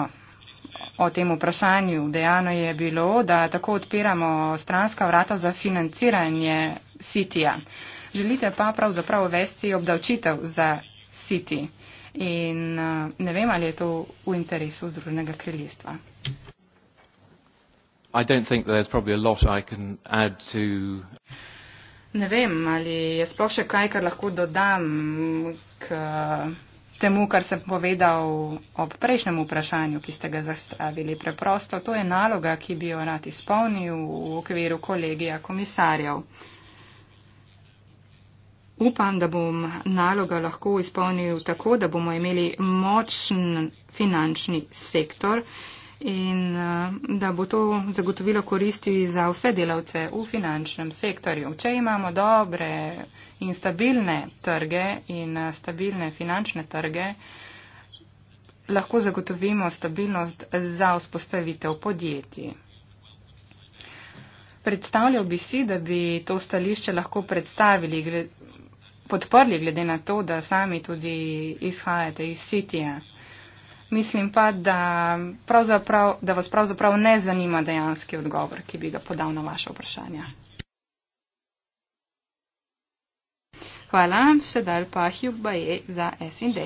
S2: o tem vprašanju. Dejano je bilo, da tako odpiramo stranska vrata za financiranje sitija. Želite pa pravzaprav uvesti obdavčitev za siti. In eh, ne vem, ali je to v interesu Združenega kraljestva.
S1: I don't think there's probably a lot I can add to.
S2: Ne vem, ali je sploh še kaj, kar lahko dodam k temu, kar sem povedal ob prejšnjem vprašanju, ki ste ga zastavili. Preprosto, to je naloga, ki bi jo rad izpolnil v okviru kolegija komisarjev. Upam, da bom naloga lahko izpolnil tako, da bomo imeli močen finančni sektor, in eh, da bo to zagotovilo koristi za vse delavce v finančnem sektorju. Če imamo dobre in stabilne trge in eh, stabilne finančne trge, lahko zagotovimo stabilnost za vzpostavitev podjetij. Predstavljal bi si, da bi to stališče lahko predstavili, podprli glede na to, da sami tudi izhajate iz sitija. Mislim pa, da, pravzaprav, da vas pravzaprav ne zanima dejanski odgovor, ki bi ga podal na vaše vprašanje. Hvala. Sedaj pa Hugh Baye za SND.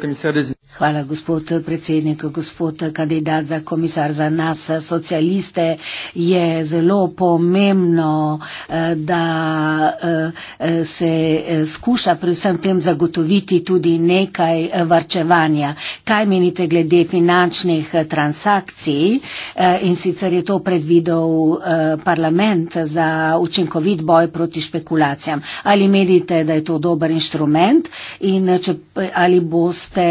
S4: Komisar, z Hvala, gospod predsednik, gospod kandidat za komisar za nas, socialiste. Je zelo pomembno, eh, da eh, se eh, skuša pri vsem tem zagotoviti tudi nekaj varčevanja. Kaj menite glede finančnih transakcij in sicer je to predvidel parlament za učinkovit boj proti špekulacijam? Ali menite, da je to dober inštrument in če, ali boste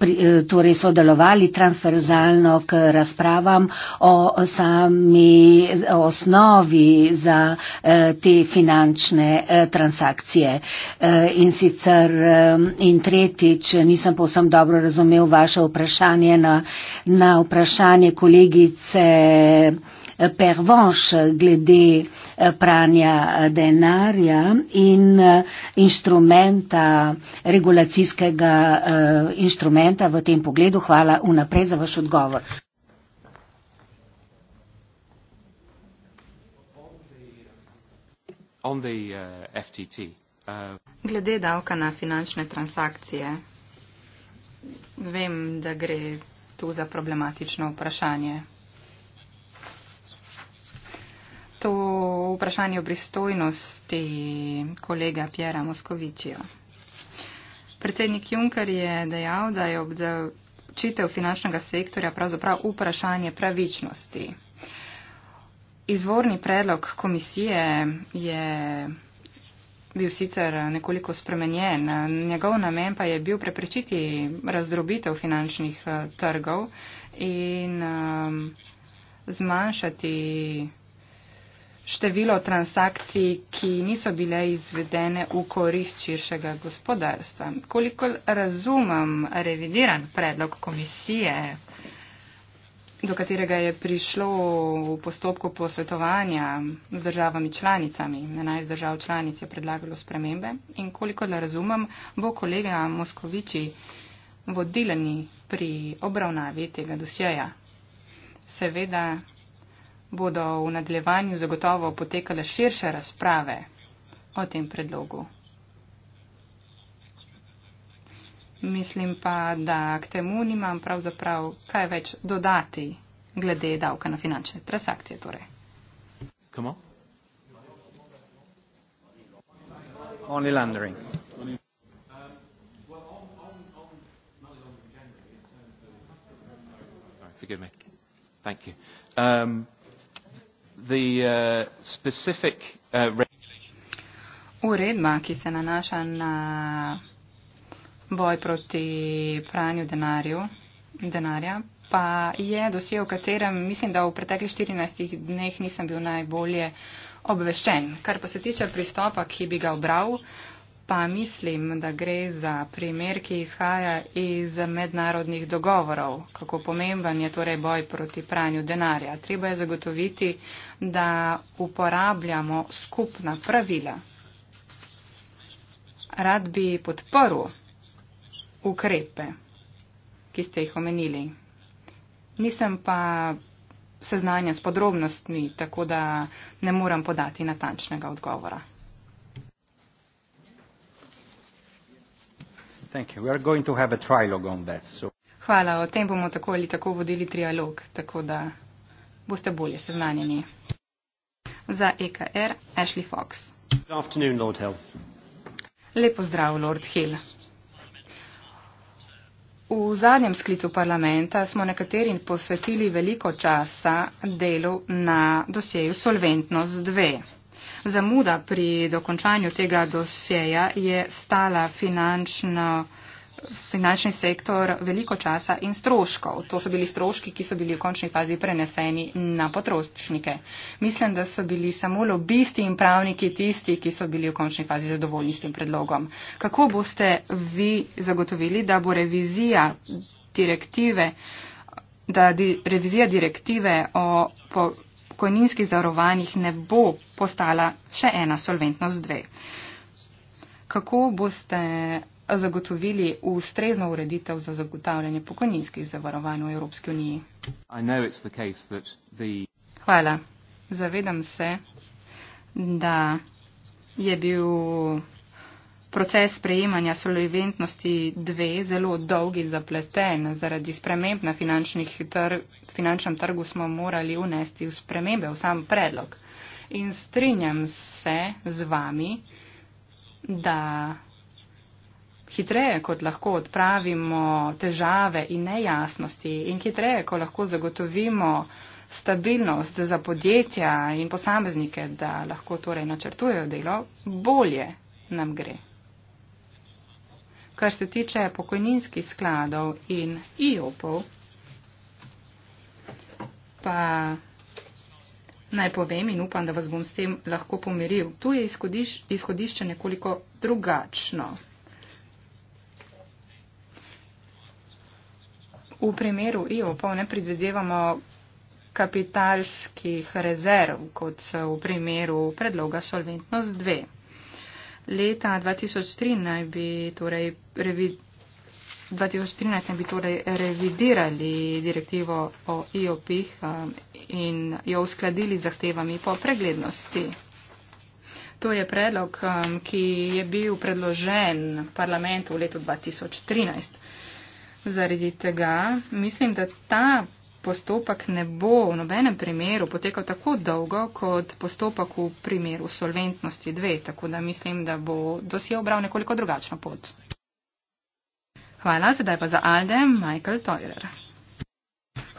S4: pri, eh, torej sodelovali transferzalno k razpravam o sami osnovi za eh, te finančne eh, transakcije. In sicer in tretjič, nisem povsem dobro razumel vaše vprašanje na, na vprašanje kolegice pervanš glede eh, pranja eh, denarja in eh, instrumenta, regulacijskega instrumenta v tem pogledu. Hvala vnaprej za vaš odgovor.
S1: Uh,
S2: glede davka na finančne transakcije, vem, da gre tu za problematično vprašanje to vprašanje o pristojnosti kolega Pjera Moskovičija. Predsednik Juncker je dejal, da je obdavčitev finančnega sektorja pravzaprav vprašanje pravičnosti. Izvorni predlog komisije je bil sicer nekoliko spremenjen. Njegov namen pa je bil preprečiti razdrobitev finančnih eh, trgov in um, zmanjšati število transakcij, ki niso bile izvedene v korist širšega gospodarstva. Koliko razumem revidiran predlog komisije, do katerega je prišlo v postopku posvetovanja z državami članicami, 11 držav članic je predlagalo spremembe in koliko le razumem, bo kolega Moskoviči vodilni pri obravnavi tega dosjeja. Seveda bodo v nadaljevanju zagotovo potekale širše razprave o tem predlogu. Mislim pa, da k temu nimam pravzaprav kaj več dodati glede davka na finančne transakcije.
S1: Torej. Forgive me. Thank you. Um, the uh, specific uh,
S2: Uredba, ki se nanaša na boj proti pranju denarju, denarja, pa je dosje, o katerem mislim, da v preteklih 14 dneh nisem bil najbolje obveščen. Kar pa se tiče pristopa, ki bi ga obral, uh, pa mislim, da gre za primer, ki izhaja iz mednarodnih dogovorov, kako pomemben je torej boj proti pranju denarja. Treba je zagotoviti, da uporabljamo skupna pravila. Rad bi podprl ukrepe, ki ste jih omenili. Nisem pa seznanja s podrobnostmi, tako da ne moram podati natančnega odgovora. That, so. Hvala, o tem bomo tako ali tako vodili trialog, tako da boste bolje seznanjeni. Za EKR, Ashley Fox. Lepo zdrav, Lord Hill. V zadnjem sklicu parlamenta smo nekaterim posvetili veliko časa delu na dosjeju Solventnost 2. Zamuda pri dokončanju tega dosjeja je stala finančno finančni sektor veliko časa in stroškov. To so bili stroški, ki so bili v končni fazi preneseni na potrošnike. Mislim, da so bili samo lobisti in pravniki tisti, ki so bili v končni fazi zadovoljni s tem predlogom. Kako boste vi zagotovili, da bo revizija direktive, da di, revizija direktive o po, pokojninskih zarovanjih ne bo postala še ena solventnost dve. Kako boste zagotovili ustrezno ureditev za zagotavljanje pokojninskih zavarovanj v Evropski uniji? Hvala. Zavedam se, da je bil proces sprejemanja solventnosti dve zelo dolgi zapleten. Zaradi sprememb na trg, finančnem trgu smo morali unesti v spremembe, v sam predlog. In strinjam se z vami, da hitreje, kot lahko odpravimo težave in nejasnosti in hitreje, ko lahko zagotovimo stabilnost za podjetja in posameznike, da lahko torej načrtujejo delo, bolje nam gre kar se tiče pokojninskih skladov in IOP-ov, pa naj povem in upam, da vas bom s tem lahko pomiril. Tu je izhodiš, izhodišče nekoliko drugačno. V primeru IOP-ov ne predvidevamo kapitalskih rezerv, kot v primeru predloga Solventnost 2 leta 2013 bi torej, revi, 2013 naj bi torej revidirali direktivo o IOP-ih um, in jo uskladili zahtevami po preglednosti. To je predlog, um, ki je bil predložen parlamentu v letu 2013. Zaradi tega mislim, da ta postopek ne bo v nobenem primeru potekal tako dolgo kot postopek v primeru solventnosti dve, tako da mislim, da bo dosje obral nekoliko drugačno pot. Hvala, sedaj pa za Alde, Michael Teurer.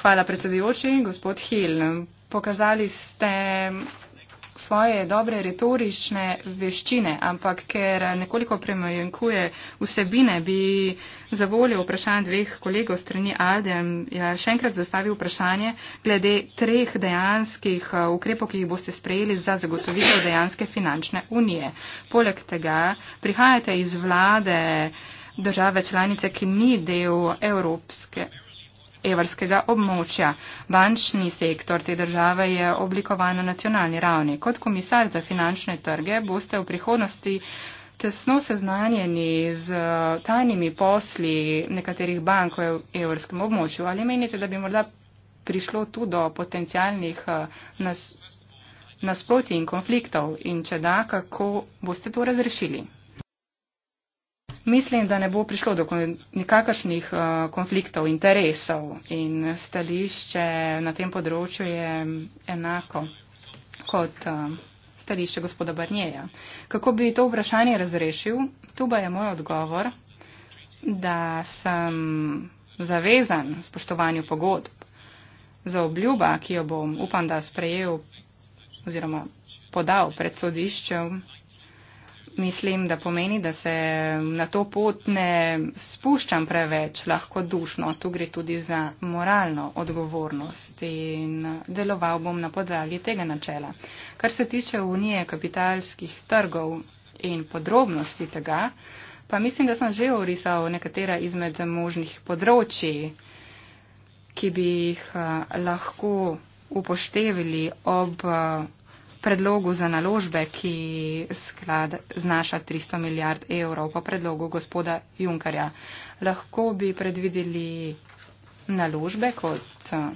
S2: Hvala predsedujoči, gospod Hill. Pokazali ste svoje dobre retorične veščine, ampak ker nekoliko premajankuje vsebine, bi za voljo vprašanj dveh kolegov strani Adem ja, še enkrat zastavil vprašanje glede treh dejanskih uh, ukrepov, ki jih boste sprejeli za zagotovitev dejanske finančne unije. Poleg tega prihajate iz vlade države članice, ki ni del Evropske evrskega območja. Bančni sektor te države je oblikovan na nacionalni ravni. Kot komisar za finančne trge boste v prihodnosti tesno seznanjeni z eh, tajnimi posli nekaterih bank v evrskem območju. Ali menite, da bi morda prišlo tu do potencijalnih eh, nas, nasproti in konfliktov in če da, kako boste to razrešili? mislim, da ne bo prišlo do nikakršnih eh, konfliktov interesov in stališče na tem področju je enako kot eh, stališče gospoda Barnjeja. Kako bi to vprašanje razrešil? Tu pa je moj odgovor, da sem zavezan spoštovanju pogodb za obljuba, ki jo bom upam, da sprejel oziroma podal pred sodiščem, mislim, da pomeni, da se na to pot ne spuščam preveč lahko dušno. Tu gre tudi za moralno odgovornost in deloval bom na podlagi tega načela. Kar se tiče unije kapitalskih trgov in podrobnosti tega, pa mislim, da sem že orisal nekatera izmed možnih področji, ki bi jih eh, lahko upoštevili ob eh, predlogu za naložbe, ki sklad znaša 300 milijard evrov po predlogu gospoda Junkarja. Lahko bi predvideli naložbe kot eh,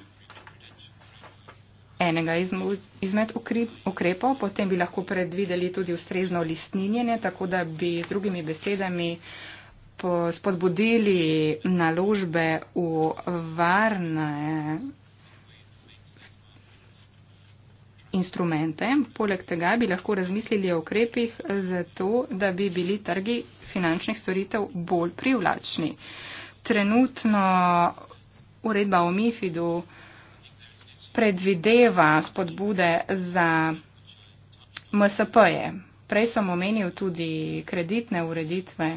S2: enega izmed ukrepov, potem bi lahko predvideli tudi ustrezno listninjenje, tako da bi z drugimi besedami spodbudili naložbe v varne instrumente. Poleg tega bi lahko razmislili o ukrepih za to, da bi bili trgi finančnih storitev bolj privlačni. Trenutno uredba o MIFID-u predvideva spodbude za MSP-je. Prej sem omenil tudi kreditne ureditve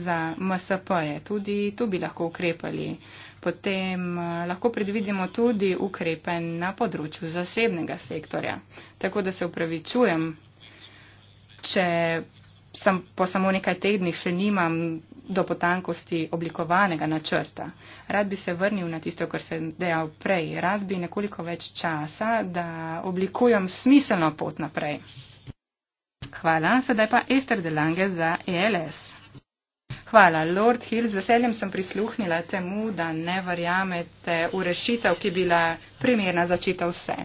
S2: za MSP-je. Tudi tu bi lahko ukrepali. Uh, potem eh, lahko predvidimo tudi ukrepe na področju zasebnega sektorja. Tako da se upravičujem, če sem po samo nekaj tednih še nimam do potankosti oblikovanega načrta. Rad bi se vrnil na tisto, kar sem dejal prej. Rad bi nekoliko več časa, da oblikujem smiselno pot naprej. Hvala, sedaj pa Ester Delange za ELS. Hvala, Lord Hill. Z veseljem sem prisluhnila temu, da ne verjamete v rešitev, ki bi bila primerna začita vse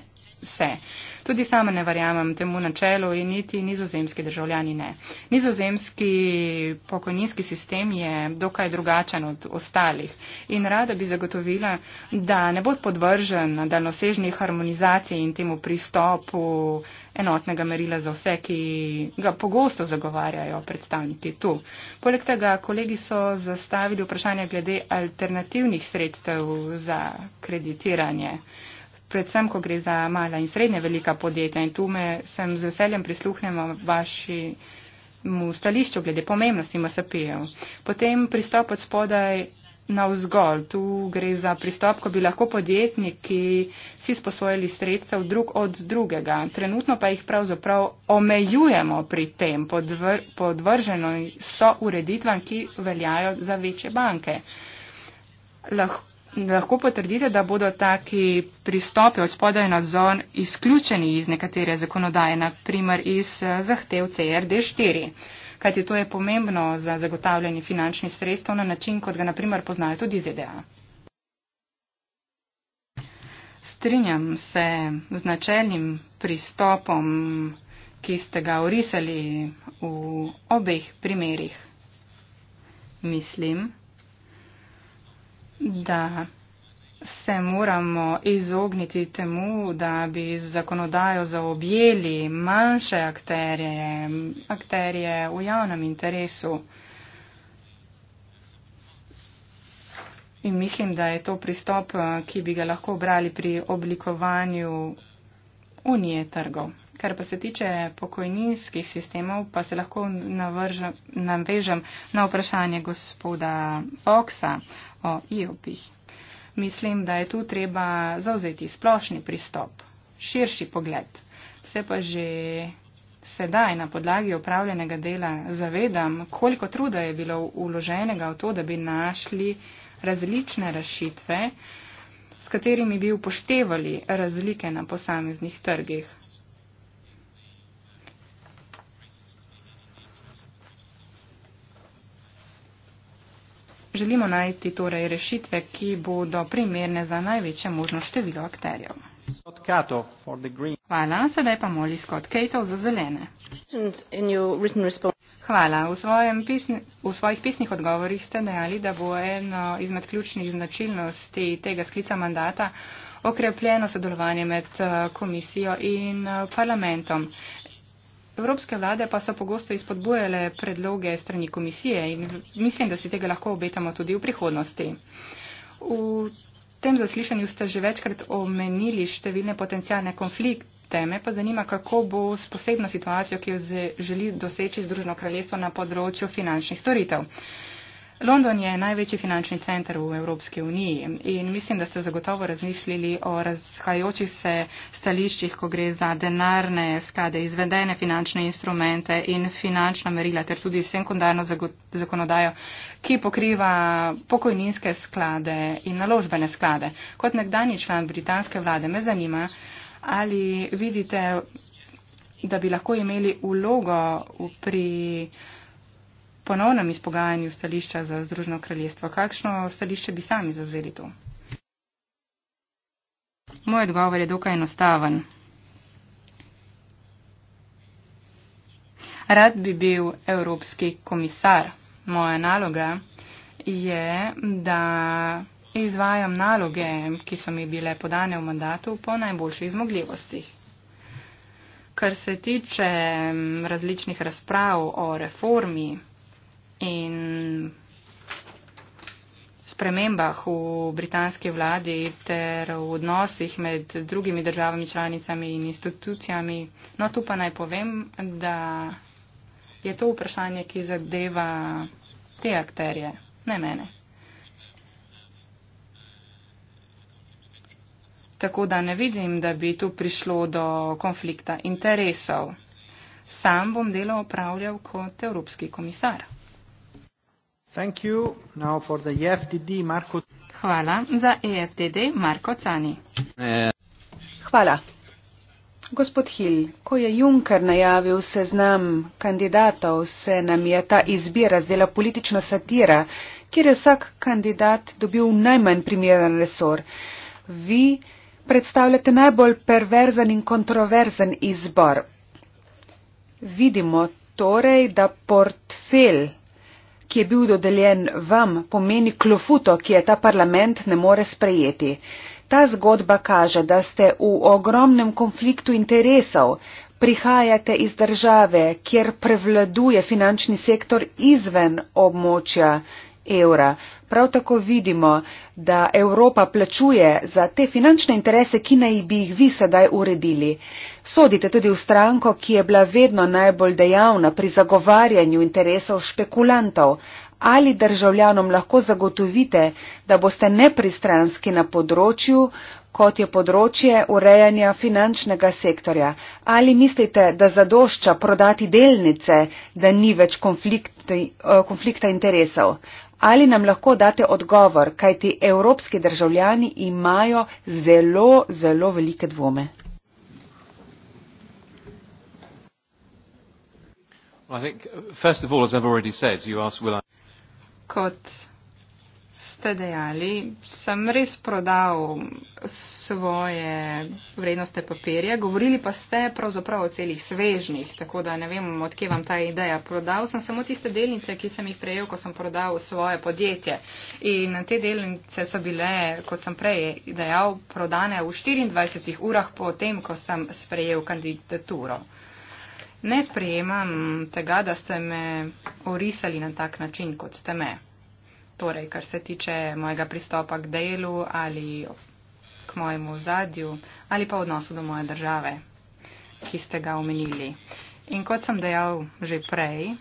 S2: vse. Tudi sama ne verjamem temu načelu in niti nizozemski državljani ne. Nizozemski pokojninski sistem je dokaj drugačen od ostalih in rada bi zagotovila, da ne bo podvržen daljnosežni harmonizaciji in temu pristopu enotnega merila za vse, ki ga pogosto zagovarjajo predstavniki tu. Poleg tega kolegi so zastavili vprašanje glede alternativnih sredstev za kreditiranje predvsem, ko gre za mala in srednje velika podjetja. In tu me sem z veseljem prisluhnemo vaši mu stališču glede pomembnosti MSP-jev. Potem pristop od spodaj na vzgolj. Tu gre za pristop, ko bi lahko podjetniki si sposojili sredstev drug od drugega. Trenutno pa jih pravzaprav omejujemo pri tem podvr podvrženo so ureditvam, ki veljajo za večje banke. Lahko lahko potrdite, da bodo taki pristopi od spodaj na zon izključeni iz nekatere zakonodaje, naprimer iz eh, zahtev CRD4, kajti to je pomembno za zagotavljanje finančnih sredstev na način, kot ga naprimer poznajo tudi ZDA. Strinjam se z načeljnim pristopom, ki ste ga orisali v obeh primerih. Mislim da se moramo izogniti temu, da bi z zakonodajo zaobjeli manjše akterje, akterje v javnem interesu. In mislim, da je to pristop, ki bi ga lahko brali pri oblikovanju unije trgov. Kar pa se tiče pokojninskih sistemov, pa se lahko navržem, navežem na vprašanje gospoda Foxa o IOP-ih. E Mislim, da je tu treba zauzeti splošni pristop, širši pogled. Se pa že sedaj na podlagi upravljenega dela zavedam, koliko truda je bilo uloženega v to, da bi našli različne rešitve, s katerimi bi upoštevali razlike na posameznih trgih. Želimo najti torej rešitve, ki bodo primerne za največje možno število akterjev. Hvala, sedaj pa moli Scott Cato za zelene. Hvala. V, pisni, v svojih pisnih odgovorih ste dejali, da bo eno izmed ključnih značilnosti tega sklica mandata okrepljeno sodelovanje med eh, komisijo in eh, parlamentom. Evropske vlade pa so pogosto izpodbujale predloge strani komisije in mislim, da si tega lahko obetamo tudi v prihodnosti. V tem zaslišanju ste že večkrat omenili številne potencijalne konflikte. Teme pa zanima, kako bo s posebno situacijo, ki jo želi doseči Združeno kraljestvo na področju finančnih storitev. London je največji finančni center v Evropski uniji in mislim, da ste zagotovo razmislili o razhajajočih se stališčih, ko gre za denarne sklade, izvedene finančne instrumente in finančna merila ter tudi sekundarno zakonodajo, ki pokriva pokojninske sklade in naložbene sklade. Kot nekdani član britanske vlade me zanima, ali vidite, da bi lahko imeli vlogo pri ponovnem izpogajanju stališča za Združeno kraljestvo. Kakšno stališče bi sami zavzeli tu? Moj odgovor je dokaj enostaven. Rad bi bil evropski komisar. Moja naloga je, da izvajam naloge, ki so mi bile podane v mandatu po najboljših zmogljivostih. Kar se tiče mm, različnih razprav o reformi, in spremembah v britanski vladi ter v odnosih med drugimi državami članicami in institucijami. No, tu pa naj povem, da je to vprašanje, ki zadeva te akterje, ne mene. Tako da ne vidim, da bi tu prišlo do konflikta interesov. Sam bom delo opravljal kot evropski komisar. Thank you. Now for the EFTD, Marko... Hvala
S3: za EFTD, Marko Cani. Hvala. Gospod Hill, ko je Juncker najavil seznam kandidatov, se nam je ta izbira zdela politična satira, kjer je vsak kandidat dobil najmanj primeren resor. Vi predstavljate najbolj perverzen in kontroverzen izbor. Vidimo torej, da portfelj ki je bil dodeljen vam, pomeni klofuto, ki je ta parlament ne more sprejeti. Ta zgodba kaže, da ste v ogromnem konfliktu interesov. Prihajate iz države, kjer prevladuje finančni sektor izven območja evra. Prav tako vidimo, da Evropa plačuje za te finančne interese, ki naj bi jih vi sedaj uredili. Sodite tudi v stranko, ki je bila vedno najbolj dejavna pri zagovarjanju interesov špekulantov. Ali državljanom lahko zagotovite, da boste nepristranski na področju, kot je področje urejanja finančnega sektorja? Ali mislite, da zadošča prodati delnice, da ni več eh, konflikta interesov? Ali nam lahko date odgovor, kajti evropski državljani imajo zelo, zelo velike dvome?
S2: Kot ste dejali, sem res prodal svoje vrednostne papirje. Govorili pa ste pravzaprav o celih svežnih, tako da ne vem, odkje vam ta ideja. Prodal sem samo tiste delnice, ki sem jih prejel, ko sem prodal svoje podjetje. In te delnice so bile, kot sem prej dejal, prodane v 24 urah po tem, ko sem sprejel kandidaturo. Ne sprejemam tega, da ste me orisali na tak način, kot ste me. Torej, kar se tiče mojega pristopa k delu ali k mojemu zadju ali pa odnosu do moje države, ki ste ga omenili. In kot sem dejal že prej,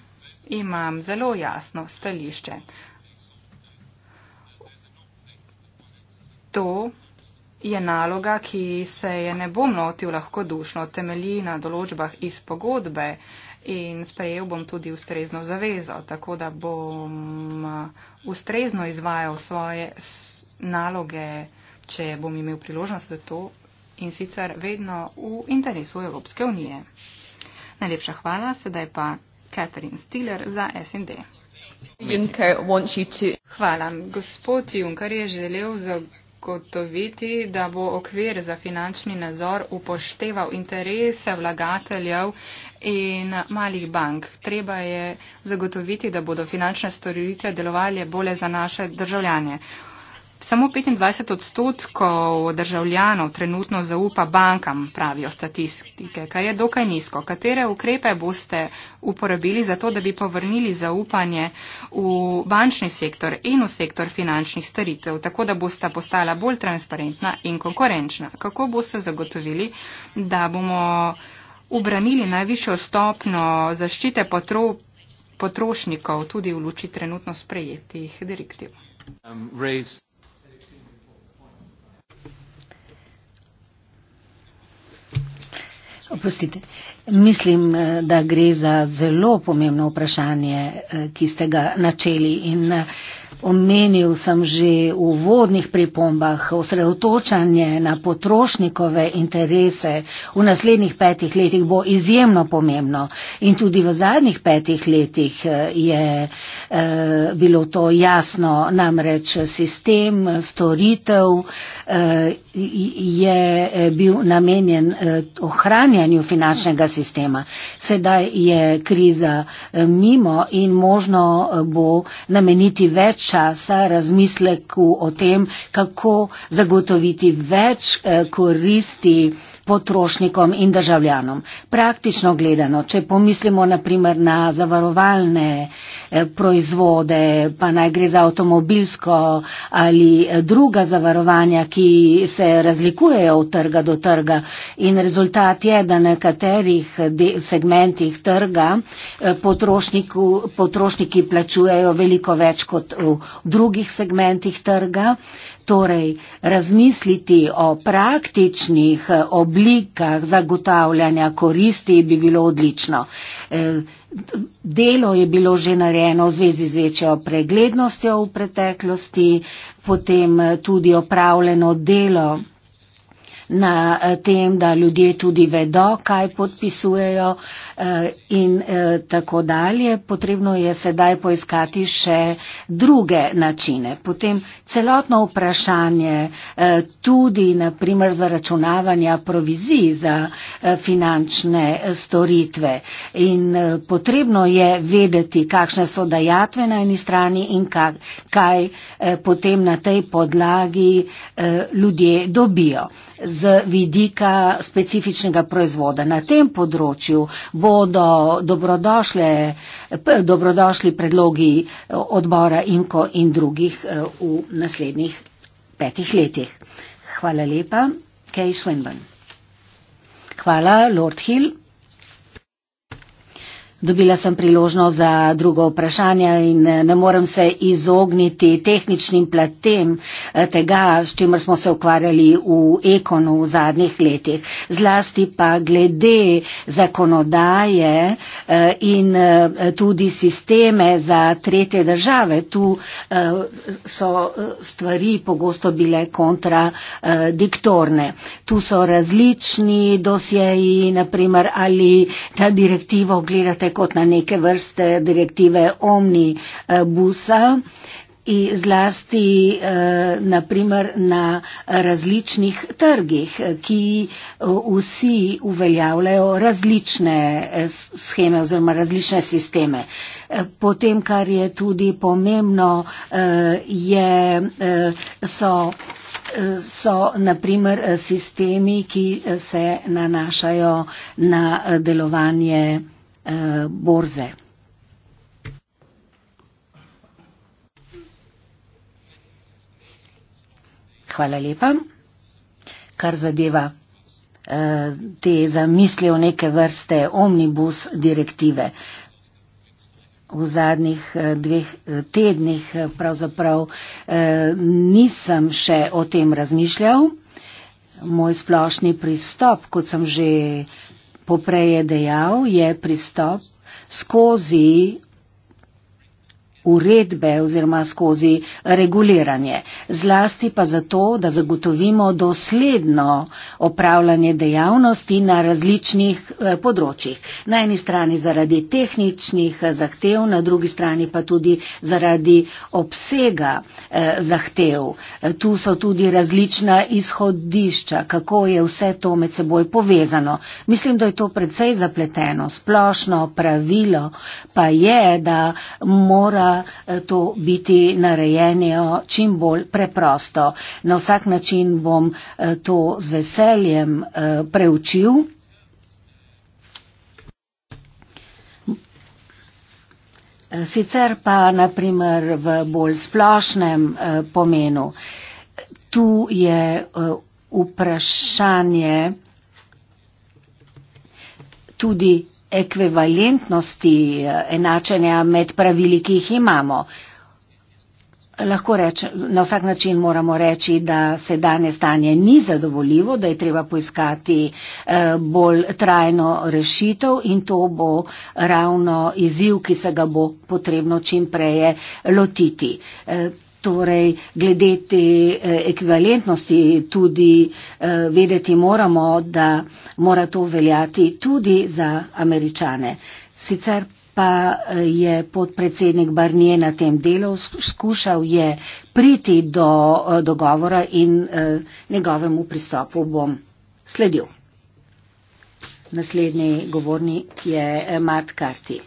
S2: imam zelo jasno stališče. To, je naloga, ki se je ne bom lotil lahko dušno, temelji na določbah iz pogodbe in sprejel bom tudi ustrezno zavezo, tako da bom eh, ustrezno izvajal svoje naloge, če bom imel priložnost za to in sicer vedno v interesu Evropske unije. Najlepša hvala, sedaj pa Catherine Stiller za SND. Hvala. Gospod Juncker je želel za zagotoviti, da bo okvir za finančni nazor upošteval interese vlagateljev in malih bank. Treba je zagotoviti, da bodo finančne storitve delovali bolje za naše državljanje. Samo 25 odstotkov državljanov trenutno zaupa bankam, pravijo statistike, kar je dokaj nizko. Katere ukrepe boste uporabili za to, da bi povrnili zaupanje v bančni sektor in v sektor finančnih storitev, tako da boste postala bolj transparentna in konkurenčna? Kako boste zagotovili, da bomo ubranili najvišjo stopno zaščite potro, potrošnikov tudi v luči trenutno sprejetih direktiv?
S1: Um,
S4: Oprostite, Mislim, eh, da gre za zelo pomembno vprašanje, eh, ki ste ga načeli in eh, omenil sem že v vodnih pripombah osredotočanje na potrošnikove interese v naslednjih petih letih bo izjemno pomembno in tudi v zadnjih petih letih je bilo to jasno, namreč sistem storitev je bil namenjen ohranjanju finančnega sistema sistema. Sedaj je kriza eh, mimo in možno eh, bo nameniti več časa razmisleku o tem, kako zagotoviti več eh, koristi potrošnikom in državljanom. Praktično gledano, če pomislimo naprimer na zavarovalne eh, proizvode, pa naj gre za avtomobilsko ali eh, druga zavarovanja, ki se razlikujejo od trga do trga in rezultat je, da na nekaterih segmentih trga eh, potrošniki plačujejo veliko več kot v drugih segmentih trga. Torej, razmisliti o praktičnih eh, oblikah zagotavljanja koristi bi bilo odlično. Eh, delo je bilo že narejeno v zvezi z večjo preglednostjo v preteklosti, potem tudi opravljeno delo na eh, tem, da ljudje tudi vedo, kaj podpisujejo eh, in eh, tako dalje. Potrebno je sedaj poiskati še druge načine. Potem celotno vprašanje tudi naprimer zaračunavanja provizij za finančne storitve. In potrebno je vedeti, kakšne so dajatve na eni strani in kaj potem na tej podlagi ljudje dobijo z vidika specifičnega proizvoda. Na tem področju bodo dobrodošli predlogi eh, odbora Inko in drugih eh, v naslednjih petih letih. Hvala lepa, Kay Swinburne. Hvala, Lord Hill. Dobila sem priložnost za drugo vprašanje in eh, ne morem se izogniti tehničnim platem eh, tega, s čimer smo se ukvarjali v ekonu v zadnjih letih. Zlasti pa glede zakonodaje eh, in tudi sisteme za tretje države. Tu so stvari pogosto bile kontradiktorne. Tu so različni dosjeji, naprimer, ali ta direktivo gledate kot na neke vrste direktive omnibusa. In zlasti eh, naprimer na različnih trgih, ki eh, vsi uveljavljajo različne eh, scheme oziroma različne sisteme. Potem, kar je tudi pomembno, je, so, so naprimer sistemi, ki se nanašajo na delovanje eh, borze. Hvala lepa. Kar zadeva eh, te zamisli o neke vrste omnibus direktive. V zadnjih eh, dveh eh, tednih eh, pravzaprav eh, nisem še o tem razmišljal. Moj splošni pristop, kot sem že eh, poprej je dejal, je pristop skozi uredbe oziroma skozi reguliranje. Zlasti pa zato, da zagotovimo dosledno opravljanje dejavnosti na različnih eh, področjih. Na eni strani zaradi tehničnih eh, zahtev, na drugi strani pa tudi zaradi obsega eh, zahtev. Tu so tudi različna izhodišča, kako je vse to med seboj povezano. Mislim, da je to predvsej zapleteno. Splošno pravilo pa je, da mora Eh, to biti narejeno čim bolj preprosto. Na vsak način bom eh, to z veseljem eh, preučil. Sicer pa naprimer v bolj splošnem pomenu. Tu je vprašanje tudi ekvivalentnosti eh, enačenja med pravili, ki jih imamo. Lahko rečemo, na vsak način moramo reči, da se danes stanje ni zadovoljivo, da je treba poiskati eh, bolj trajno rešitev in to bo ravno izziv, ki se ga bo potrebno čim preje lotiti. Eh, Torej, glede te eh, ekvivalentnosti tudi eh, vedeti moramo, da mora to veljati tudi za američane. Sicer pa eh, je podpredsednik Barnije na tem delu skušal je priti do dogovora in njegovemu pristopu bom sledil. Naslednji govornik je Matt Carty.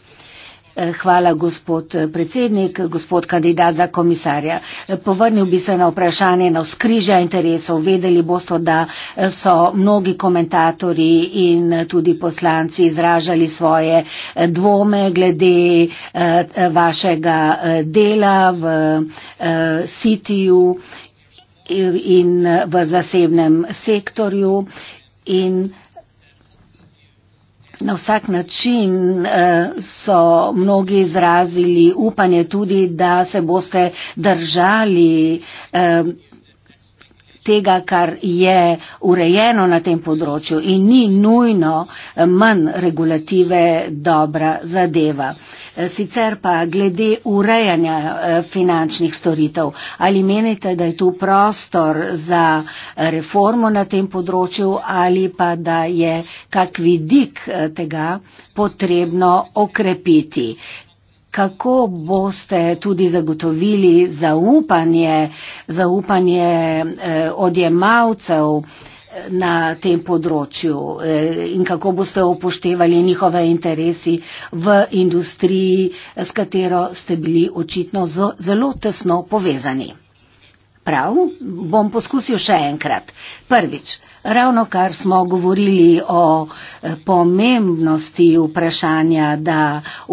S4: Eh, hvala, gospod eh, predsednik, gospod kandidat za komisarja. Eh, povrnil bi se na vprašanje na skrižja interesov. Vedeli boste, da so mnogi komentatorji in tudi poslanci izražali svoje dvome glede vašega dela v sitiju in v zasebnem sektorju. In Na vsak način eh, so mnogi izrazili upanje tudi, da se boste držali eh, tega, kar je urejeno na tem področju in ni nujno eh, manj regulative dobra zadeva. Eh, sicer pa glede urejanja eh, finančnih storitev, ali menite, da je tu prostor za reformo na tem področju ali pa da je kak vidik tega potrebno okrepiti kako boste tudi zagotovili zaupanje, zaupanje eh, odjemalcev eh, na tem področju eh, in kako boste upoštevali njihove interesi v industriji, s katero ste bili očitno zelo tesno povezani. Prav, bom poskusil še enkrat. Prvič, ravno kar smo govorili o eh, pomembnosti vprašanja, da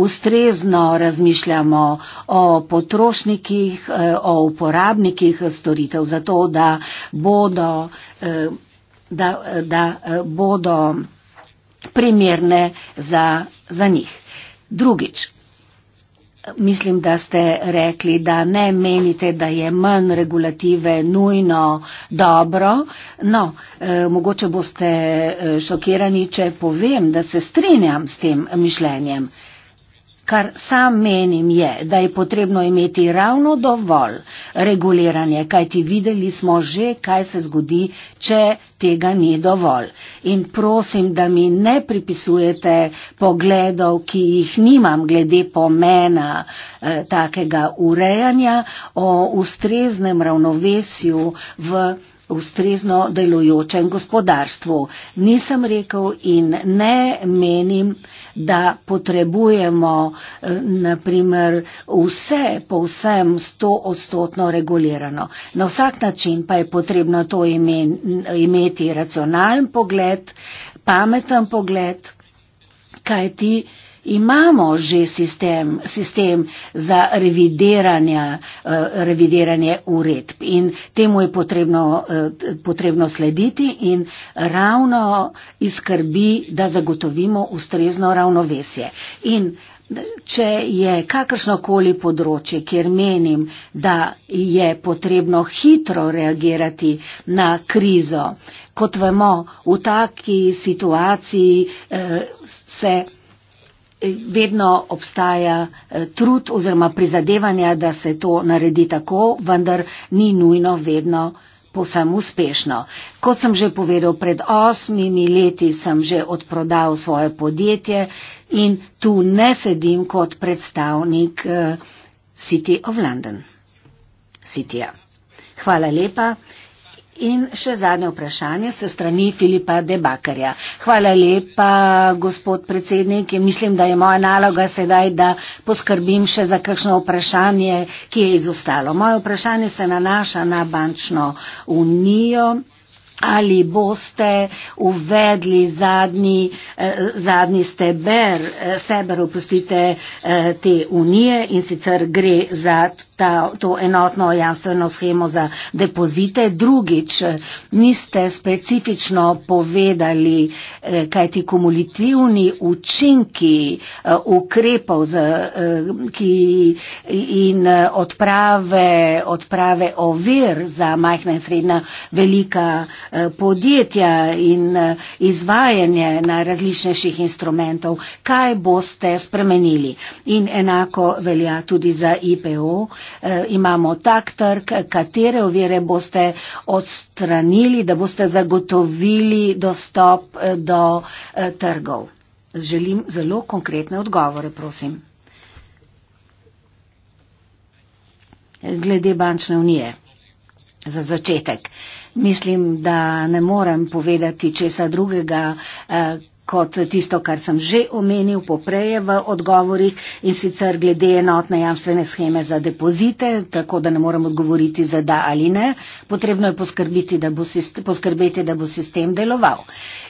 S4: ustrezno razmišljamo o potrošnikih, eh, o uporabnikih storitev, zato da bodo, eh, da, da bodo primerne za, za njih. Drugič, Mislim, da ste rekli, da ne menite, da je manj regulative nujno dobro. No, eh, mogoče boste eh, šokirani, če povem, da se strinjam s tem mišljenjem. Kar sam menim je, da je potrebno imeti ravno dovolj reguliranje, kajti videli smo že, kaj se zgodi, če tega ni dovolj. In prosim, da mi ne pripisujete pogledov, ki jih nimam glede pomena eh, takega urejanja o ustreznem ravnovesju v ustrezno delujočem gospodarstvu. Nisem rekel in ne menim, da potrebujemo eh, naprimer vse povsem 100-odstotno regulirano. Na vsak način pa je potrebno to imeti racionalen pogled, pameten pogled, kaj ti imamo že sistem, sistem za eh, revidiranje uredb in temu je potrebno, eh, potrebno slediti in ravno izkrbi, da zagotovimo ustrezno ravnovesje. In eh, Če je kakršnokoli področje, kjer menim, da je potrebno hitro reagirati na krizo, kot vemo, v taki situaciji eh, se vedno obstaja eh, trud oziroma prizadevanja, da se to naredi tako, vendar ni nujno vedno povsem uspešno. Kot sem že povedal, pred osmimi leti sem že odprodal svoje podjetje in tu ne sedim kot predstavnik eh, City of London. City -a. Hvala lepa. In še zadnje vprašanje se strani Filipa Debakarja. Hvala lepa, gospod predsednik. Mislim, da je moja naloga sedaj, da poskrbim še za kakšno vprašanje, ki je izostalo. Moje vprašanje se nanaša na bančno unijo. Ali boste uvedli zadnji, eh, zadnji steber, eh, steber, opustite eh, te unije in sicer gre za. To, ta, to enotno jamstveno schemo za depozite. Drugič, niste specifično povedali, eh, kaj ti kumulitivni učinki eh, ukrepov za, eh, ki, in odprave, odprave ovir za majhna in srednja velika podjetja in izvajanje najrazličnejših instrumentov, kaj boste spremenili. In enako velja tudi za IPO. Eh, imamo tak trg, katere ovire boste odstranili, da boste zagotovili dostop eh, do eh, trgov. Želim zelo konkretne odgovore, prosim. Glede bančne unije. Za začetek. Mislim, da ne morem povedati česa drugega, kot tisto, kar sem že omenil poprej v odgovorih in sicer glede enotne jamstvene scheme za depozite, tako da ne moramo govoriti za da ali ne. Potrebno je poskrbiti, da bo, sist poskrbeti, da bo sistem deloval.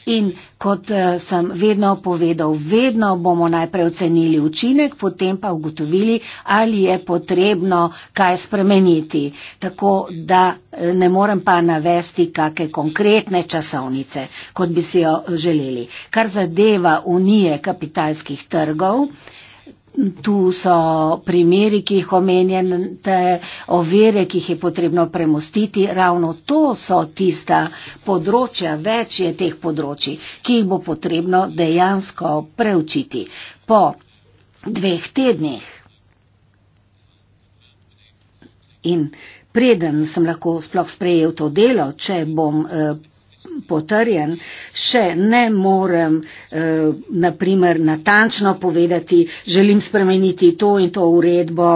S4: In kot eh, sem vedno povedal, vedno bomo najprej ocenili učinek, potem pa ugotovili, ali je potrebno kaj spremeniti. Tako da eh, ne morem pa navesti kakšne konkretne časovnice, kot bi si jo želeli. Kar zadeva unije kapitalskih trgov, tu so primeri, ki jih omenjate, ovire, ki jih je potrebno premostiti. Ravno to so tista področja, več je teh področji, ki jih bo potrebno dejansko preučiti. Po dveh tednih in preden sem lahko sploh sprejel to delo, če bom. Eh, potrjen, še ne morem eh, naprimer natančno povedati, želim spremeniti to in to uredbo.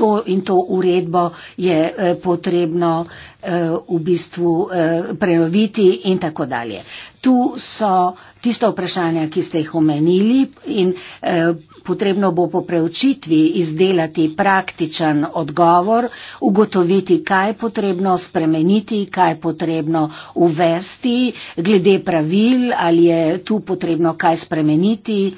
S4: To in to uredbo je eh, potrebno eh, v bistvu eh, prenoviti in tako dalje. Tu so tiste vprašanja, ki ste jih omenili in eh, potrebno bo po preučitvi izdelati praktičen odgovor, ugotoviti, kaj je potrebno spremeniti, kaj je potrebno uvesti, glede pravil, ali je tu potrebno kaj spremeniti,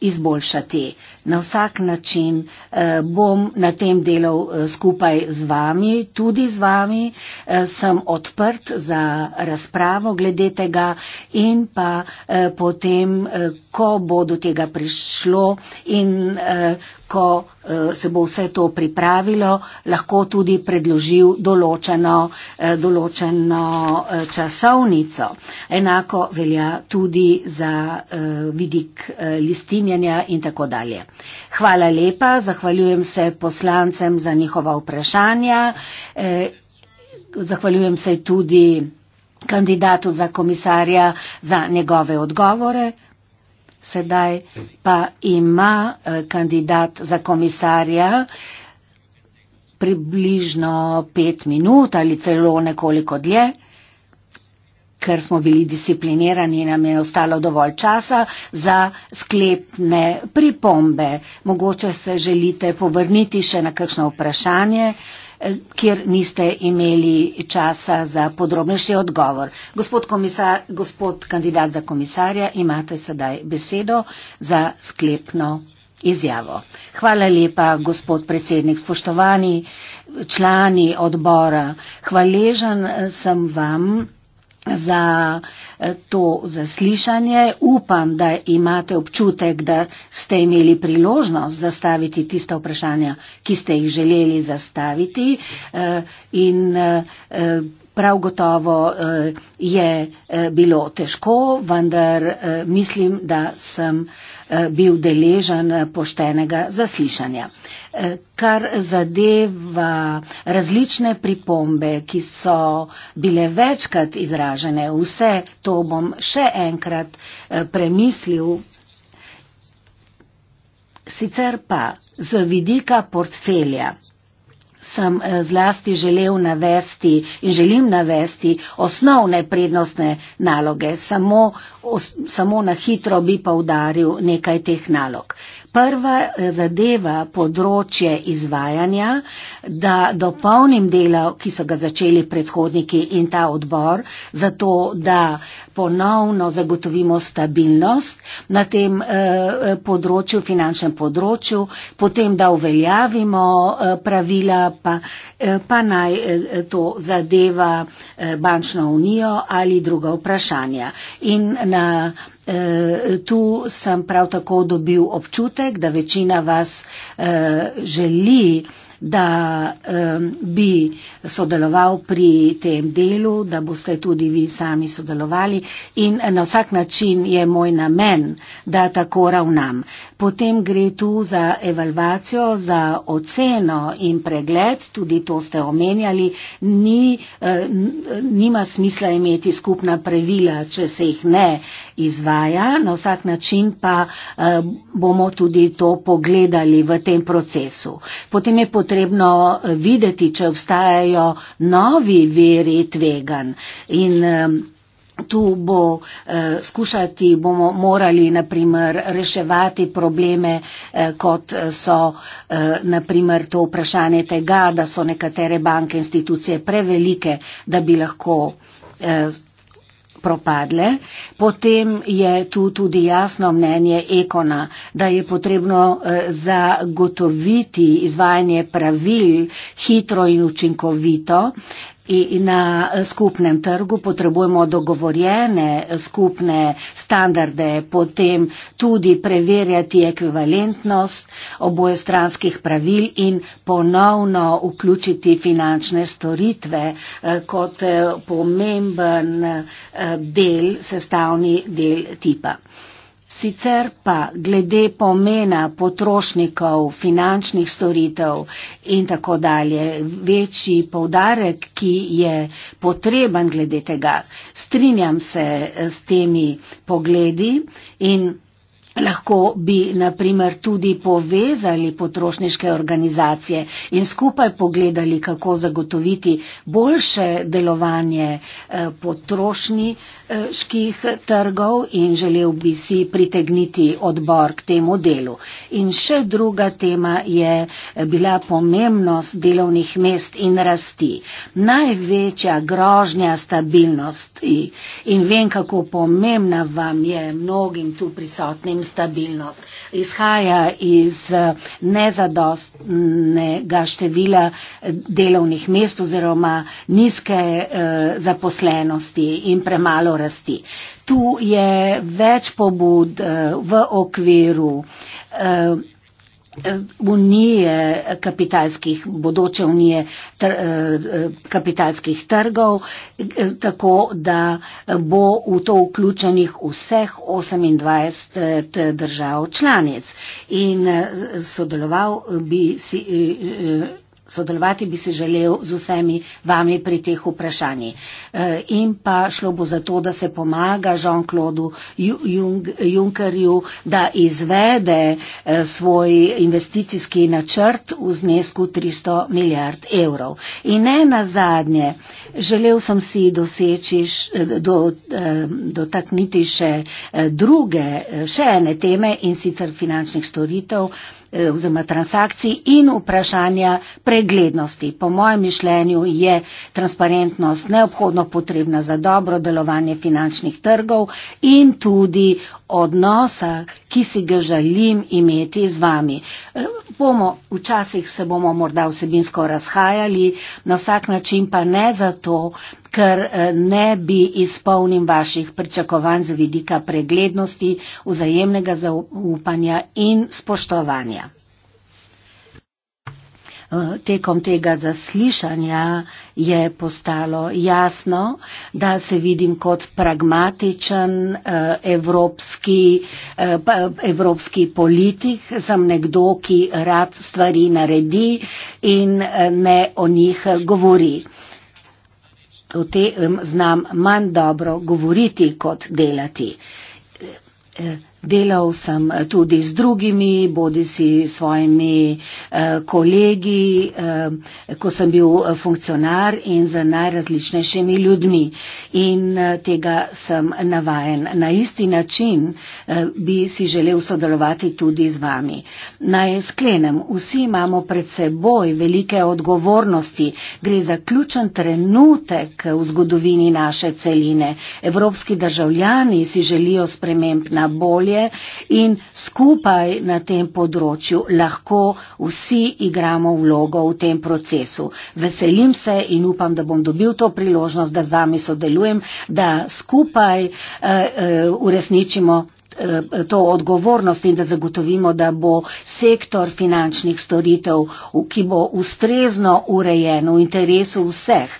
S4: izboljšati na vsak način eh, bom na tem delal eh, skupaj z vami, tudi z vami, eh, sem odprt za razpravo glede tega in pa eh, potem, eh, ko bo do tega prišlo in eh, ko eh, se bo vse to pripravilo, lahko tudi predložil določeno, eh, določeno eh, časovnico. Enako velja tudi za vidik listinjanja in tako dalje. Hvala lepa, zahvaljujem se poslancem za njihova vprašanja, zahvaljujem se tudi kandidatu za komisarja za njegove odgovore sedaj pa ima eh, kandidat za komisarja približno pet minut ali celo nekoliko dlje. Ker smo bili disciplinirani, nam je ostalo dovolj časa za sklepne pripombe. Mogoče se želite povrniti še na kakšno vprašanje. Uh, Eh, kjer niste imeli časa za podrobnejši odgovor. Gospod, komisar, gospod kandidat za komisarja, imate sedaj besedo za sklepno. Izjavo. Hvala lepa, gospod predsednik, spoštovani člani odbora. Hvaležen eh, sem vam za eh, to zaslišanje. Upam, da imate občutek, da ste imeli priložnost zastaviti tista vprašanja, ki ste jih želeli zastaviti. Eh, in eh, prav gotovo je bilo težko, vendar mislim, da sem. Eh, bil deležen eh, poštenega zaslišanja. Eh, kar zadeva različne pripombe, ki so bile večkrat izražene, vse to bom še enkrat premislil. Sicer pa z vidika portfelja sem eh, zlasti želel navesti in želim navesti osnovne prednostne naloge. Samo, os, samo na hitro bi pa udaril nekaj teh nalog prva eh, zadeva področje izvajanja, da dopolnim delo, ki so ga začeli predhodniki in ta odbor, zato da ponovno zagotovimo stabilnost na tem eh, področju, finančnem področju, potem da uveljavimo eh, pravila, pa, eh, pa naj eh, to zadeva eh, bančno unijo ali druga vprašanja. In na Eh, tu sem prav tako dobil občutek, da večina vas eh, želi da um, bi sodeloval pri tem delu, da boste tudi vi sami sodelovali in na vsak način je moj namen, da tako ravnam. Potem gre tu za evalvacijo, za oceno in pregled, tudi to ste omenjali, ni, uh, nima smisla imeti skupna pravila, če se jih ne uh, izvaja, na vsak način pa eh, bomo tudi to pogledali v tem procesu. Potem je potrebno eh, videti, če obstajajo novi veri tvegan in eh, Tu bo, eh, skušati bomo morali naprimer, reševati probleme, eh, kot so eh, naprimer, to vprašanje tega, da so nekatere banke institucije prevelike, da bi lahko eh, propadle. Potem je tu tudi jasno mnenje Ekona, da je potrebno eh, zagotoviti izvajanje pravil hitro in učinkovito. Na eh, skupnem trgu potrebujemo dogovorjene eh, skupne standarde, potem tudi preverjati ekvivalentnost oboje stranskih pravil in ponovno vključiti finančne storitve eh, kot pomemben del, sestavni del tipa. Sicer pa glede pomena potrošnikov, finančnih storitev in tako dalje, večji povdarek, ki je potreben glede tega. Strinjam se eh, s temi pogledi in lahko bi naprimer tudi povezali potrošniške organizacije in skupaj pogledali, kako zagotoviti boljše delovanje potrošni. Eh, kmetijskih trgov in želel bi si pritegniti odbor k temu delu. In še druga tema je bila pomembnost delovnih mest in rasti. Največja grožnja stabilnosti in vem, kako pomembna vam je mnogim tu prisotnim stabilnost. Izhaja iz nezadostnega števila delovnih mest oziroma nizke eh, zaposlenosti in premalo rasti. Tu je več pobud eh, v okviru eh, eh, unije kapitalskih, bodoče unije tr, kapitalskih trgov, tako da bo v to vključenih vseh 28 držav članic in sodeloval bi si sodelovati bi si želel z vsemi vami pri teh vprašanjih. E, in pa šlo bo za to, da se pomaga Jean-Claude Junckerju, da izvede e, svoj investicijski načrt v znesku 300 milijard evrov. In ne na zadnje, želel sem si doseči, e, do, dotakniti še druge, še ene teme in sicer finančnih storitev Eh, oziroma transakcij in vprašanja preglednosti. Po mojem mišljenju je transparentnost neobhodno potrebna za dobro delovanje finančnih trgov in tudi odnosa, ki si ga želim imeti z vami. Eh, bomo, včasih se bomo morda vsebinsko razhajali, na vsak način pa ne zato, ker eh, ne bi izpolnil vaših pričakovanj z vidika preglednosti, vzajemnega zaupanja in spoštovanja. Eh, tekom tega zaslišanja je postalo jasno, da se vidim kot pragmatičen eh, evropski, evropski politik, sem nekdo, ki rad stvari naredi in ne o njih govori o tem znam manj dobro govoriti kot delati. E, Delal sem tudi z drugimi, bodi si svojimi eh, kolegi, eh, ko sem bil eh, funkcionar in z najrazličnejšimi ljudmi. In eh, tega sem navajen. Na isti način eh, bi si želel sodelovati tudi z vami. Naj sklenem, vsi imamo pred seboj velike odgovornosti. Gre za ključen trenutek v zgodovini naše celine. Evropski državljani si želijo sprememb na bolje je in skupaj na tem področju lahko vsi igramo vlogo v tem procesu. Veselim se in upam, da bom dobil to priložnost, da z vami sodelujem, da skupaj uh, uh, uresničimo Eh, to odgovornost in da zagotovimo, da bo sektor finančnih storitev, ki bo ustrezno urejen v interesu vseh,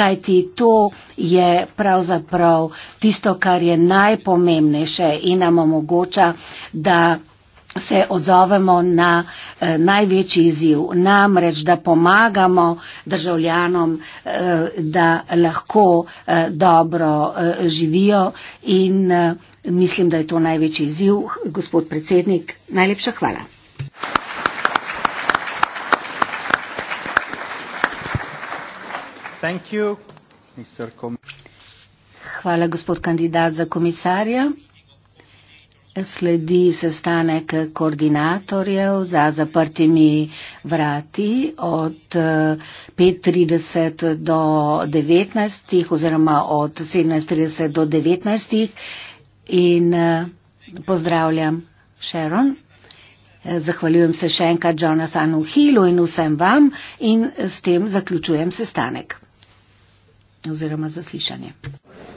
S4: kajti to je pravzaprav tisto, kar je najpomembnejše in nam omogoča, da se odzovemo na eh, največji izziv, namreč da pomagamo državljanom, eh, da lahko eh, dobro eh, živijo in eh, mislim, da je to največji izziv. Gospod predsednik, najlepša hvala. You, hvala, gospod kandidat za komisarja. Sledi sestanek koordinatorjev za zaprtimi vrati od 5.30 eh, do 19. oziroma od 17.30 do 19. In eh, pozdravljam Sharon. Eh, zahvaljujem se še enkrat Jonathanu Hillu in vsem vam in s tem zaključujem sestanek oziroma zaslišanje.